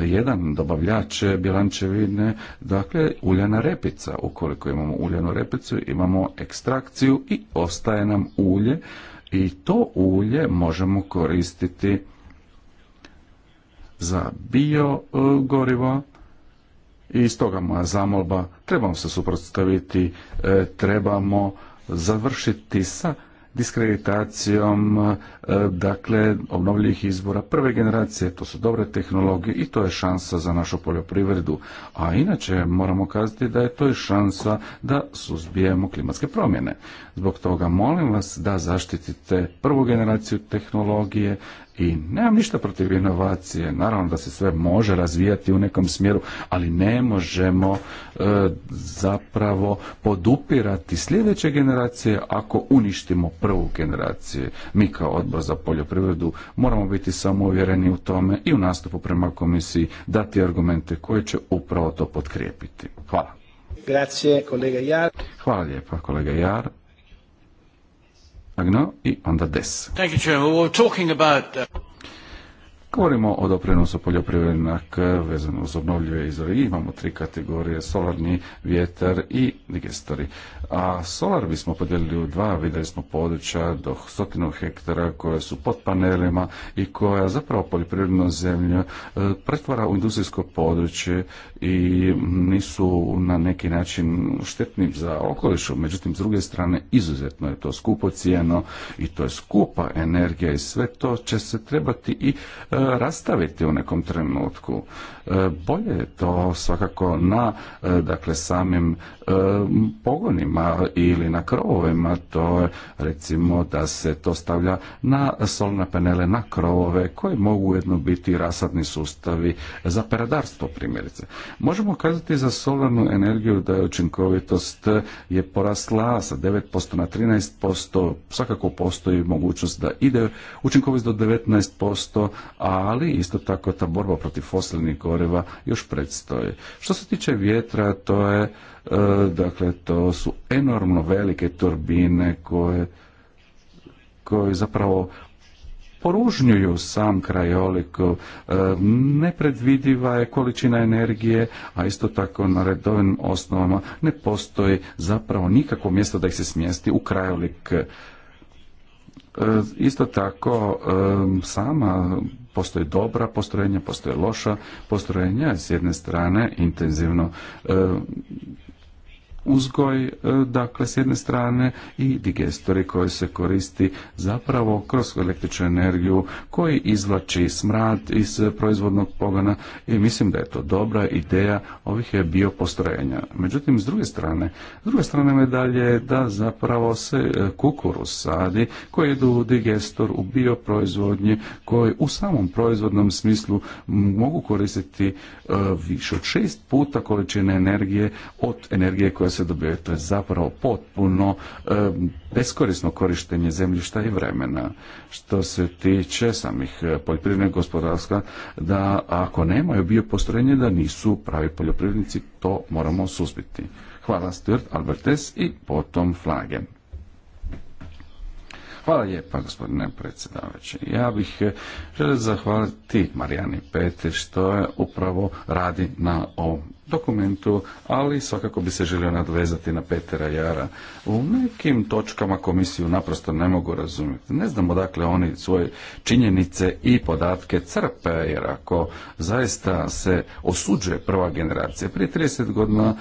jedan dobavljač bilančevine, dakle uljana repica. Ukoliko imamo uljanu imamo imamo ekstrakciju i ostaje nam ulje i to ulje možemo koristiti za bio i stoga moja zamolba trebamo se suprotstaviti, e, trebamo završiti sa diskreditacijom e, dakle obnovljivih izbora prve generacije, to su dobre tehnologije i to je šansa za našu poljoprivredu. A inače moramo kazati da je to i šansa da suzbijemo klimatske promjene. Zbog toga molim vas da zaštitite prvu generaciju tehnologije i nemam ništa protiv inovacije, naravno da se sve može razvijati u nekom smjeru, ali ne možemo e, zapravo podupirati sljedeće generacije ako uništimo prvu generaciju. Mi kao odbor za poljoprivredu moramo biti samouvjereni u tome i u nastupu prema komisiji dati argumente koje će upravo to potkrijepiti. Hvala. Grazie, kolega Hvala lijepa, kolega Jar. Agno i onda Des. Thank you, Chairman. We're talking about... Uh, Govorimo o doprinosu poljoprivrednak vezano uz obnovljive izvore. Imamo tri kategorije, solarni, vjetar i digestori. A solar bismo podijelili u dva, vidjeli smo područja do stotinu hektara koje su pod panelima i koja zapravo poljoprivredno zemlju e, pretvara u industrijsko područje i nisu na neki način štetni za okolišu. Međutim, s druge strane, izuzetno je to skupo cijeno i to je skupa energija i sve to će se trebati i e, E, rastaviti u nekom trenutku. E, bolje je to svakako na e, dakle samim pogonima ili na krovovima, to je recimo da se to stavlja na solne panele, na krovove koji mogu ujedno biti rasadni sustavi za peradarstvo primjerice. Možemo kazati za solarnu energiju da je učinkovitost je porasla sa 9% na 13%, svakako postoji mogućnost da ide učinkovitost do 19%, a ali isto tako ta borba protiv fosilnih goriva još predstoji. Što se tiče vjetra, to je, e, dakle, to su enormno velike turbine koje, koje zapravo poružnjuju sam krajolik, e, nepredvidiva je količina energije, a isto tako na redovnim osnovama ne postoji zapravo nikakvo mjesto da ih se smjesti u krajolik E, isto tako, e, sama postoje dobra postrojenja, postoje loša postrojenja. S jedne strane, intenzivno e, uzgoj, e, dakle s jedne strane i digestori koji se koristi zapravo kroz električnu energiju koji izvlači smrad iz proizvodnog pogona i mislim da je to dobra ideja ovih je bio Međutim, s druge strane, s druge strane medalje da zapravo se e, kukuruz sadi koji idu u digestor u bioproizvodnji koji u samom proizvodnom smislu mogu koristiti e, više od šest puta količine energije od energije koja koje se dobijete To je zapravo potpuno e, beskorisno korištenje zemljišta i vremena. Što se tiče samih e, poljoprivrednih gospodarstva, da ako nemaju bio postrojenje, da nisu pravi poljoprivrednici, to moramo suzbiti. Hvala Stuart Albertes i potom flagen. Hvala lijepa, gospodine predsjedavajući. Ja bih eh, želio zahvaliti Marijani Peti što je upravo radi na ovom dokumentu, ali svakako bi se želio nadvezati na Petera Jara. U nekim točkama komisiju naprosto ne mogu razumjeti. Ne znamo dakle oni svoje činjenice i podatke crpe, jer ako zaista se osuđuje prva generacija, prije 30 godina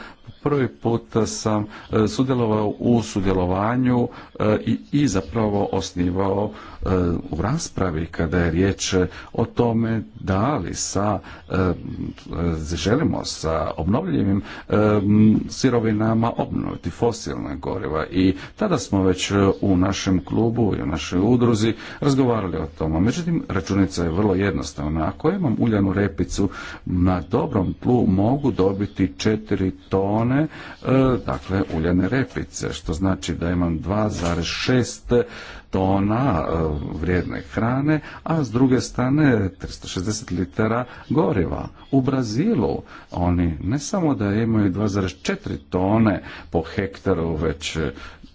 Prvi puta sam e, sudjelovao u sudjelovanju e, i, zapravo osnivao e, u raspravi kada je riječ o tome da li sa želimo sa obnovljivim sirovinama obnoviti fosilna goriva i tada smo već u našem klubu i u našoj udruzi razgovarali o tome. Međutim, računica je vrlo jednostavna. Ako imam uljanu repicu na dobrom tlu mogu dobiti četiri tone tone e, dakle uljane repice, što znači da imam 2,6 tona e, vrijedne hrane, a s druge strane 360 litara goriva. U Brazilu oni ne samo da imaju 2,4 tone po hektaru, već e,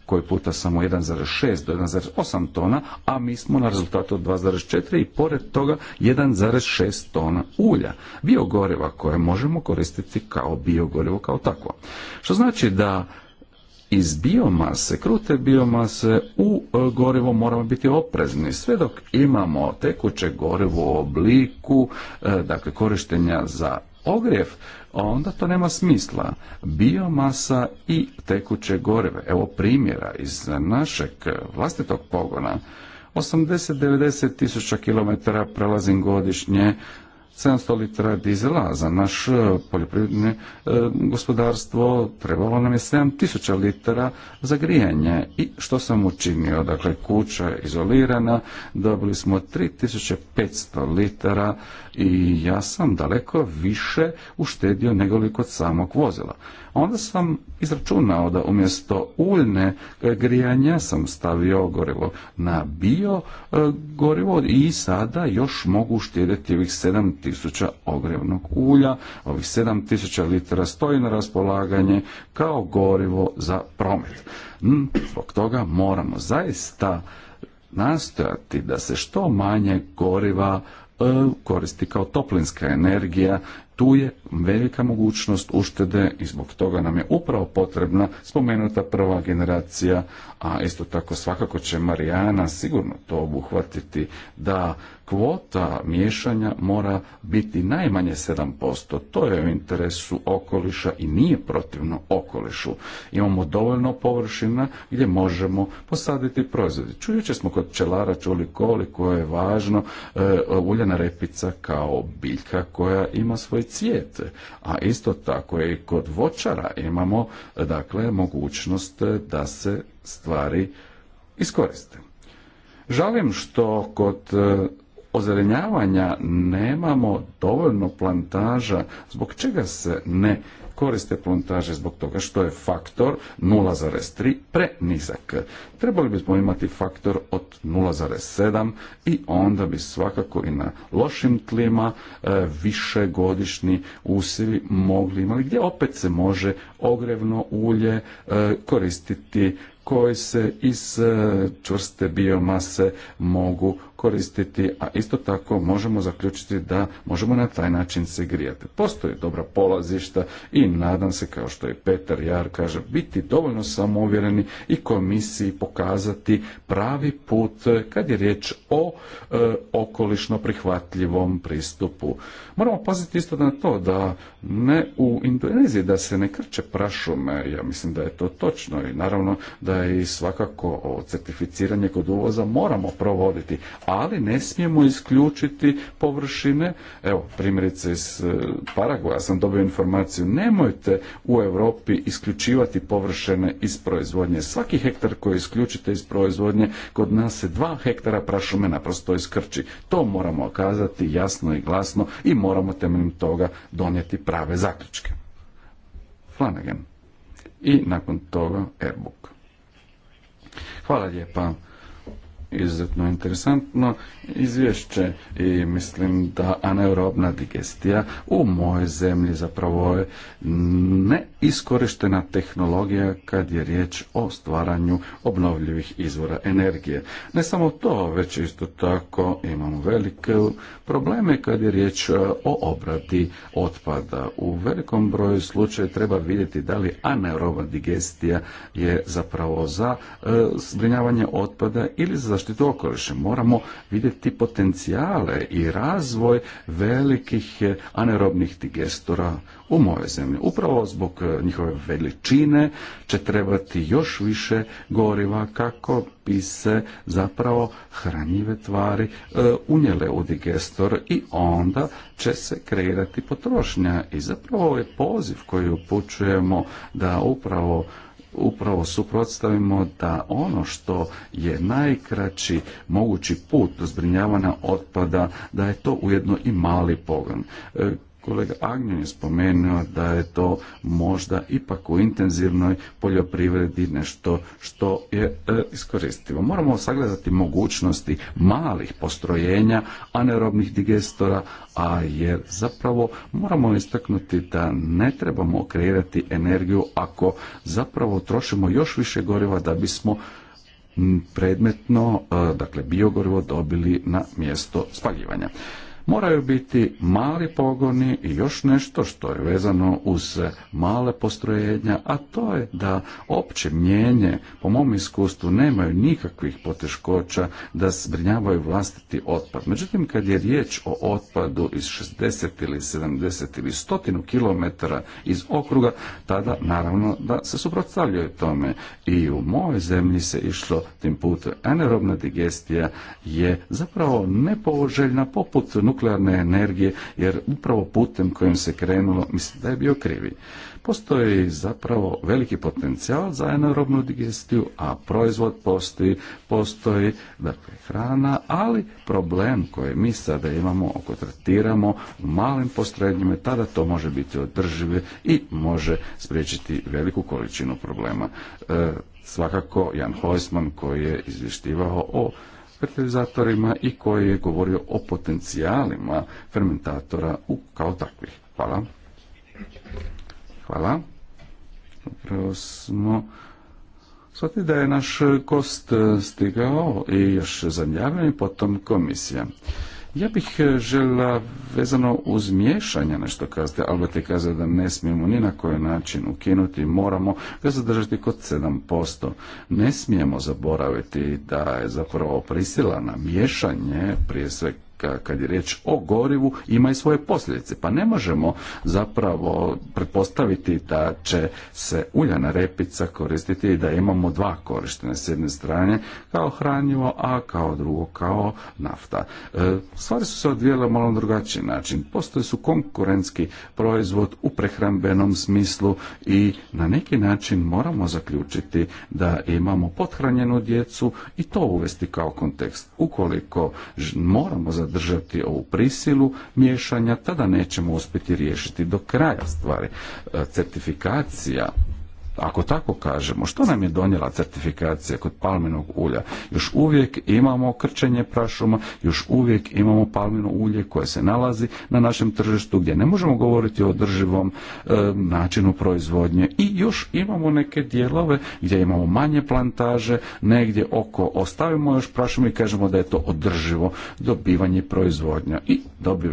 koji puta samo 1,6 do 1,8 tona, a mi smo na rezultatu od 2,4 i pored toga 1,6 tona ulja, biogoriva koje možemo koristiti kao biogorivo kao takvo. Što znači da iz biomase, krute biomase u e, gorivo moramo biti oprezni. Sve dok imamo tekuće gorivo u obliku, e, dakle korištenja za ogrjev, onda to nema smisla. Biomasa i tekuće gorive. Evo primjera iz našeg vlastitog pogona. 80-90 tisuća kilometara prelazim godišnje 700 litra dizela za naš e, poljoprivredno e, gospodarstvo trebalo nam je 7000 litara za grijanje i što sam učinio dakle kuća je izolirana dobili smo 3500 litara i ja sam daleko više uštedio nego kod samog vozila Onda sam izračunao da umjesto uljne grijanja sam stavio gorivo na bio e, gorivo i sada još mogu štedjeti ovih 7000 ogrevnog ulja. Ovih 7000 litara stoji na raspolaganje kao gorivo za promet. Mm, zbog toga moramo zaista nastojati da se što manje goriva e, koristi kao toplinska energija tu je velika mogućnost uštede i zbog toga nam je upravo potrebna spomenuta prva generacija a isto tako svakako će Marijana sigurno to obuhvatiti da kvota miješanja mora biti najmanje 7%. To je u interesu okoliša i nije protivno okolišu. Imamo dovoljno površina gdje možemo posaditi proizvode. Čujuće smo kod pčelara čuli koliko je važno e, repica kao biljka koja ima svoj cvijet. A isto tako i kod voćara imamo e, dakle mogućnost e, da se stvari iskoriste. Žalim što kod e, ozelenjavanja nemamo dovoljno plantaža, zbog čega se ne koriste plantaže zbog toga što je faktor 0,3 prenizak. Trebali bismo imati faktor od 0,7 i onda bi svakako i na lošim tlima e, godišnji usivi mogli imati, gdje opet se može ogrevno ulje e, koristiti koji se iz eh, čvrste biomase mogu koristiti, a isto tako možemo zaključiti da možemo na taj način se grijati. Postoje dobra polazišta i nadam se, kao što je Petar Jar kaže, biti dovoljno samouvjereni i komisiji pokazati pravi put kad je riječ o e, okolišno prihvatljivom pristupu. Moramo paziti isto na to da ne u Indoneziji da se ne krče prašume, ja mislim da je to točno i naravno da je i svakako certificiranje kod uvoza moramo provoditi, ali ne smijemo isključiti površine. Evo, primjerice iz e, Paragoja sam dobio informaciju, nemojte u Europi isključivati površine iz proizvodnje. Svaki hektar koji isključite iz proizvodnje, kod nas se dva hektara prašume naprosto iskrči. To moramo kazati jasno i glasno i moramo temeljem toga donijeti prave zaključke. Flanagan. I nakon toga Airbook. Hvala lijepa izuzetno interesantno izvješće i mislim da aneurobna digestija u mojoj zemlji zapravo je neiskorištena tehnologija kad je riječ o stvaranju obnovljivih izvora energije. Ne samo to, već isto tako imamo velike probleme kad je riječ o obradi otpada. U velikom broju slučaja treba vidjeti da li anaerobna digestija je zapravo za e, zbrinjavanje otpada ili za zaštitu okoliša. Moramo vidjeti potencijale i razvoj velikih eh, anerobnih digestora u moje zemlji. Upravo zbog eh, njihove veličine će trebati još više goriva kako bi se zapravo hranjive tvari eh, unijele u digestor i onda će se kreirati potrošnja. I zapravo je ovaj poziv koji upućujemo da upravo upravo suprotstavimo da ono što je najkraći mogući put do zbrinjavanja otpada, da je to ujedno i mali pogon. E, kolega Agnju je spomenuo da je to možda ipak u intenzivnoj poljoprivredi nešto što je e, iskoristivo. Moramo sagledati mogućnosti malih postrojenja, anerobnih digestora, a jer zapravo moramo istaknuti da ne trebamo kreirati energiju ako zapravo trošimo još više goriva da bismo predmetno, e, dakle biogorivo dobili na mjesto spaljivanja moraju biti mali pogoni i još nešto što je vezano uz male postrojenja, a to je da opće mjenje, po mom iskustvu, nemaju nikakvih poteškoća da zbrinjavaju vlastiti otpad. Međutim, kad je riječ o otpadu iz 60 ili 70 ili 100 km iz okruga, tada naravno da se suprotstavljaju tome. I u mojoj zemlji se išlo tim putem. Enerobna digestija je zapravo nepoželjna poput nuklearne energije, jer upravo putem kojim se krenulo, mislim da je bio krivi. Postoji zapravo veliki potencijal za anaerobnu digestiju, a proizvod postoji, postoji dakle, hrana, ali problem koji mi sada imamo, oko tretiramo u malim postrojenjima, tada to može biti održive i može spriječiti veliku količinu problema. E, svakako Jan Hoisman koji je izvještivao o fertilizatorima i koji je govorio o potencijalima fermentatora u, kao takvih. Hvala. Hvala. Upravo smo da je naš kost stigao i još javljanje potom komisija. Ja bih e, žela vezano uz miješanje nešto kazati. Albert je kazao da ne smijemo ni na koji način ukinuti, moramo ga zadržati kod 7%. Ne smijemo zaboraviti da je zapravo prisila na miješanje, prije svega kad je riječ o gorivu ima i svoje posljedice. Pa ne možemo zapravo pretpostaviti da će se uljana repica koristiti i da imamo dva korištene s jedne strane kao hranjivo, a kao drugo kao nafta. E, stvari su se odvijele malo na drugačiji način. Postoje su konkurentski proizvod u prehrambenom smislu i na neki način moramo zaključiti da imamo pothranjenu djecu i to uvesti kao kontekst. Ukoliko moramo zadržati držati ovu prisilu miješanja, tada nećemo uspjeti riješiti do kraja stvari. E, certifikacija ako tako kažemo, što nam je donijela certifikacija kod palminog ulja? Još uvijek imamo krčenje prašuma, još uvijek imamo palmino ulje koje se nalazi na našem tržištu gdje ne možemo govoriti o održivom e, načinu proizvodnje i još imamo neke dijelove gdje imamo manje plantaže, negdje oko ostavimo još prašumu i kažemo da je to održivo dobivanje proizvodnja i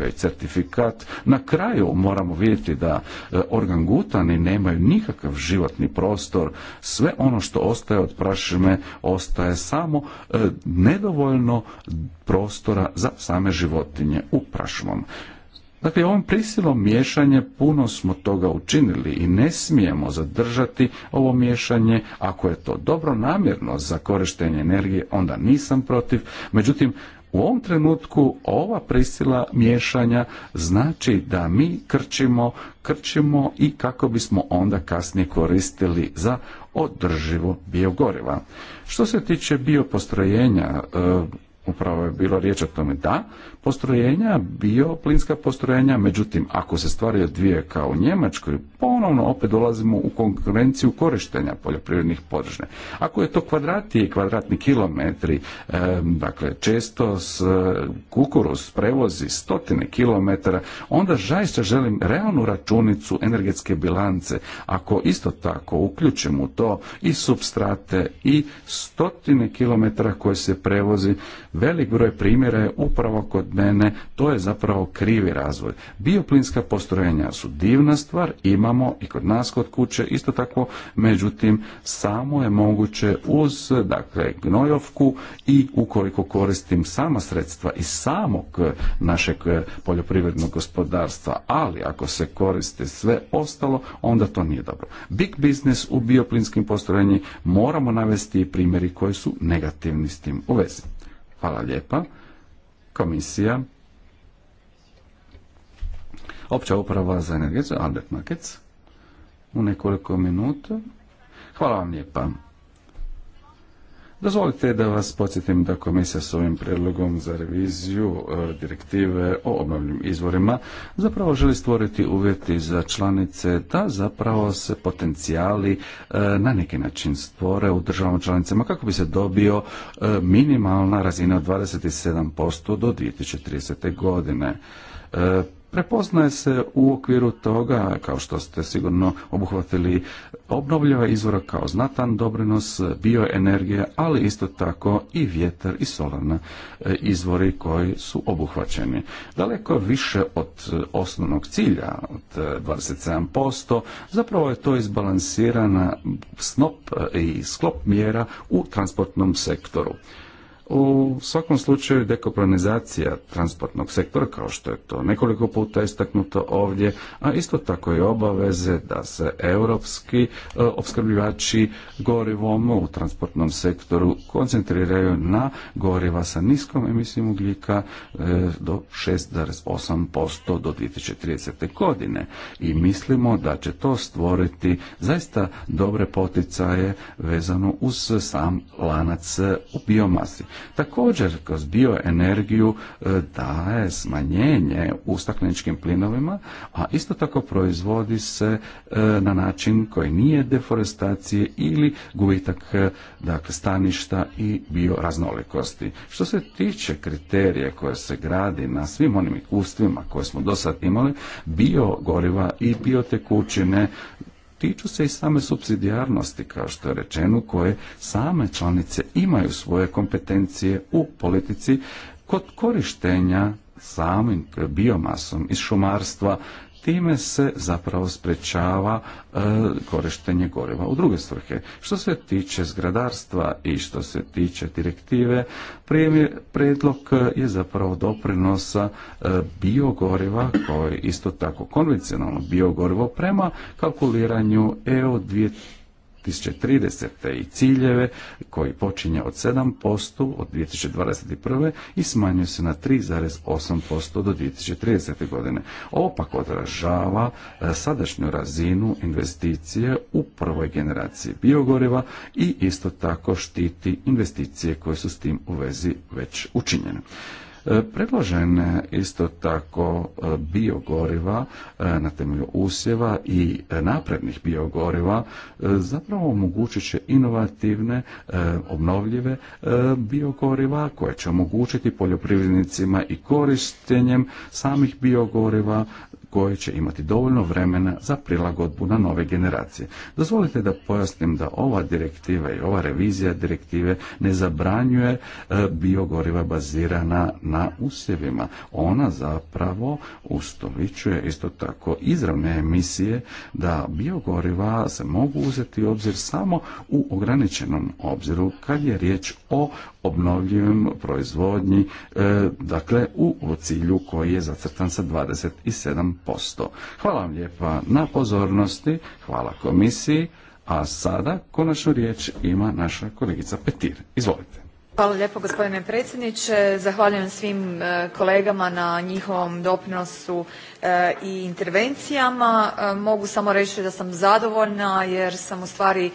i certifikat. Na kraju moramo vidjeti da e, organ gutani nemaju nikakav životni prostor, sve ono što ostaje od prašume ostaje samo e, nedovoljno prostora za same životinje u prašumom. Dakle, ovom prisilom miješanje puno smo toga učinili i ne smijemo zadržati ovo miješanje. Ako je to dobro namjerno za korištenje energije, onda nisam protiv. Međutim, u ovom trenutku ova prisila miješanja znači da mi krčimo, krčimo i kako bismo onda kasnije koristili za održivo biogoriva. Što se tiče biopostrojenja, e, upravo je bilo riječ o tome da postrojenja, bioplinska postrojenja, međutim, ako se stvari dvije kao u Njemačkoj, ponovno opet dolazimo u konkurenciju korištenja poljoprivrednih podržne. Ako je to kvadrati i kvadratni kilometri, dakle, često s kukuruz prevozi stotine kilometara, onda žajšće želim realnu računicu energetske bilance. Ako isto tako u to i substrate i stotine kilometara koje se prevozi, velik broj primjera je upravo kod mene, to je zapravo krivi razvoj. Bioplinska postrojenja su divna stvar, imamo i kod nas kod kuće, isto tako, međutim, samo je moguće uz, dakle, gnojovku i ukoliko koristim sama sredstva i samog eh, našeg eh, poljoprivrednog gospodarstva, ali ako se koriste sve ostalo, onda to nije dobro. Big business u bioplinskim postrojenjima moramo navesti i primjeri koji su negativni s tim u vezi. Hvala lijepa komisija, opća uprava za energetiku, Albert Makec, u nekoliko minuta. Hvala vam lijepa. Dozvolite da vas podsjetim da komisija s ovim predlogom za reviziju e, direktive o obnovljivim izvorima zapravo želi stvoriti uvjeti za članice da zapravo se potencijali e, na neki način stvore u državama članicama kako bi se dobio e, minimalna razina od 27% do 2030. godine prepoznaje se u okviru toga, kao što ste sigurno obuhvatili, obnovljiva izvora kao znatan doprinos bioenergije, ali isto tako i vjetar i solarna e, izvori koji su obuhvaćeni. Daleko više od e, osnovnog cilja, od 27%, e, zapravo je to izbalansirana snop i sklop mjera u transportnom sektoru. U svakom slučaju dekopronizacija transportnog sektora, kao što je to nekoliko puta istaknuto ovdje, a isto tako i obaveze da se europski e, opskrbljivači gorivom u transportnom sektoru koncentriraju na goriva sa niskom emisijom ugljika e, do 6,8% do 2030. godine. I mislimo da će to stvoriti zaista dobre poticaje vezano uz sam lanac u biomasi. Također, kroz bioenergiju e, daje smanjenje u stakleničkim plinovima, a isto tako proizvodi se e, na način koji nije deforestacije ili gubitak e, dakle, staništa i bioraznolikosti. Što se tiče kriterije koje se gradi na svim onim iskustvima koje smo do sad imali, biogoriva i biotekućine tiču se i same subsidijarnosti, kao što je rečeno, koje same članice imaju svoje kompetencije u politici kod korištenja samim biomasom iz šumarstva time se zapravo sprečava e, korištenje goriva u druge svrhe. Što se tiče zgradarstva i što se tiče direktive, prijedlog predlog je zapravo doprinosa e, biogoriva koje isto tako konvencionalno biogorivo prema kalkuliranju EO 2030. i ciljeve koji počinje od 7% od 2021. i smanjuje se na 3,8% do 2030. godine. Ovo pak odražava e, sadašnju razinu investicije u prvoj generaciji biogoriva i isto tako štiti investicije koje su s tim u vezi već učinjene. E, Predložene isto tako e, biogoriva e, na temelju usjeva i naprednih biogoriva zapravo omogućit će inovativne, obnovljive biogoriva koje će omogućiti poljoprivrednicima i korištenjem samih biogoriva koje će imati dovoljno vremena za prilagodbu na nove generacije. Dozvolite da pojasnim da ova direktiva i ova revizija direktive ne zabranjuje e, biogoriva bazirana na usjevima. Ona zapravo ustoličuje isto tako izravne emisije da biogoriva se mogu uzeti u obzir samo u ograničenom obziru kad je riječ o obnovljivom proizvodnji, e, dakle u cilju koji je zacrtan sa 27%. Hvala vam lijepa na pozornosti, hvala komisiji, a sada konačnu riječ ima naša kolegica Petir. Izvolite. Hvala lijepo gospodine predsjedniče. Zahvaljujem svim e, kolegama na njihovom doprinosu e, i intervencijama. E, mogu samo reći da sam zadovoljna jer sam ustvari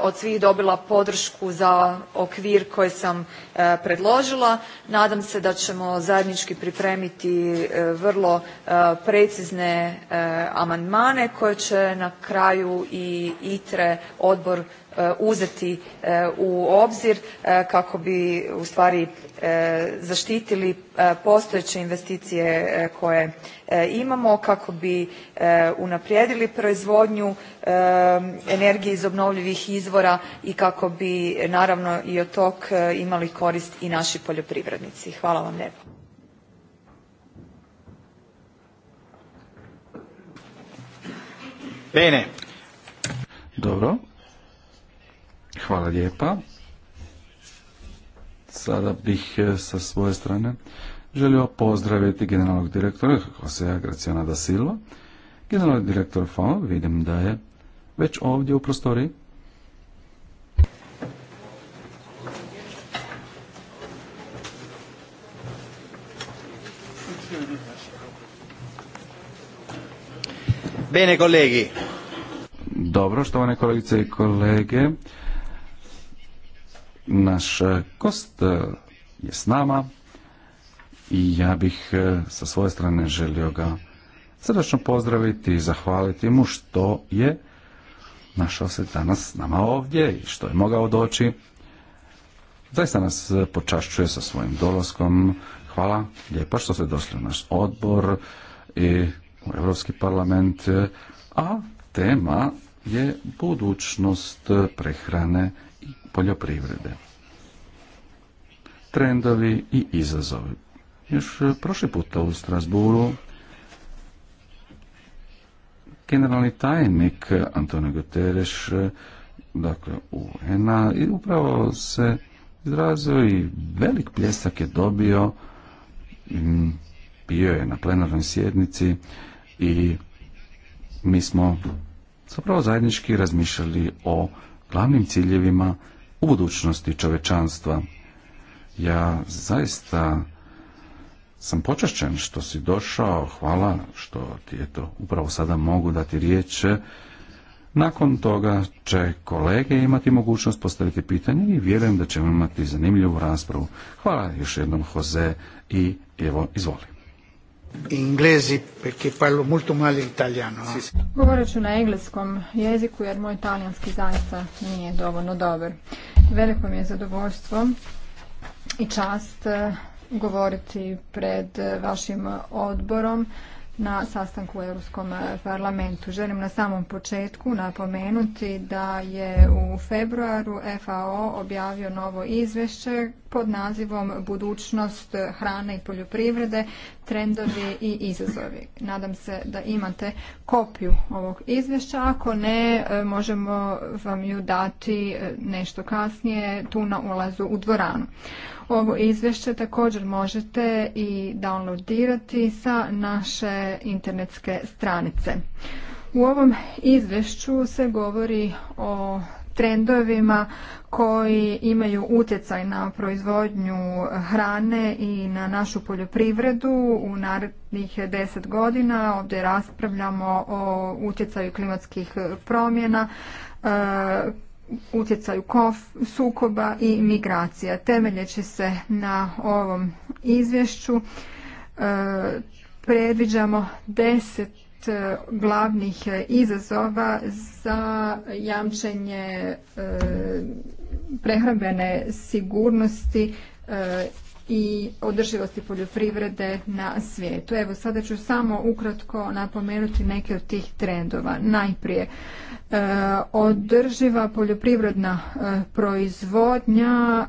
od svih dobila podršku za okvir koji sam predložila. Nadam se da ćemo zajednički pripremiti vrlo precizne amandmane koje će na kraju i ITRE odbor E, uzeti e, u obzir e, kako bi ustvari zaštitili postojeće investicije koje imamo, kako bi unaprijedili proizvodnju energije iz obnovljivih izvora i kako bi naravno i od tog imali korist i naši poljoprivrednici. Hvala vam lijepo. Bene. Dobro. Hvala lijepa. Sada bih e, sa svoje strane želio pozdraviti generalnog direktora Josea Graciana da Silva. Generalni direktor FAO vidim da je već ovdje u prostoriji. Bene, kolegi. Dobro, štovane kolegice i kolege, naš kost e, e, je s nama i ja bih e, sa svoje strane želio ga srdačno pozdraviti i zahvaliti mu što je našao se danas s nama ovdje i što je mogao doći. Zaista nas počašćuje sa svojim dolaskom. Hvala lijepa što ste došli u naš odbor i u Europski parlament. A tema je budućnost prehrane poljoprivrede. Trendovi i izazovi. Još e, prošli puta u Strasburu generalni tajnik Antonio Guterres e, dakle u a i upravo se izrazio i velik pljesak je dobio bio je na plenarnoj sjednici i mi smo zapravo zajednički razmišljali o glavnim ciljevima u budućnosti čovečanstva. Ja zaista sam počašćen što si došao, hvala što ti eto upravo sada mogu dati riječ. Nakon toga će kolege imati mogućnost postaviti pitanje i vjerujem da ćemo imati zanimljivu raspravu. Hvala još jednom Jose i evo izvoli inglesi perché parlo molto male Govorit ću na engleskom jeziku jer moj talijanski zaista nije dovoljno dobar. Veliko mi je zadovoljstvo i čast e, govoriti pred e, vašim odborom na sastanku u Europskom e, parlamentu. Želim na samom početku napomenuti da je u februaru FAO objavio novo izvješće pod nazivom Budućnost hrane i poljoprivrede, trendovi i izazovi. Nadam se da imate kopiju ovog izvješća. Ako ne, e, možemo vam ju dati e, nešto kasnije tu na ulazu u dvoranu. Ovo izvješće također možete i downloadirati sa naše internetske stranice. U ovom izvješću se govori o trendovima koji imaju utjecaj na proizvodnju hrane i na našu poljoprivredu u narednih deset godina. Ovdje raspravljamo o utjecaju klimatskih promjena, e, utjecaju sukoba i migracija. Temeljeći se na ovom izvješću e, predviđamo deset E, glavnih e, izazova za jamčenje e, prehrambene sigurnosti i održivosti poljoprivrede na svijetu. Evo sada ću samo ukratko napomenuti neke od tih trendova. Najprije održiva poljoprivredna proizvodnja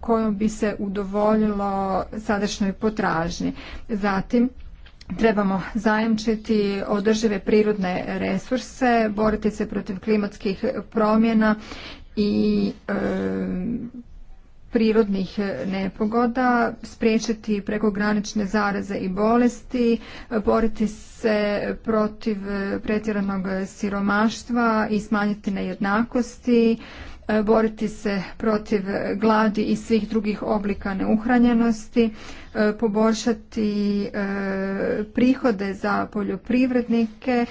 kojom bi se udovoljilo sadašnjoj potražnji. Zatim Trebamo zajamčiti održive prirodne resurse, boriti se protiv klimatskih promjena i e, prirodnih nepogoda, spriječiti prekogranične zaraze i bolesti, boriti se protiv pretjeranog siromaštva i smanjiti nejednakosti, E, boriti se protiv gladi i svih drugih oblika neuhranjenosti, e, poboljšati e, prihode za poljoprivrednike,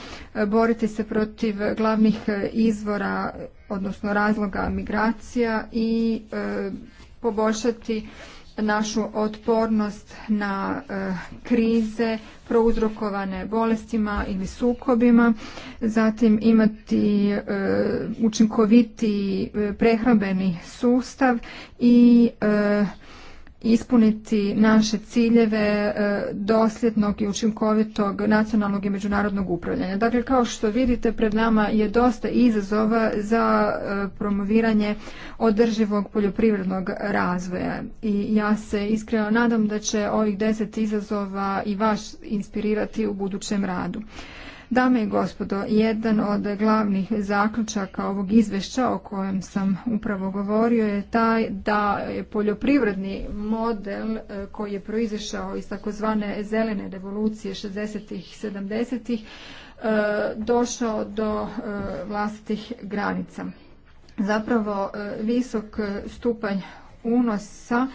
boriti se protiv glavnih izvora, odnosno razloga migracija i poboljšati našu otpornost na e, krize prouzrokovane bolestima ili sukobima, zatim imati e, učinkoviti e, prehrambeni sustav i ispuniti naše ciljeve e, dosljednog i učinkovitog nacionalnog i međunarodnog upravljanja. Dakle, kao što vidite, pred nama je dosta izazova za e, promoviranje održivog poljoprivrednog razvoja i ja se iskreno nadam da će ovih deset izazova i vaš inspirirati u budućem radu. Dame i gospodo, jedan od glavnih zaključaka ovog izvješća o kojem sam upravo govorio je taj da je poljoprivredni model e, koji je proizišao iz takozvane zelene revolucije 60 i 70 došao do e, vlastitih granica. Zapravo e, visok stupanj unosa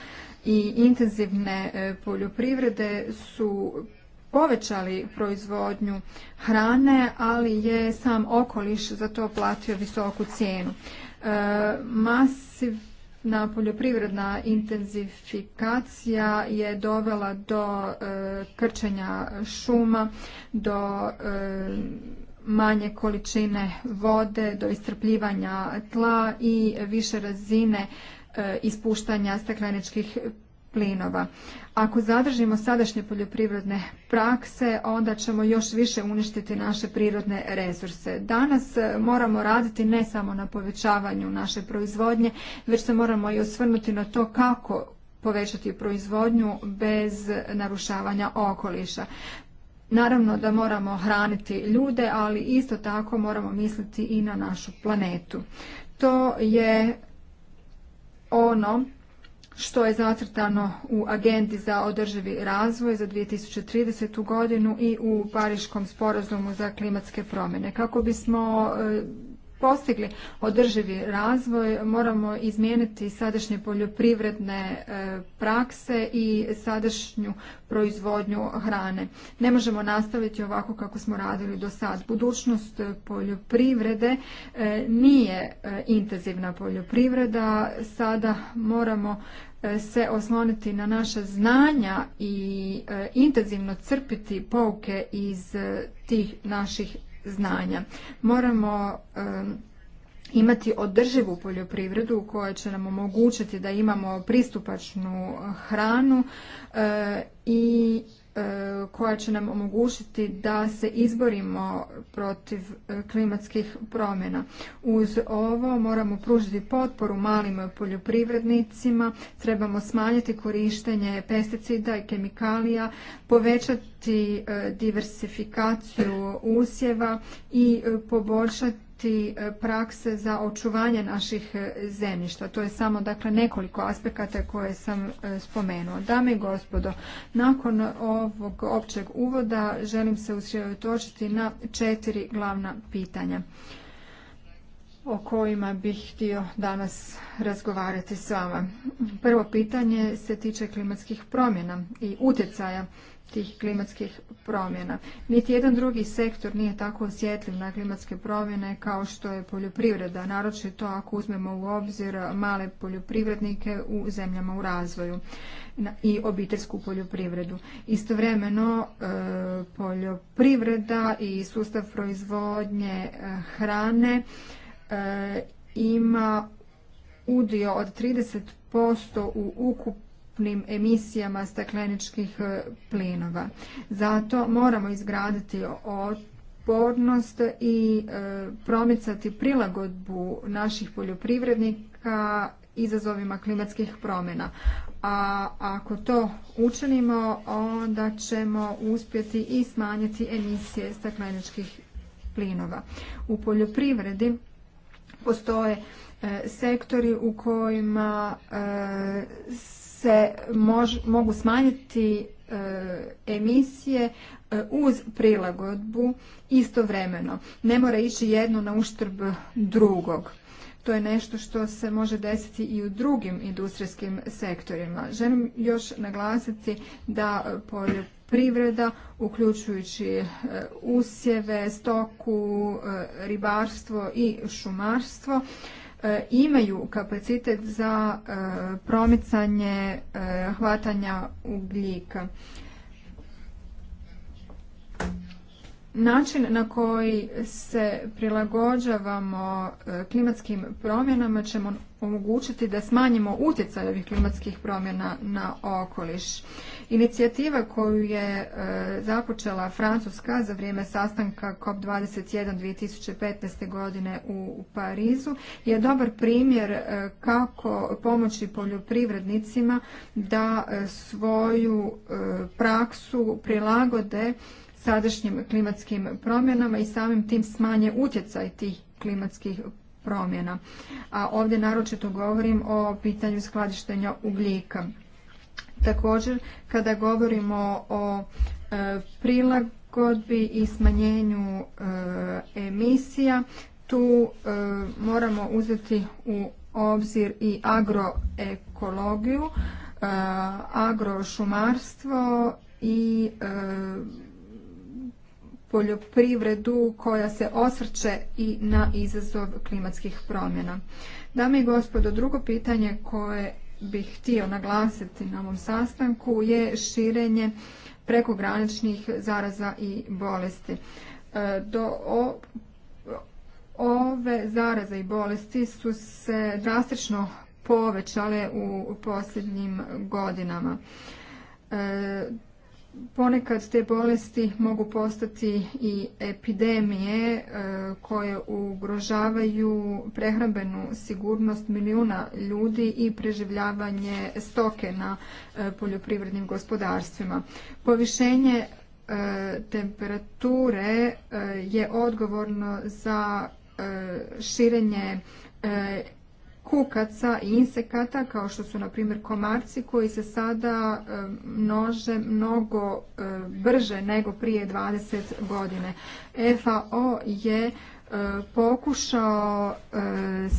i intenzivne poljoprivrede su povećali proizvodnju hrane, ali je sam okoliš za to platio visoku cijenu. E, masivna poljoprivredna intenzifikacija je dovela do e, krčenja šuma, do e, manje količine vode, do istrpljivanja tla i više razine ispuštanja stakleničkih plinova. Ako zadržimo sadašnje poljoprivredne prakse, onda ćemo još više uništiti naše prirodne resurse. Danas e, moramo raditi ne samo na povećavanju naše proizvodnje, već se moramo i osvrnuti na to kako povećati proizvodnju bez narušavanja okoliša. Naravno da moramo hraniti ljude, ali isto tako moramo misliti i na našu planetu. To je ono što je zacrtano u agendi za održivi razvoj za 2030. godinu i u Pariškom sporazumu za klimatske promjene. Kako bismo e, postigli održivi razvoj, moramo izmijeniti sadašnje poljoprivredne e, prakse i sadašnju proizvodnju hrane. Ne možemo nastaviti ovako kako smo radili do sad. Budućnost poljoprivrede e, nije intenzivna poljoprivreda. Sada moramo E, se osloniti na naša znanja i e, intenzivno crpiti pouke iz e, tih naših znanja. Moramo imati održivu poljoprivredu koja će nam omogućiti da imamo pristupačnu hranu i E, koja će nam omogućiti da se izborimo protiv e, klimatskih promjena. Uz ovo moramo pružiti potporu malim poljoprivrednicima, trebamo smanjiti korištenje pesticida i kemikalija, povećati e, diversifikaciju usjeva i poboljšati E, prakse za očuvanje naših e, zemljišta. To je samo dakle nekoliko aspekata koje sam e, spomenuo. Dame i gospodo, nakon ovog općeg uvoda želim se usredotočiti na četiri glavna pitanja o kojima bih htio danas razgovarati s vama. Prvo pitanje se tiče klimatskih promjena i utjecaja tih klimatskih promjena. Niti jedan drugi sektor nije tako osjetljiv na klimatske promjene kao što je poljoprivreda, naročito ako uzmemo u obzir male poljoprivrednike u zemljama u razvoju i obiteljsku poljoprivredu. Istovremeno e, poljoprivreda i sustav proizvodnje e, hrane e, ima udio od 30% u ukupnom emisijama stakleničkih e, plinova. Zato moramo izgraditi otpornost i e, promicati prilagodbu naših poljoprivrednika izazovima klimatskih promjena. A ako to učinimo, onda ćemo uspjeti i smanjiti emisije stakleničkih plinova. U poljoprivredi postoje e, sektori u kojima se mogu smanjiti e, emisije e, uz prilagodbu istovremeno. Ne mora ići jedno na uštrb drugog. To je nešto što se može desiti i u drugim industrijskim sektorima. Želim još naglasiti da poljoprivreda, uključujući e, usjeve, stoku, ribarstvo i šumarstvo, E, imaju kapacitet za e, promicanje e, hvatanja ugljika. Način na koji se prilagođavamo e, klimatskim promjenama ćemo omogućiti da smanjimo utjecaj ovih klimatskih promjena na okoliš. Inicijativa koju je e, započela Francuska za vrijeme sastanka COP21 2015. godine u Parizu je dobar primjer e, kako pomoći poljoprivrednicima da svoju praksu prilagode sadašnjim klimatskim promjenama i samim tim smanje utjecaj tih klimatskih promjena. A ovdje naročito govorim o pitanju skladištenja ugljika. Također, kada govorimo o e, prilagodbi i smanjenju e, emisija, tu e, moramo uzeti u obzir i agroekologiju, agrošumarstvo i poljoprivredu koja se osvrće i na izazov klimatskih promjena. Dame i gospodo, drugo pitanje koje bih htio naglasiti na ovom sastanku je širenje prekograničnih zaraza i bolesti. E, do ove zaraze i bolesti su se drastično povećale u posljednjim godinama. E, Ponekad te bolesti mogu postati i epidemije e, koje ugrožavaju prehrambenu sigurnost milijuna ljudi i preživljavanje stoke na e, poljoprivrednim gospodarstvima. Povišenje e, temperature je odgovorno za širenje kukaca i insekata kao što su na primjer komarci koji se sada množe mnogo brže nego prije 20 godine. FAO je pokušao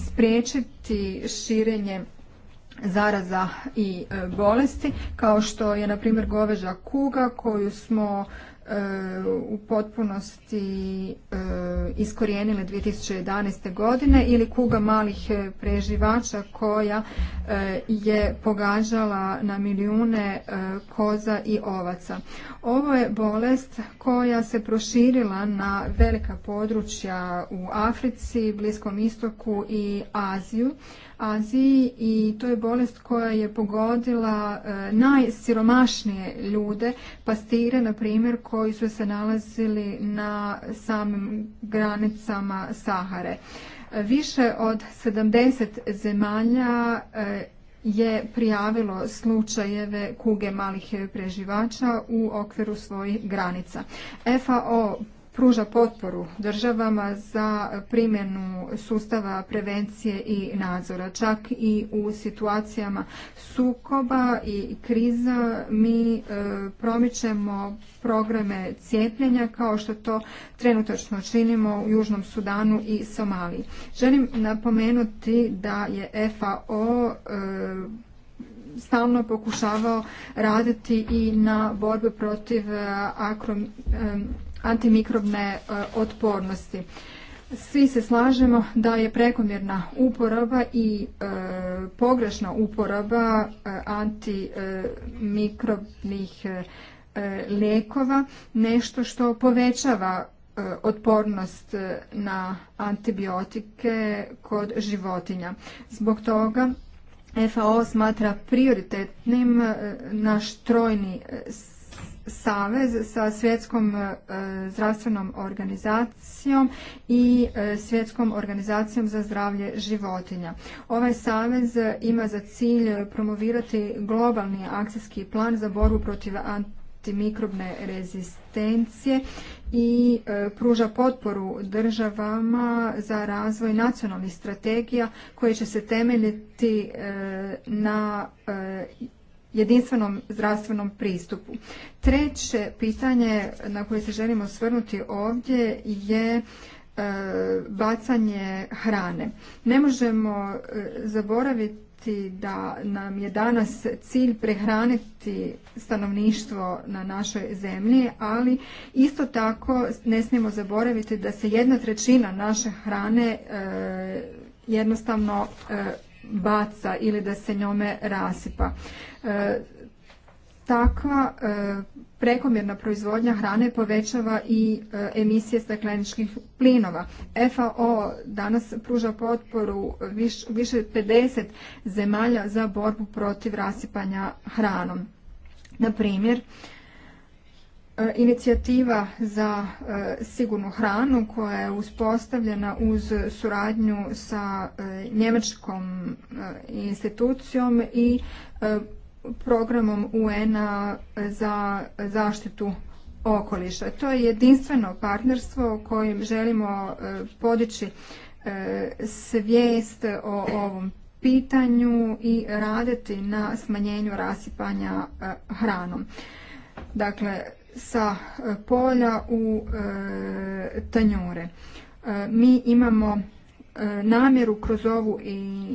spriječiti širenje zaraza i bolesti kao što je na primjer goveža kuga koju smo u potpunosti e, iskorijenile 2011. godine ili kuga malih e, preživača koja e, je pogađala na milijune koza i ovaca. Ovo je bolest koja se proširila na velika područja u Africi, Bliskom istoku i Aziju Aziji i to je bolest koja je pogodila e, najsiromašnije ljude, pastire na primjer koji su se nalazili na samim granicama Sahare. E, više od 70 zemalja e, je prijavilo slučajeve kuge malih preživača u okviru svojih granica. FAO pruža potporu državama za primjenu sustava prevencije i nadzora. Čak i u situacijama sukoba i kriza mi e, promičemo programe cijepljenja kao što to trenutačno činimo u Južnom Sudanu i Somaliji. Želim napomenuti da je FAO e, stalno pokušavao raditi i na borbi protiv e, akrom, antimikrobne e, otpornosti. Svi se slažemo da je prekomjerna uporaba i e, pogrešna uporaba e, antimikrobnih lijekova nešto što povećava otpornost na antibiotike kod životinja. Zbog toga FAO smatra prioritetnim naš trojni savez sa svjetskom e, zdravstvenom organizacijom i e, svjetskom organizacijom za zdravlje životinja. Ovaj savez ima za cilj promovirati globalni akcijski plan za borbu protiv antimikrobne rezistencije i e, pruža potporu državama za razvoj nacionalnih strategija koje će se temeljiti na jedinstvenom zdravstvenom pristupu. Treće pitanje na koje se želimo svrnuti ovdje je e, bacanje hrane. Ne možemo e, zaboraviti da nam je danas cilj prehraniti stanovništvo na našoj zemlji, ali isto tako ne smijemo zaboraviti da se jedna trećina naše hrane e, jednostavno baca ili da se njome rasipa. E, takva e, prekomjerna proizvodnja hrane povećava i e, emisije stakleničkih plinova. FAO danas pruža potporu više od 50 zemalja za borbu protiv rasipanja hranom. Na primjer, inicijativa za sigurnu hranu koja je uspostavljena uz suradnju sa njemačkom E, institucijom i e, programom UN-a za zaštitu okoliša. To je jedinstveno partnerstvo u kojem želimo e, podići svijest o ovom pitanju i raditi na smanjenju rasipanja hranom. Dakle, sa polja u tanjure. Mi imamo E, namjeru kroz ovu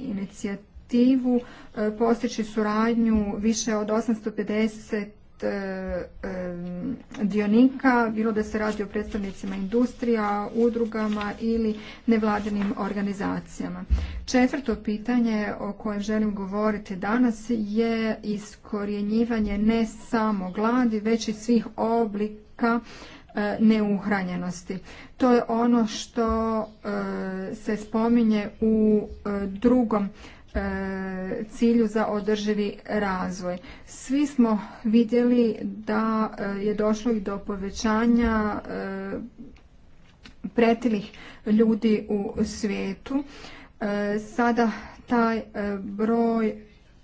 inicijativu e, postići suradnju više od 850 e, dionika, bilo da se radi o predstavnicima industrija, udrugama ili nevladinim organizacijama. Četvrto pitanje o kojem želim govoriti danas je iskorjenjivanje ne samo gladi, već i svih oblika E, neuhranjenosti. To je ono što e, se spominje u e, drugom cilju za održivi razvoj. Svi smo vidjeli da je došlo i do povećanja pretilih ljudi u svijetu. Sada taj broj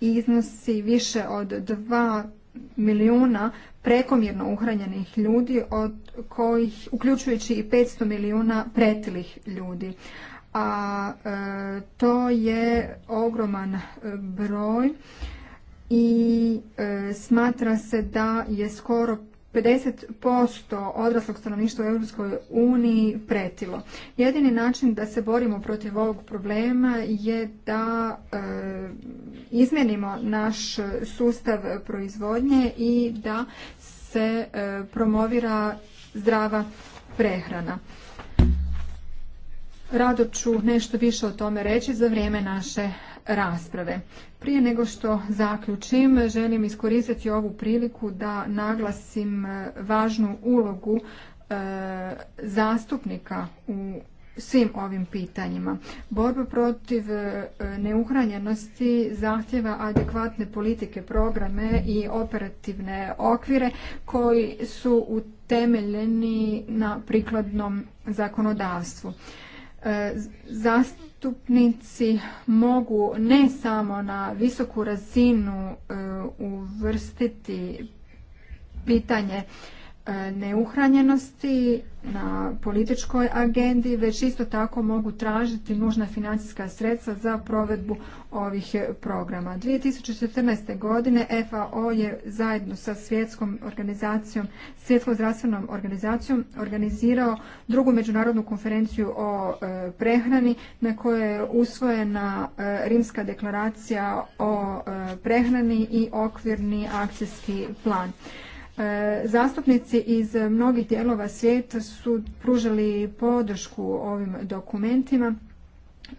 iznosi više od 2 milijuna prekomjerno uhranjenih ljudi od kojih uključujući i 500 milijuna pretilih ljudi a e, to je ogroman e, broj i e, smatra se da je skoro 50% odraslog stanovništva u Europskoj uniji pretilo. Jedini način da se borimo protiv ovog problema je da e, izmijenimo naš sustav proizvodnje i da se e, promovira zdrava prehrana. Rado ću nešto više o tome reći za vrijeme naše rasprave. Prije nego što zaključim, želim iskoristiti ovu priliku da naglasim e, važnu ulogu e, zastupnika u svim ovim pitanjima. Borba protiv e, neuhranjenosti zahtjeva adekvatne politike, programe i operativne okvire koji su utemeljeni na prikladnom zakonodavstvu. E, zastupnici mogu ne samo na visoku razinu e, uvrstiti pitanje E, neuhranjenosti na političkoj agendi, već isto tako mogu tražiti nužna financijska sredstva za provedbu ovih programa. 2014. godine FAO je zajedno sa svjetskom organizacijom, svjetskom zdravstvenom organizacijom organizirao drugu međunarodnu konferenciju o e, prehrani na kojoj je usvojena e, Rimska deklaracija o prehrani i okvirni akcijski plan. E, zastupnici iz mnogih dijelova svijeta su pružali podršku ovim dokumentima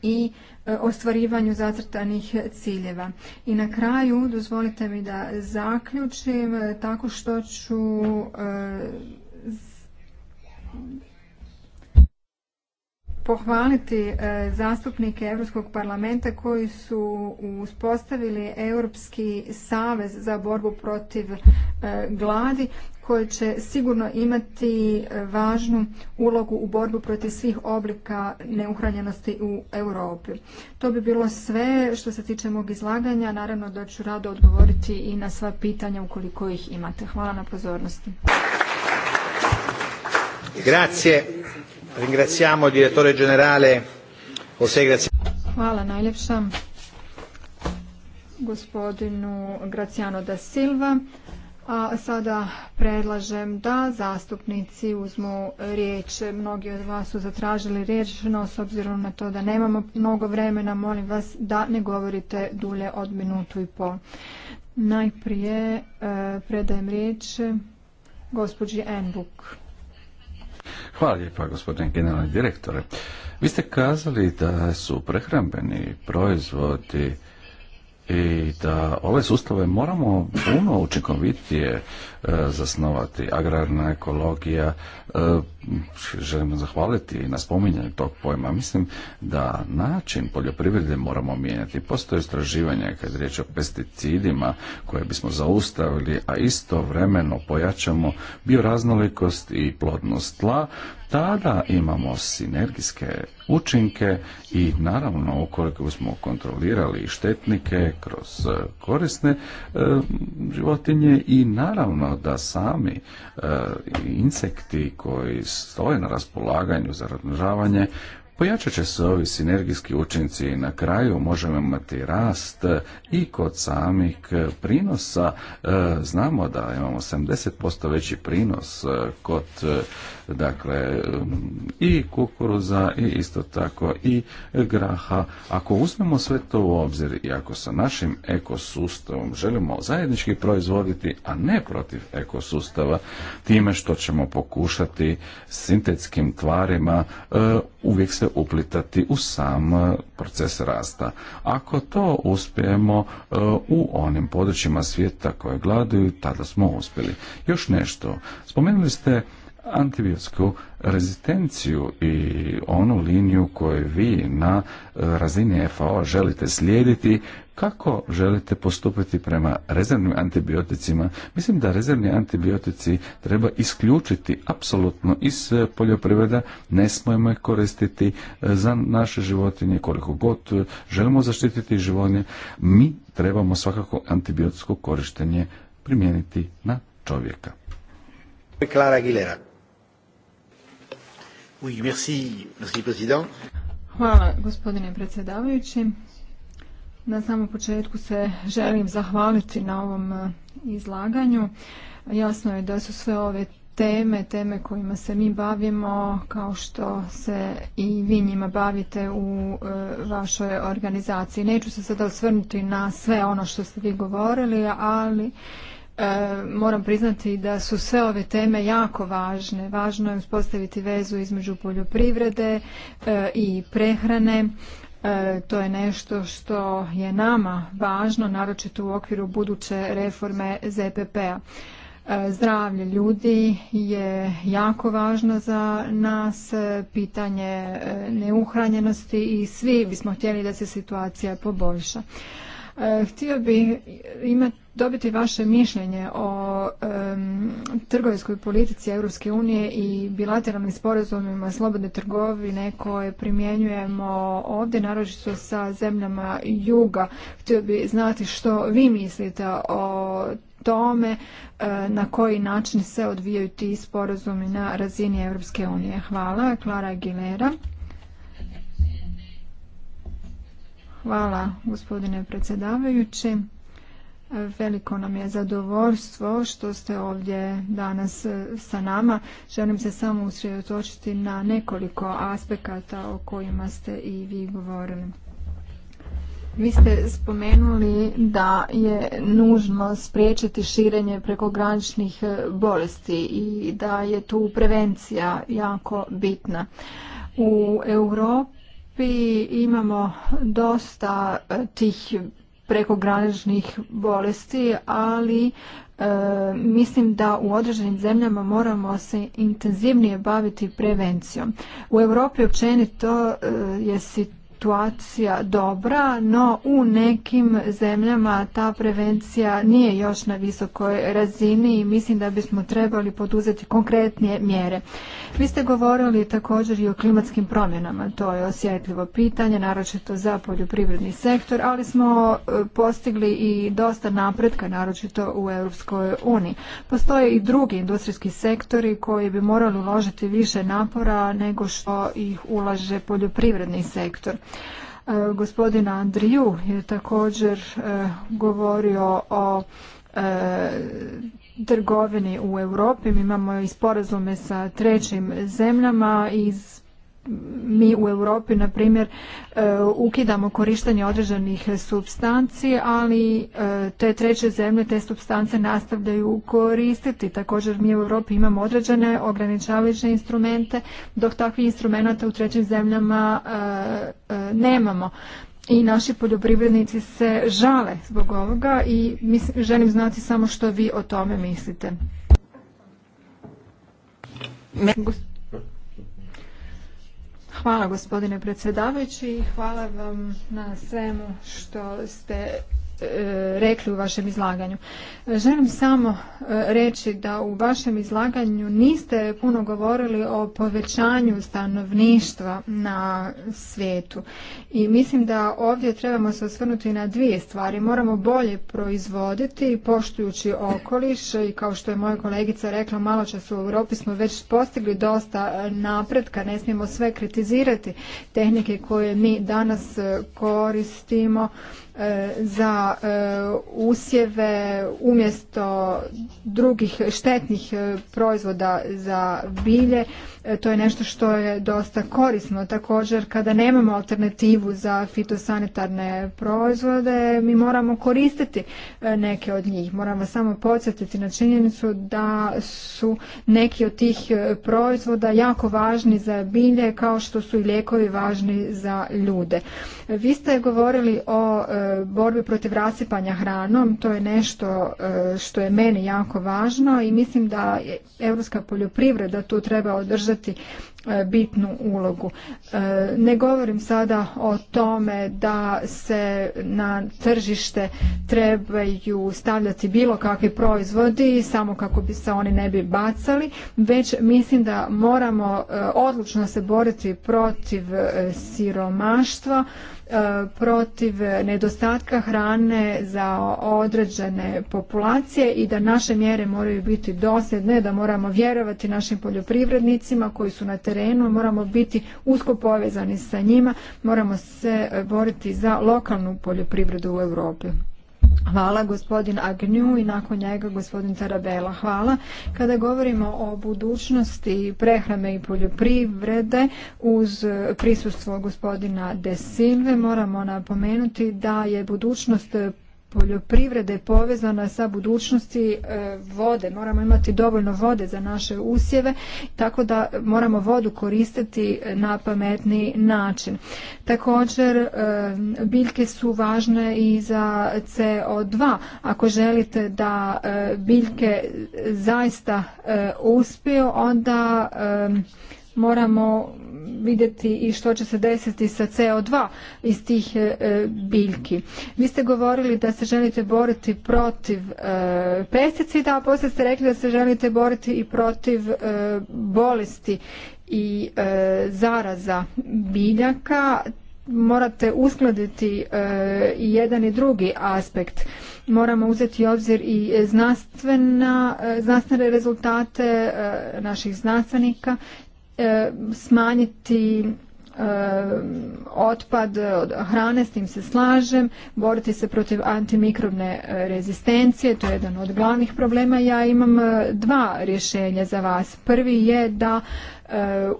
i e, ostvarivanju zacrtanih ciljeva. I na kraju dozvolite mi da zaključim e, tako što ću pohvaliti e, zastupnike Europskog parlamenta koji su uspostavili Europski savez za borbu protiv e, gladi koji će sigurno imati važnu ulogu u borbu protiv svih oblika neuhranjenosti u Europi. To bi bilo sve što se tiče mog izlaganja. Naravno da ću rado odgovoriti i na sva pitanja ukoliko ih imate. Hvala na pozornosti. Grazie. Ringraziamo il direttore Hvala najljepša gospodinu Graziano da Silva. A sada predlažem da zastupnici uzmu riječ. Mnogi od vas su zatražili riječ, no s obzirom na to da nemamo mnogo vremena, molim vas da ne govorite dulje od minutu i pol. Najprije eh, predajem riječ gospođi Enbuk. Hvala lijepa gospodine generalni direktore. Vi ste kazali da su prehrambeni proizvodi i da ove sustave moramo puno učinkovitije E, zasnovati. Agrarna ekologija, e, želimo zahvaliti na spominjanju tog pojma. Mislim da način poljoprivrede moramo mijenjati. Postoje istraživanja kad je riječ o pesticidima koje bismo zaustavili, a istovremeno pojačamo bioraznolikost i plodnost tla, tada imamo sinergijske učinke i naravno ukoliko smo kontrolirali štetnike kroz korisne e, životinje i naravno da sami e, insekti koji stoje na raspolaganju za razmnožavanje Pojačat će se ovi sinergijski učinci i na kraju možemo imati rast i kod samih e, prinosa. E, znamo da imamo 70% veći prinos e, kod dakle i kukuruza i isto tako i graha. Ako uzmemo sve to u obzir i ako sa našim ekosustavom želimo zajednički proizvoditi, a ne protiv ekosustava, time što ćemo pokušati sintetskim tvarima uvijek se uplitati u sam e, proces rasta. Ako to uspijemo e, u onim područjima svijeta koje gladuju, tada smo uspjeli. Još nešto. Spomenuli ste antibiotsku rezistenciju i onu liniju koju vi na e, razini FAO želite slijediti kako želite postupiti prema rezervnim antibioticima? Mislim da rezervni antibiotici treba isključiti apsolutno iz e, poljoprivreda. Ne smojemo ih koristiti e, za naše životinje koliko god e, želimo zaštititi životinje. Mi trebamo svakako antibiotsko korištenje primijeniti na čovjeka. Aguilera. Oui, merci, Hvala gospodine predsjedavajući. Na samom početku se želim zahvaliti na ovom e, izlaganju. Jasno je da su sve ove teme, teme kojima se mi bavimo, kao što se i vi njima bavite u e, vašoj organizaciji. Neću se sada osvrnuti na sve ono što ste vi govorili, ali e, moram priznati da su sve ove teme jako važne. Važno je uspostaviti vezu između poljoprivrede i prehrane E, to je nešto što je nama važno, naročito u okviru buduće reforme ZPP-a. E, zdravlje ljudi je jako važno za nas, pitanje e, neuhranjenosti i svi bismo htjeli da se situacija poboljša. htio bi imati dobiti vaše mišljenje o um, trgovinskoj politici Europske unije i bilateralnim sporazumima slobodne trgovine koje primjenjujemo ovdje, naročito sa zemljama juga. Htio bi znati što vi mislite o tome eh, na koji način se odvijaju ti sporazumi na razini Europske unije. Hvala. Klara Aguilera. Hvala gospodine predsjedavajući. Veliko nam je zadovoljstvo što ste ovdje danas e, sa nama. Želim se samo usredotočiti na nekoliko aspekata o kojima ste i vi govorili. Vi ste spomenuli da je nužno spriječiti širenje prekograničnih e, bolesti i da je tu prevencija jako bitna. U Europi imamo dosta e, tih prekograničnih bolesti, ali e, mislim da u određenim zemljama moramo se intenzivnije baviti prevencijom. U Europi općenito e, je situacija situacija dobra, no u nekim zemljama ta prevencija nije još na visokoj razini i mislim da bismo trebali poduzeti konkretnije mjere. Vi ste govorili također i o klimatskim promjenama, to je osjetljivo pitanje, naročito za poljoprivredni sektor, ali smo e, postigli i dosta napretka, naročito u Europskoj uniji. Postoje i drugi industrijski sektori koji bi morali uložiti više napora nego što ih ulaže poljoprivredni sektor. E, gospodin Andriju je također e, govorio o e, trgovini u Europi. Mi imamo i sporazume sa trećim zemljama iz mi u Europi na primjer e, ukidamo korištenje određenih substanci, ali e, te treće zemlje te supstance nastavljaju koristiti. Također mi u Europi imamo određene ograničavajuće instrumente, dok takvih instrumenata u trećim zemljama e, nemamo. I naši poljoprivrednici se žale zbog ovoga i želim znati samo što vi o tome mislite. Hvala gospodine predsjedavajući i hvala vam na svemu što ste E, rekli u vašem izlaganju. E, želim samo e, reći da u vašem izlaganju niste puno govorili o povećanju stanovništva na svijetu. I mislim da ovdje trebamo se osvrnuti na dvije stvari. Moramo bolje proizvoditi poštujući okoliš i kao što je moja kolegica rekla malo čas u Europi smo već postigli dosta napretka, ne smijemo sve kritizirati tehnike koje mi danas koristimo E, za e, usjeve umjesto drugih štetnih e, proizvoda za bilje E, to je nešto što je dosta korisno. Također kada nemamo alternativu za fitosanitarne proizvode mi moramo koristiti e, neke od njih. Moramo samo podsjetiti na činjenicu da su neki od tih e, proizvoda jako važni za bilje kao što su i lijekovi važni za ljude. Vi ste govorili o borbi protiv rasipanja hranom, to je nešto što je meni jako važno i mislim da europska poljoprivreda tu treba održati E, bitnu ulogu. E, ne govorim sada o tome da se na tržište trebaju stavljati bilo kakvi proizvodi samo kako bi se oni ne bi bacali, već mislim da moramo e, odlučno se boriti protiv siromaštva E, protiv nedostatka hrane za određene populacije i da naše mjere moraju biti dosljedne, da moramo vjerovati našim poljoprivrednicima koji su na terenu, moramo biti usko povezani sa njima, moramo se boriti za lokalnu poljoprivredu u Europi. Hvala gospodin Agnju i nakon njega gospodin Tarabela. Hvala. Kada govorimo o budućnosti prehrame i poljoprivrede uz prisustvo gospodina De Silve moramo napomenuti da je budućnost poljoprivrede povezana sa budućnosti e, vode. Moramo imati dovoljno vode za naše usjeve, tako da moramo vodu koristiti na pametni način. Također, e, biljke su važne i za CO2. Ako želite da e, biljke zaista uspiju, onda moramo vidjeti i što će se desiti sa CO2 iz tih e, e, biljki. Vi ste govorili da se želite boriti protiv e, pesticida, a poslije ste rekli da se želite boriti i protiv bolesti i zaraza biljaka morate uskladiti i jedan i drugi aspekt. Moramo uzeti u obzir i znanstvene rezultate naših znanstvenika E, smanjiti e, otpad od hrane, s tim se slažem, boriti se protiv antimikrobne e, rezistencije, to je jedan od glavnih problema. Ja imam dva rješenja za vas. Prvi je da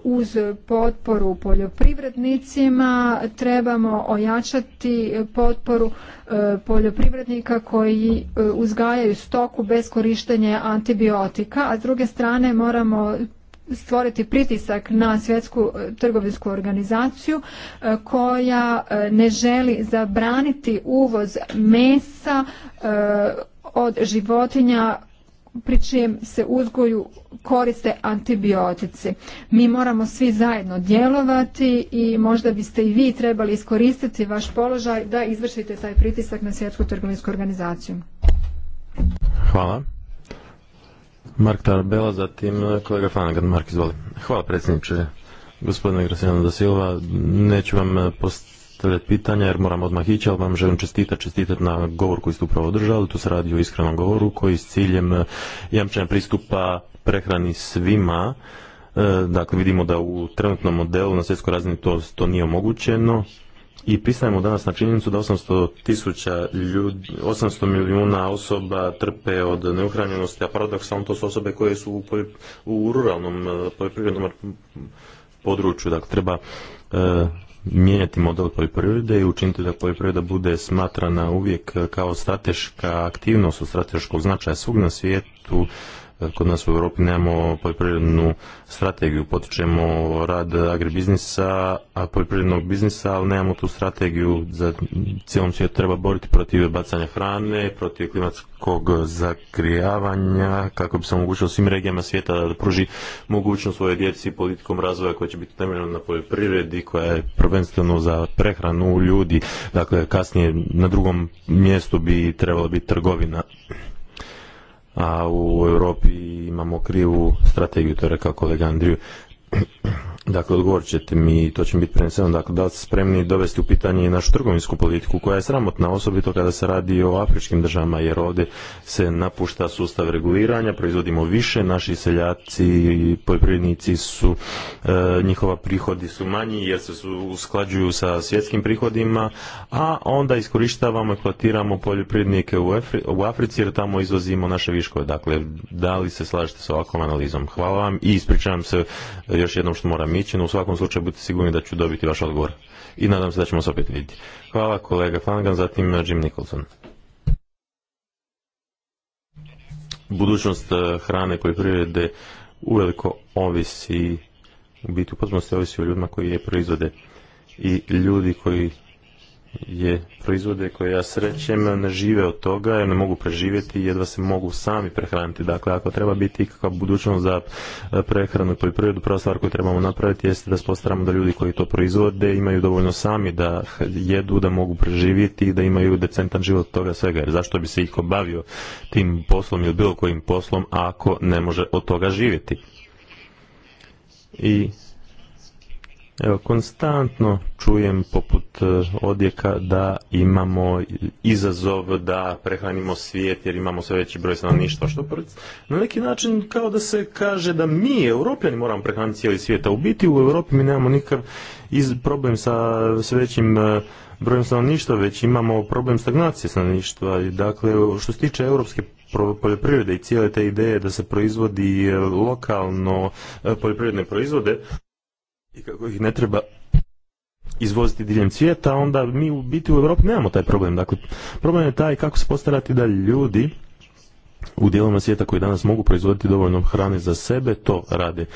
uz potporu poljoprivrednicima trebamo ojačati potporu poljoprivrednika koji uzgajaju stoku bez korištenja antibiotika, a s druge strane moramo stvoriti pritisak na svjetsku e, trgovinsku organizaciju e, koja e, ne želi zabraniti uvoz mesa od životinja pri čijem se uzgoju koriste antibiotici. Mi moramo svi zajedno djelovati i možda biste i vi trebali iskoristiti vaš položaj da izvršite taj pritisak na svjetsku trgovinsku organizaciju. Hvala. Mark Tarabela, zatim e, kolega Fanagan. Mark, izvoli. Hvala predsjedniče, gospodine Gracijano da Silva. Neću vam e, postavljati pitanja jer moram odmah ići, ali vam želim čestitati, čestitati na govor koji ste upravo održali. Tu se radi o iskrenom govoru koji s ciljem e, jamčenja pristupa prehrani svima. Dakle, vidimo da u trenutnom modelu na svjetskoj razini to, to nije omogućeno i pristajemo danas na činjenicu da 800, tisuća ljudi, milijuna osoba trpe od neuhranjenosti, a paradoksalno to su osobe koje su u, ruralnom e, poljoprivrednom području. Dakle, treba e, mijenjati model poljoprivrede i učiniti da poljoprivreda bude smatrana uvijek e, kao strateška aktivnost od strateškog značaja svug na svijetu kod nas u Europi nemamo poljoprivrednu strategiju, potičemo rad agribiznisa, a poljoprivrednog biznisa, ali nemamo tu strategiju za cijelom svijetu treba boriti protiv bacanja hrane, protiv klimatskog zakrijavanja, kako bi se omogućilo svim regijama svijeta da pruži mogućnost svoje djeci politikom razvoja koja će biti temeljena na poljoprivredi, koja je prvenstveno za prehranu ljudi, dakle kasnije na drugom mjestu bi trebala biti trgovina a u Europi imamo krivu strategiju, to je rekao kolega Andriju. Dakle, odgovorit ćete mi to će biti preneseno. Dakle, da li ste spremni dovesti u pitanje i našu trgovinsku politiku koja je sramotna, osobito kada se radi o afričkim državama, jer ovdje se napušta sustav reguliranja, proizvodimo više, naši seljaci, i poljoprivrednici su, e, njihova prihodi su manji jer se usklađuju sa svjetskim prihodima, a onda iskorištavamo, eksploatiramo poljoprivrednike u, Africi jer tamo izvozimo naše viškove. Dakle, da li se slažete s ovakvom analizom? Hvala vam i ispričavam se još jednom što moram ići, no u svakom slučaju budite sigurni da ću dobiti vaš odgovor. I nadam se da ćemo se opet vidjeti. Hvala kolega Flanagan, zatim e, Jim Nicholson. Budućnost e, hrane prirede uveliko ovisi, u biti u potpunosti ovisi o ljudima koji je proizvode i ljudi koji je proizvode koje ja srećem ne žive od toga jer ne mogu preživjeti jedva se mogu sami prehraniti. Dakle, ako treba biti ikakva budućnost za e, prehranu i poljoprivredu, prva stvar koju trebamo napraviti jeste da spostaramo da ljudi koji to proizvode imaju dovoljno sami da jedu, da mogu preživjeti i da imaju decentan život od toga svega. Jer zašto bi se ih bavio tim poslom ili bilo kojim poslom ako ne može od toga živjeti? I Evo, konstantno čujem poput e, odjeka da imamo izazov da prehranimo svijet jer imamo sve veći broj stanovništva što na neki način kao da se kaže da mi europljani moramo prehraniti cijeli svijet a u biti u Europi mi nemamo nikakav problem sa sve većim e, brojem stanovništva već imamo problem stagnacije stanovništva dakle što se tiče europske poljoprivrede i cijele te ideje da se proizvodi e, lokalno poljoprivredne proizvode i kako ih ne treba izvoziti diljem svijeta, onda mi u biti u Europi nemamo taj problem. Dakle, problem je taj kako se postarati da ljudi u dijelovima svijeta koji danas mogu proizvoditi dovoljno hrane za sebe, to rade.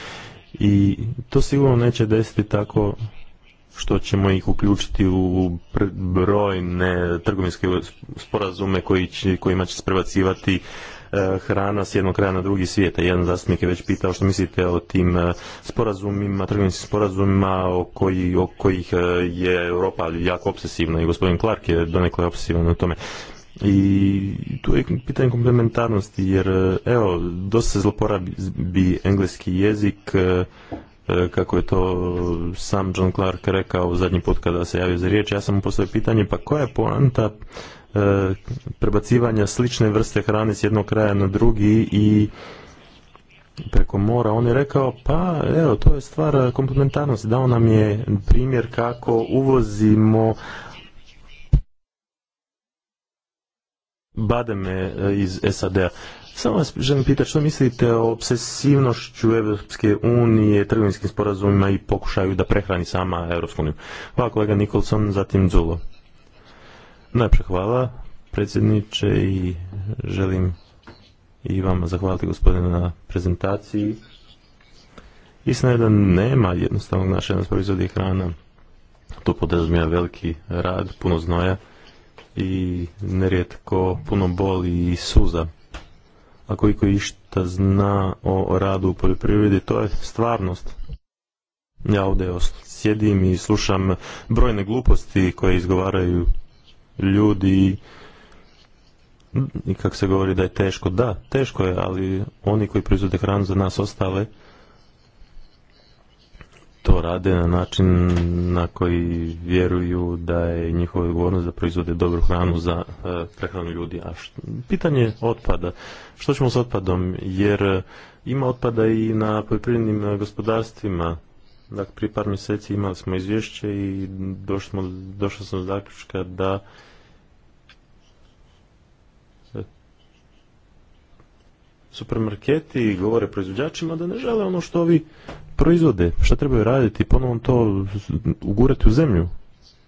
I to sigurno neće desiti tako što ćemo ih uključiti u brojne trgovinske sporazume koji će, kojima će se prebacivati E, hrana s jednog kraja na drugi svijeta. Jedan zastupnik je već pitao što mislite o tim e, sporazumima, trgovinskim sporazumima o, koji, o kojih e, je Europa jako obsesivna i gospodin Clark je donekle obsesivan na tome. I tu je pitanje komplementarnosti, jer evo, dosta se zloporabi engleski jezik, kako je to sam John Clark rekao zadnji put kada se javio za riječ, ja sam mu postavio pitanje, pa koja je poanta E, prebacivanja slične vrste hrane s jednog kraja na drugi i preko mora, on je rekao pa evo to je stvar komplementarnosti, dao nam je primjer kako uvozimo bademe e, iz SAD-a. Samo vas želim pitati što mislite o obsesivnošću Evropske unije, trgovinskim sporazumima i pokušaju da prehrani sama Evropsku uniju. Hvala kolega Nikolson, zatim Zulo. Najprije hvala predsjedniče i želim i vam zahvaliti gospodine na prezentaciji. Istina je da nema jednostavnog načina da proizvodi hrana. To podrazumijeva veliki rad, puno znoja i nerijetko puno boli i suza. A koliko išta zna o radu u poljoprivredi, to je stvarnost. Ja ovdje sjedim i slušam brojne gluposti koje izgovaraju ljudi i kako se govori da je teško. Da, teško je, ali oni koji proizvode hranu za nas ostale to rade na način na koji vjeruju da je njihova odgovornost da proizvode dobru hranu za e, prehranu ljudi. A pitanje otpada. Što ćemo s otpadom? Jer e, ima otpada i na poljoprivrednim e, gospodarstvima Dakle, prije par mjeseci imali smo izvješće i došli, sam do zaključka da supermarketi govore proizvođačima da ne žele ono što ovi proizvode, što trebaju raditi, ponovno to ugurati u zemlju.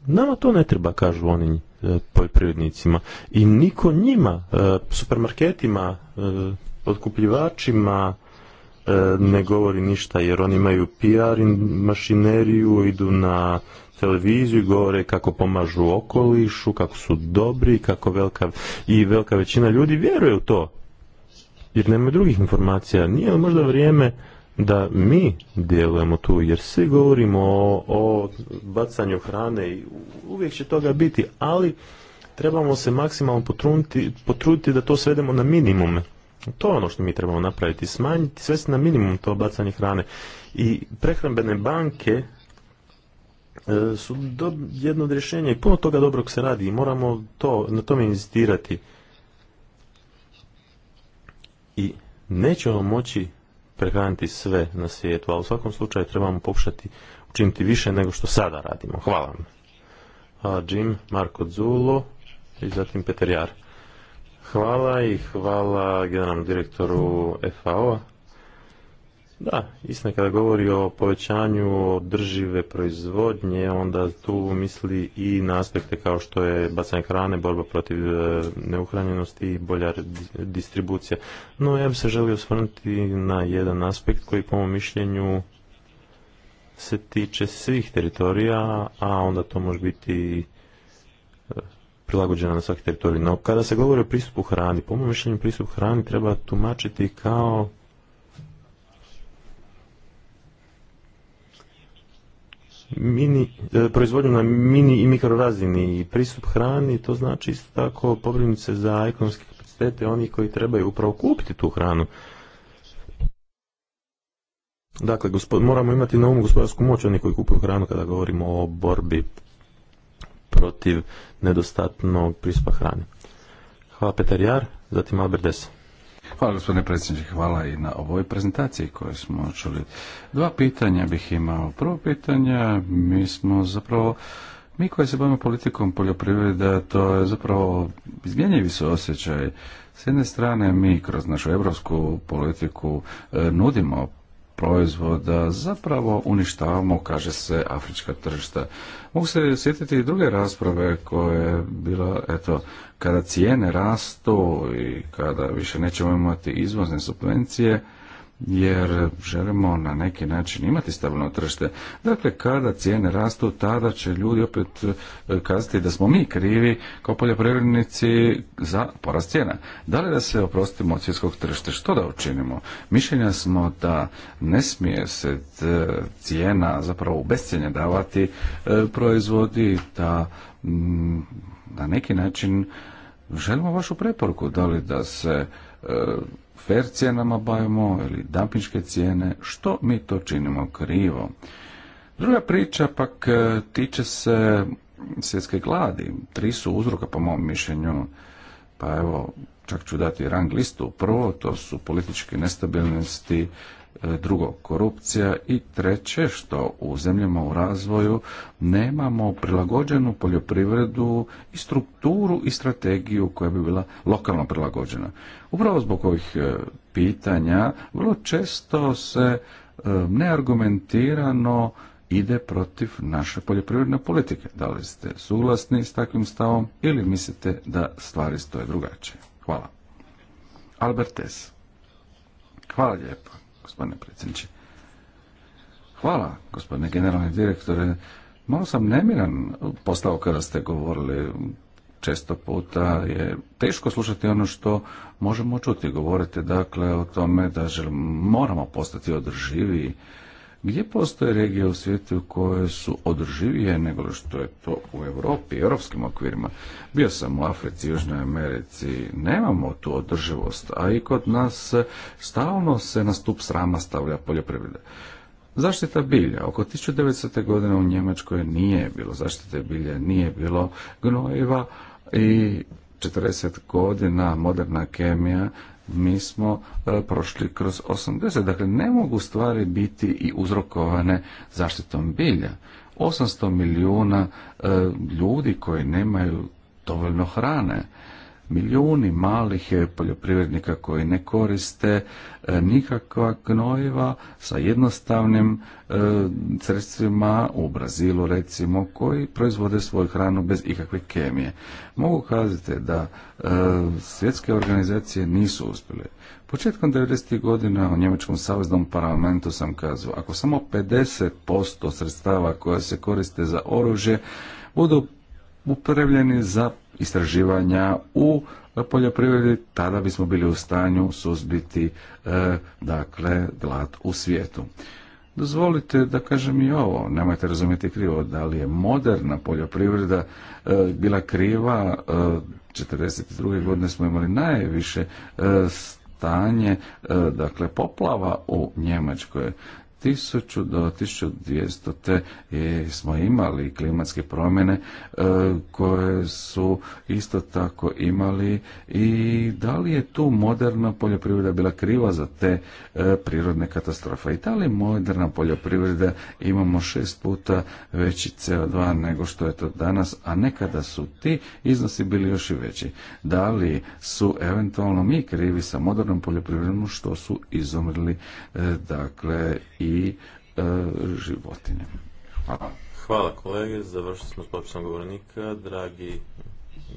Nama to ne treba, kažu oni e, poljoprivrednicima. I niko njima, e, supermarketima, e, otkupljivačima, E, ne govori ništa jer oni imaju PR mašineriju, idu na televiziju i govore kako pomažu okolišu, kako su dobri, kako velika i velika većina ljudi vjeruje u to. Jer nemaju drugih informacija. Nije možda vrijeme da mi djelujemo tu, jer svi govorimo o, bacanju hrane i uvijek će toga biti, ali trebamo se maksimalno potruditi, potruditi da to svedemo na minimume. To je ono što mi trebamo napraviti, smanjiti svesti na minimum to bacanje hrane. I prehrambene banke e, su jedno od rješenja i puno toga dobrog se radi i moramo to, na tome inzistirati. I nećemo moći prehraniti sve na svijetu, ali u svakom slučaju trebamo pokušati učiniti više nego što sada radimo. Hvala vam. Jim, Marko Zulo i zatim Peter Hvala i hvala generalnom direktoru FAO-a. Da, istina kada govori o povećanju održive proizvodnje, onda tu misli i na aspekte kao što je bacanje hrane, borba protiv e, neuhranjenosti i bolja distribucija. No, ja bih se želio osvrnuti na jedan aspekt koji po mom mišljenju se tiče svih teritorija, a onda to može biti e, prilagođena na svaki teritorij. No, kada se govori o pristupu hrani, po mojem mišljenju pristup hrani treba tumačiti kao mini, e, proizvodnju na mini i mikrorazini i pristup hrani, to znači isto tako pobrinuti se za ekonomske kapacitete onih koji trebaju upravo kupiti tu hranu. Dakle, moramo imati na umu gospodarsku moć onih koji kupuju hranu kada govorimo o borbi protiv nedostatnog prispa hrane. Hvala Petar Jar, zatim Albert Hvala gospodine predsjedniče, hvala i na ovoj prezentaciji koju smo čuli. Dva pitanja bih imao. Prvo pitanje, mi smo zapravo mi koji se bavimo politikom poljoprivreda, to je zapravo izmjenjivi se osjećaj. S jedne strane mi kroz našu europsku politiku e, nudimo proizvoda zapravo uništavamo, kaže se, afrička tržišta. Mogu se sjetiti i druge rasprave koje je bila, eto, kada cijene rastu i kada više nećemo imati izvozne subvencije, jer želimo na neki način imati stabilno tržište. Dakle, kada cijene rastu, tada će ljudi opet e, kazati da smo mi krivi kao poljoprivrednici za porast cijena. Da li da se oprostimo od svjetskog tržišta? Što da učinimo? Mišljenja smo da ne smije se e, cijena zapravo u bescijenje davati e, proizvodi, da na neki način želimo vašu preporuku, da li da se fair cijenama bavimo ili dampinške cijene, što mi to činimo krivo. Druga priča pak e, tiče se svjetske gladi. Tri su uzroka po mom mišljenju, pa evo čak ću dati rang listu. Prvo, to su političke nestabilnosti, E, drugo korupcija i treće što u zemljama u razvoju nemamo prilagođenu poljoprivredu i strukturu i strategiju koja bi bila lokalno prilagođena. Upravo zbog ovih e, pitanja vrlo često se e, neargumentirano ide protiv naše poljoprivredne politike. Da li ste suglasni s takvim stavom ili mislite da stvari stoje drugačije? Hvala. Albertes. Hvala lijepo gospodine predsjedniče. Hvala, gospodine generalni direktore. Malo sam nemiran postao kada ste govorili često puta je teško slušati ono što možemo čuti. Govorite dakle o tome da želimo, moramo postati održiviji gdje postoje regije u svijetu koje su održivije nego što je to u Europi, europskim okvirima? Bio sam u Africi, Južnoj Americi, nemamo tu održivost, a i kod nas stalno se na stup srama stavlja poljoprivreda. Zaštita bilja. Oko 1900. godine u Njemačkoj nije bilo zaštite bilja, nije bilo gnojiva i 40 godina moderna kemija mi smo e, prošli kroz 80. Dakle, ne mogu stvari biti i uzrokovane zaštitom bilja. 800 milijuna e, ljudi koji nemaju dovoljno hrane milijuni malih poljoprivrednika koji ne koriste e, nikakva gnojiva sa jednostavnim e, sredstvima u Brazilu recimo koji proizvode svoju hranu bez ikakve kemije. Mogu kazati da e, svjetske organizacije nisu uspjele. Početkom 90. godina u Njemačkom saveznom parlamentu sam kazao, ako samo 50% sredstava koja se koriste za oružje budu upravljeni za istraživanja u poljoprivredi, tada bismo bili u stanju suzbiti e, dakle glad u svijetu. Dozvolite da kažem i ovo, nemojte razumjeti krivo, da li je moderna poljoprivreda e, bila kriva, 1942. E, godine smo imali najviše stanje, dakle poplava u Njemačkoj. 1000 do 1200 te smo imali klimatske promjene e, koje su isto tako imali i da li je tu moderna poljoprivreda bila kriva za te e, prirodne katastrofe i da li moderna poljoprivreda imamo šest puta veći CO2 nego što je to danas a nekada su ti iznosi bili još i veći da li su eventualno mi krivi sa modernom poljoprivredom što su izumrli e, dakle i i e, Hvala. Hvala kolege, završili smo s popisom govornika. Dragi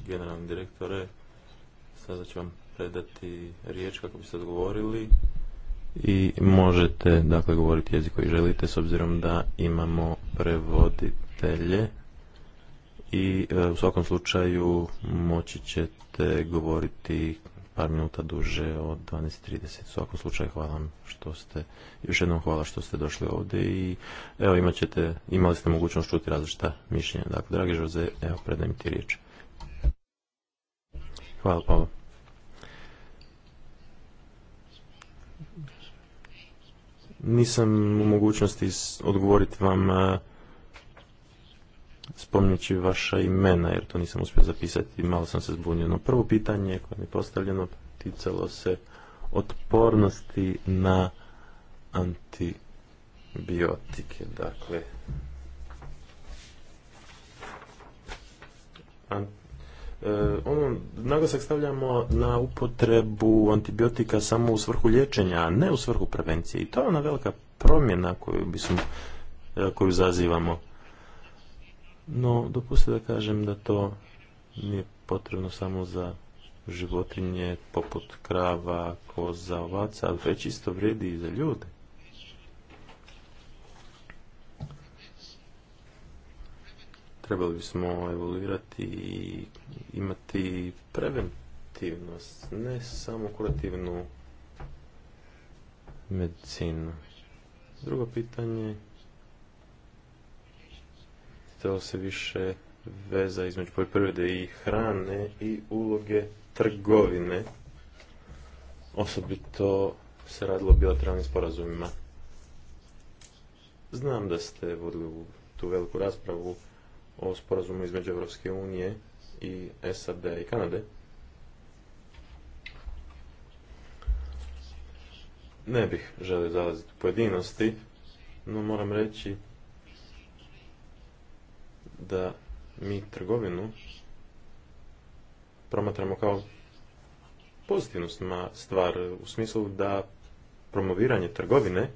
generalni direktore, sada ću vam predati riječ kako biste odgovorili i možete dakle govoriti jezik koji želite s obzirom da imamo prevoditelje i e, u svakom slučaju moći ćete govoriti par minuta duže od 12.30. U svakom slučaju hvala vam što ste, još jednom hvala što ste došli ovdje i evo imat ćete, imali ste mogućnost čuti različita mišljenja. Dakle, dragi Žoze, evo predajem ti riječ. Hvala vam. Nisam u mogućnosti odgovoriti vam eh, spominjući vaša imena, jer to nisam uspio zapisati, malo sam se zbunio. No, prvo pitanje koje mi je postavljeno ticalo se otpornosti na antibiotike. Dakle, an, e, ono, naglasak stavljamo na upotrebu antibiotika samo u svrhu liječenja, a ne u svrhu prevencije. I to je ona velika promjena koju, bismo, e, koju zazivamo. No, dopustite da kažem da to nije potrebno samo za životinje poput krava, koza, ovaca, ali već isto vredi i za ljude. Trebali bismo evoluirati i imati preventivnost, ne samo kurativnu medicinu. Drugo pitanje to se više veza između poljoprivrede i hrane i uloge trgovine. Osobito se radilo o bilateralnim sporazumima. Znam da ste vodili tu veliku raspravu o sporazumu između Evropske unije i SAD i Kanade. Ne bih želio zalaziti u pojedinosti, no moram reći da mi trgovinu promatramo kao pozitivnu stvar u smislu da promoviranje trgovine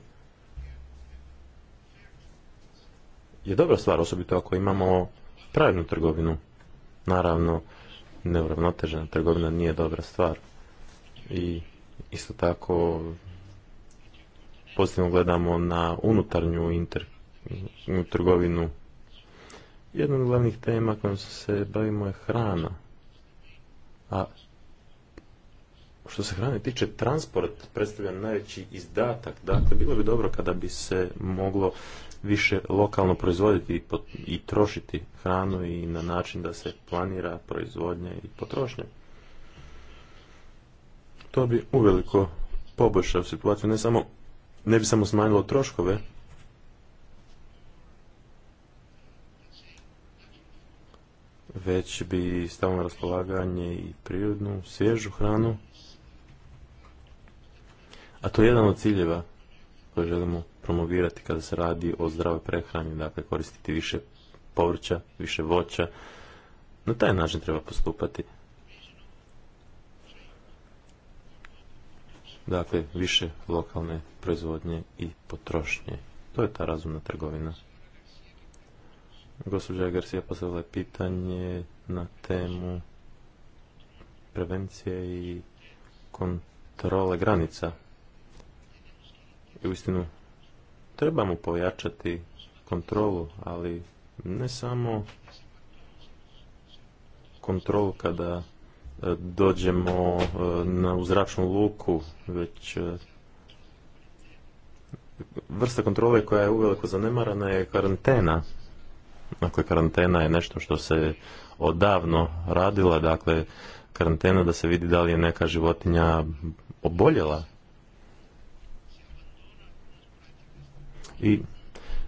je dobra stvar, osobito ako imamo pravilnu trgovinu. Naravno, neuravnotežena trgovina nije dobra stvar. I isto tako pozitivno gledamo na unutarnju inter, trgovinu jedna od glavnih tema kojom se bavimo je hrana. A što se hrane tiče, transport predstavlja najveći izdatak. Dakle, bilo bi dobro kada bi se moglo više lokalno proizvoditi i trošiti hranu i na način da se planira proizvodnja i potrošnja. To bi uveliko poboljšao situaciju, ne samo ne bi samo smanjilo troškove, već bi stalno raspolaganje i prirodnu, svježu hranu. A to je jedan od ciljeva koje želimo promovirati kada se radi o zdravoj prehrani, dakle koristiti više povrća, više voća. Na taj način treba postupati. Dakle, više lokalne proizvodnje i potrošnje. To je ta razumna trgovina. Gospođa Garcia postavila je pitanje na temu prevencije i kontrole granica. I uistinu trebamo pojačati kontrolu, ali ne samo kontrolu kada e, dođemo e, na uzračnu luku, već e, vrsta kontrole koja je uveliko zanemarana je karantena Dakle, karantena je nešto što se odavno radila, dakle, karantena da se vidi da li je neka životinja oboljela. I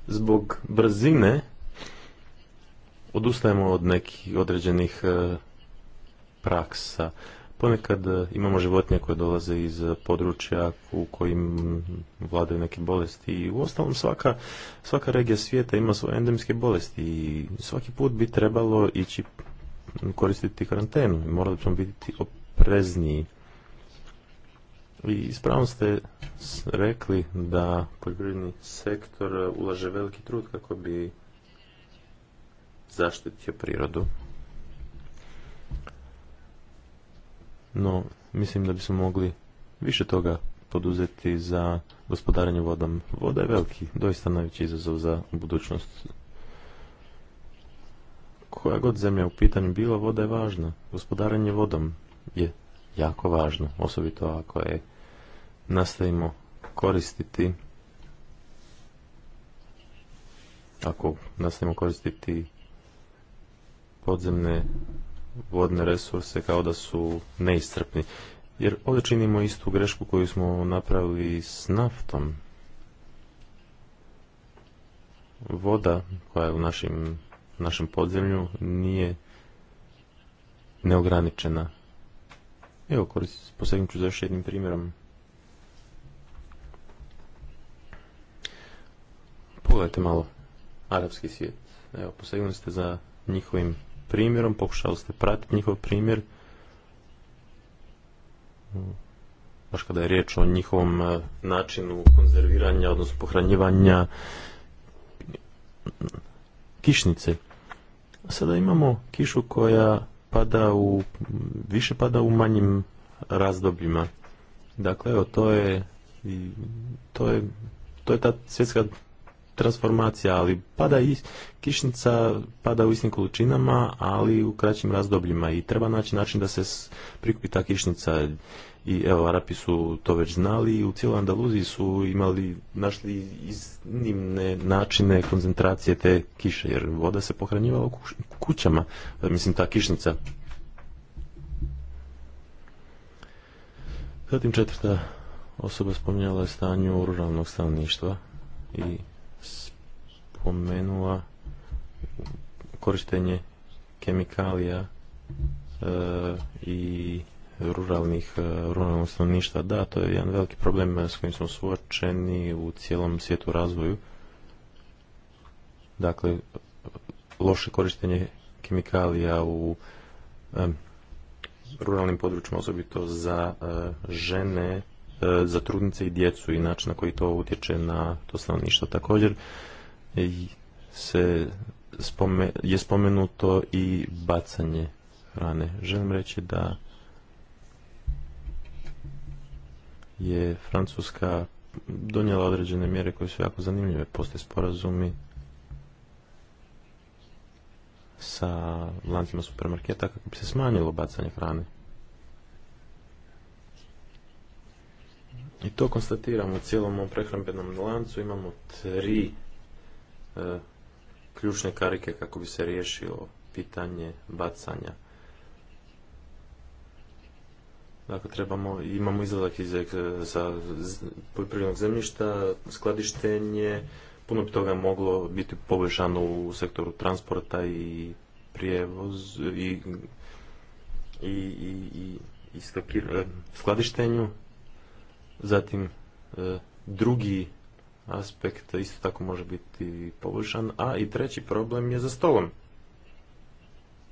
zbog brzine odustajemo od nekih određenih e, praksa. Ponekad e, imamo životinje koje dolaze iz e, područja u kojim vladaju neke bolesti i u ostalom svaka, svaka regija svijeta ima svoje endemske bolesti i svaki put bi trebalo ići koristiti karantenu i morali smo biti oprezniji. I ispravno ste rekli da poljoprivredni sektor ulaže veliki trud kako bi zaštitio prirodu. no mislim da bismo mogli više toga poduzeti za gospodarenje vodom. Voda je veliki, doista najveći izazov za budućnost. Koja god zemlja u pitanju bila, voda je važna. Gospodarenje vodom je jako važno, osobito ako je nastavimo koristiti ako nastavimo koristiti podzemne vodne resurse kao da su neistrpni. Jer ovdje činimo istu grešku koju smo napravili s naftom. Voda koja je u našim, našem podzemlju nije neograničena. Evo, posegnut ću za još jednim primjerom. Pogledajte malo arapski svijet. Evo, posegnuli ste za njihovim primjerom, pokušali ste pratiti njihov primjer. Baš kada je riječ o njihovom e, načinu konzerviranja, odnosno pohranjivanja kišnice. Sada imamo kišu koja pada u, više pada u manjim razdobljima. Dakle, evo, to je, to je, to je ta svjetska transformacija, ali pada i kišnica, pada u istim količinama, ali u kraćim razdobljima i treba naći način da se prikupi ta kišnica i evo Arapi su to već znali i u cijeloj Andaluziji su imali našli iznimne načine koncentracije te kiše jer voda se pohranjivala u kućama mislim ta kišnica Zatim četvrta osoba spominjala je stanju ruralnog stanovništva i spomenula korištenje kemikalija e, i ruralnih, e, ruralnog stanovništva. Da, to je jedan veliki problem s kojim smo suočeni u cijelom svijetu razvoju. Dakle, loše korištenje kemikalija u e, ruralnim područjima, osobito za žene, za trudnice i djecu i način na koji to utječe na to stanovništvo. Također, se je spomenuto i bacanje hrane. Želim reći da je Francuska donijela određene mjere koje su jako zanimljive. Postoje sporazumi sa lancima supermarketa kako bi se smanjilo bacanje hrane. I to konstatiramo u cijelom prehrambenom lancu. Imamo tri E, ključne karike kako bi se riješilo pitanje bacanja. Dakle, trebamo, imamo izlazak iz e, za poljoprivrednog zemljišta, skladištenje, puno bi toga moglo biti poboljšano u sektoru transporta i prijevoz i, i, i, i, i e, skladištenju. Zatim, drugi aspekt isto tako može biti poboljšan. A i treći problem je za stolom.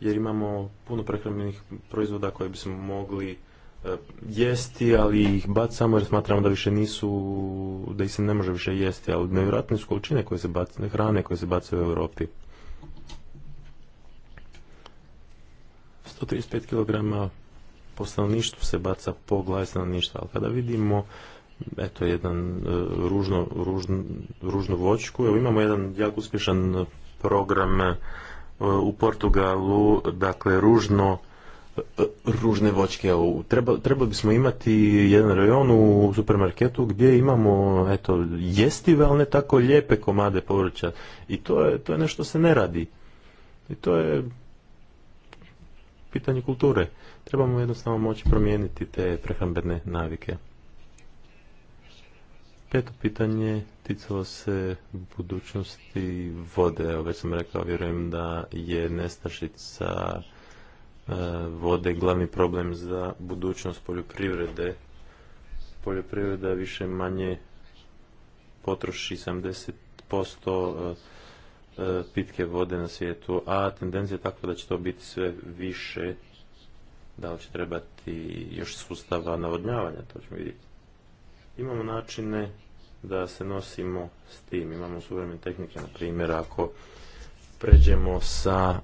Jer imamo puno prehrambenih proizvoda koje bismo mogli e, jesti, ali ih bacamo jer smatramo da više nisu, da ih se ne može više jesti, ali nevjerojatne su količine koje se bacaju, hrane koje se bacaju u Europi. 135 kg po stanovništvu se baca po glavi stanovništva, ali kada vidimo eto, jedan e, ružno, ružno, ružnu vočku. Evo, imamo jedan jako uspješan program e, u Portugalu, dakle, ružno e, ružne voćke. Treba, treba bismo imati jedan rajon u supermarketu gdje imamo eto, jestive, ali ne tako lijepe komade povrća. I to je, to je nešto se ne radi. I to je pitanje kulture. Trebamo jednostavno moći promijeniti te prehrambene navike. Peto pitanje ticalo se budućnosti vode. Evo, već sam rekao, vjerujem da je nestašica e, vode glavni problem za budućnost poljoprivrede. Poljoprivreda više manje potroši 70% e, e, pitke vode na svijetu, a tendencija je takva da će to biti sve više, da li će trebati još sustava navodnjavanja, to ćemo vidjeti. Imamo načine da se nosimo s tim. Imamo suvremene tehnike, na primjer, ako pređemo sa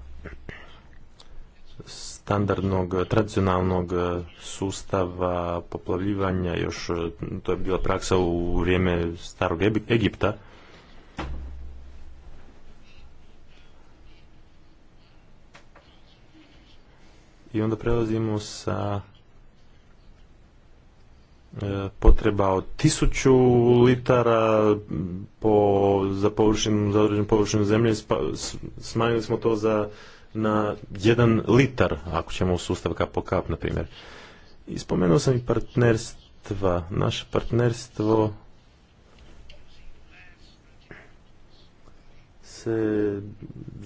standardnog, tradicionalnog e, sustava poplavljivanja, još e, to je bila praksa u vrijeme starog Egipta, i onda prelazimo sa E, potreba od tisuću litara po, za, površinu, za određenu površinu zemlje, smanjili smo to za na jedan litar, ako ćemo u sustav kap po kap, na primjer. I spomenuo sam i partnerstva. Naše partnerstvo se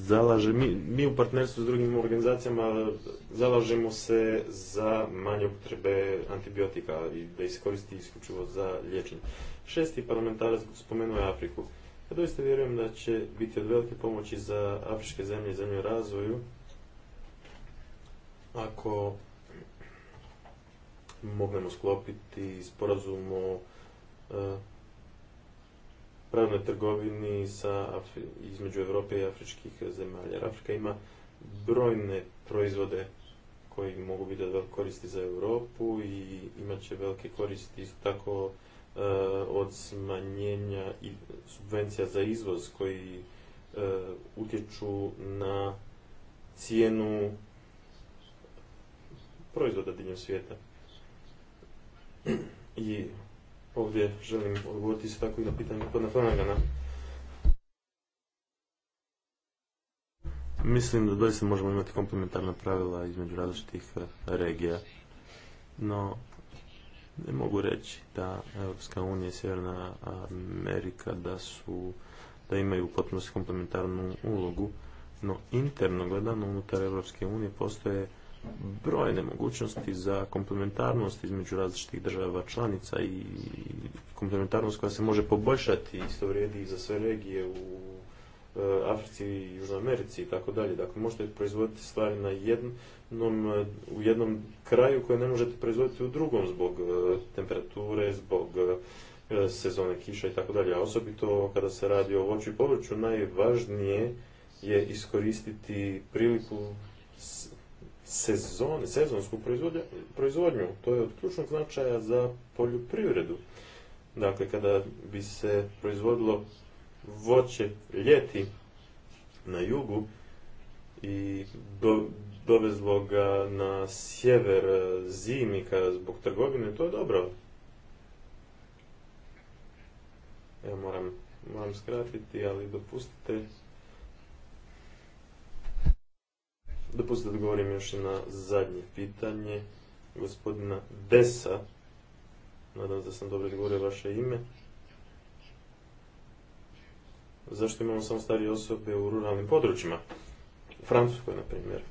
zalaže, mi, mi u partnerstvu s drugim organizacijama zalažemo se za manje upotrebe antibiotika i da ih se koristi isključivo za liječenje. Šesti parlamentarac spomenuo je Afriku. Ja doista vjerujem da će biti od velike pomoći za afričke zemlje i zemlje razvoju ako mognemo sklopiti sporazum o e, pravnoj trgovini sa između Europe i afričkih zemalja. Afrika ima brojne proizvode koji mogu biti od koristi za Europu i imat će velike koristi isto tako e, od smanjenja i subvencija za izvoz koji e, utječu na cijenu proizvoda diljem svijeta. I ovdje želim odgovoriti se tako i na pitanje gospodina Flanagana. Mislim da doista možemo imati komplementarna pravila između različitih eh, regija, no ne mogu reći da Europska unija i Sjeverna Amerika da su da imaju potpuno komplementarnu ulogu, no interno gledano unutar Europske unije postoje brojne mogućnosti za komplementarnost između različitih država članica i komplementarnost koja se može poboljšati isto vrijedi i za sve regije u e, Africi i Južnoj Americi i tako dalje. Dakle, možete proizvoditi stvari na jednom, u jednom kraju koje ne možete proizvoditi u drugom zbog e, temperature, zbog e, sezone kiša i tako dalje. A osobito kada se radi o voću i povrću, najvažnije je iskoristiti priliku sezone, sezonsku proizvodnju. To je od ključnog značaja za poljoprivredu. Dakle, kada bi se proizvodilo voće ljeti na jugu i do, dovezlo ga na sjever zimi kada zbog trgovine, to je dobro. Evo moram, moram skratiti, ali dopustite Dopustite da govorim još na zadnje pitanje gospodina Desa. Nadam se da sam dobro izgovorio vaše ime. Zašto imamo samo starije osobe u ruralnim područjima? U Francuskoj, na primjer.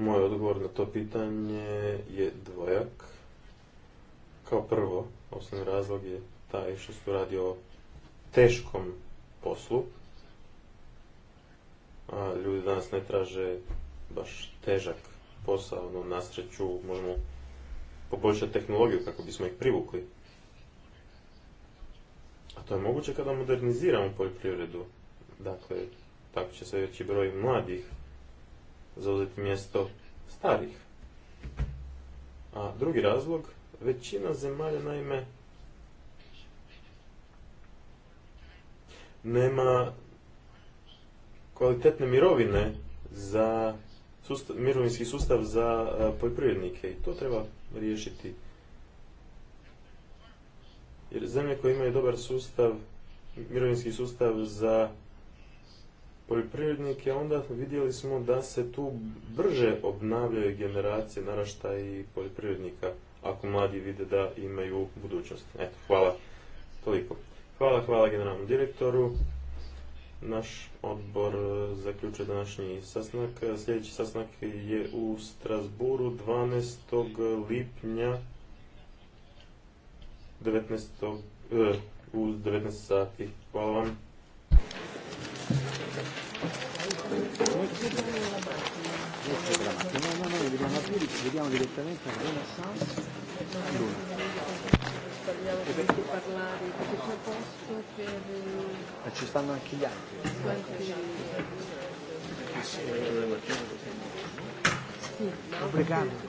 Moj odgovor na to pitanje je dvojak. Kao prvo, osnovni razlog je taj što se radi o teškom poslu, a ljudi danas ne traže baš težak posao, no nasreću možemo poboljšati tehnologiju kako bismo ih privukli. A to je moguće kada moderniziramo poljoprivredu. Dakle, tako će se veći broj mladih zauzeti mjesto starih. A drugi razlog, većina zemalja naime nema kvalitetne mirovine za mirovinski sustav za e, poljoprivrednike i to treba riješiti. Jer zemlje koje imaju dobar sustav, mirovinski sustav za poljoprivrednike, onda vidjeli smo da se tu brže obnavljaju generacije narašta i poljoprivrednika, ako mladi vide da imaju budućnost. Eto, hvala. Toliko. Hvala, hvala generalnom direktoru naš odbor zaključuje današnji sastanak. Sljedeći sastanak je u Strasburu 12. lipnja 19. u 19 sati. Hvala vam abbiamo sentito parlare, perché c'è posto per... Ma ci stanno anche gli altri. Qualche... Sì. Obrigado.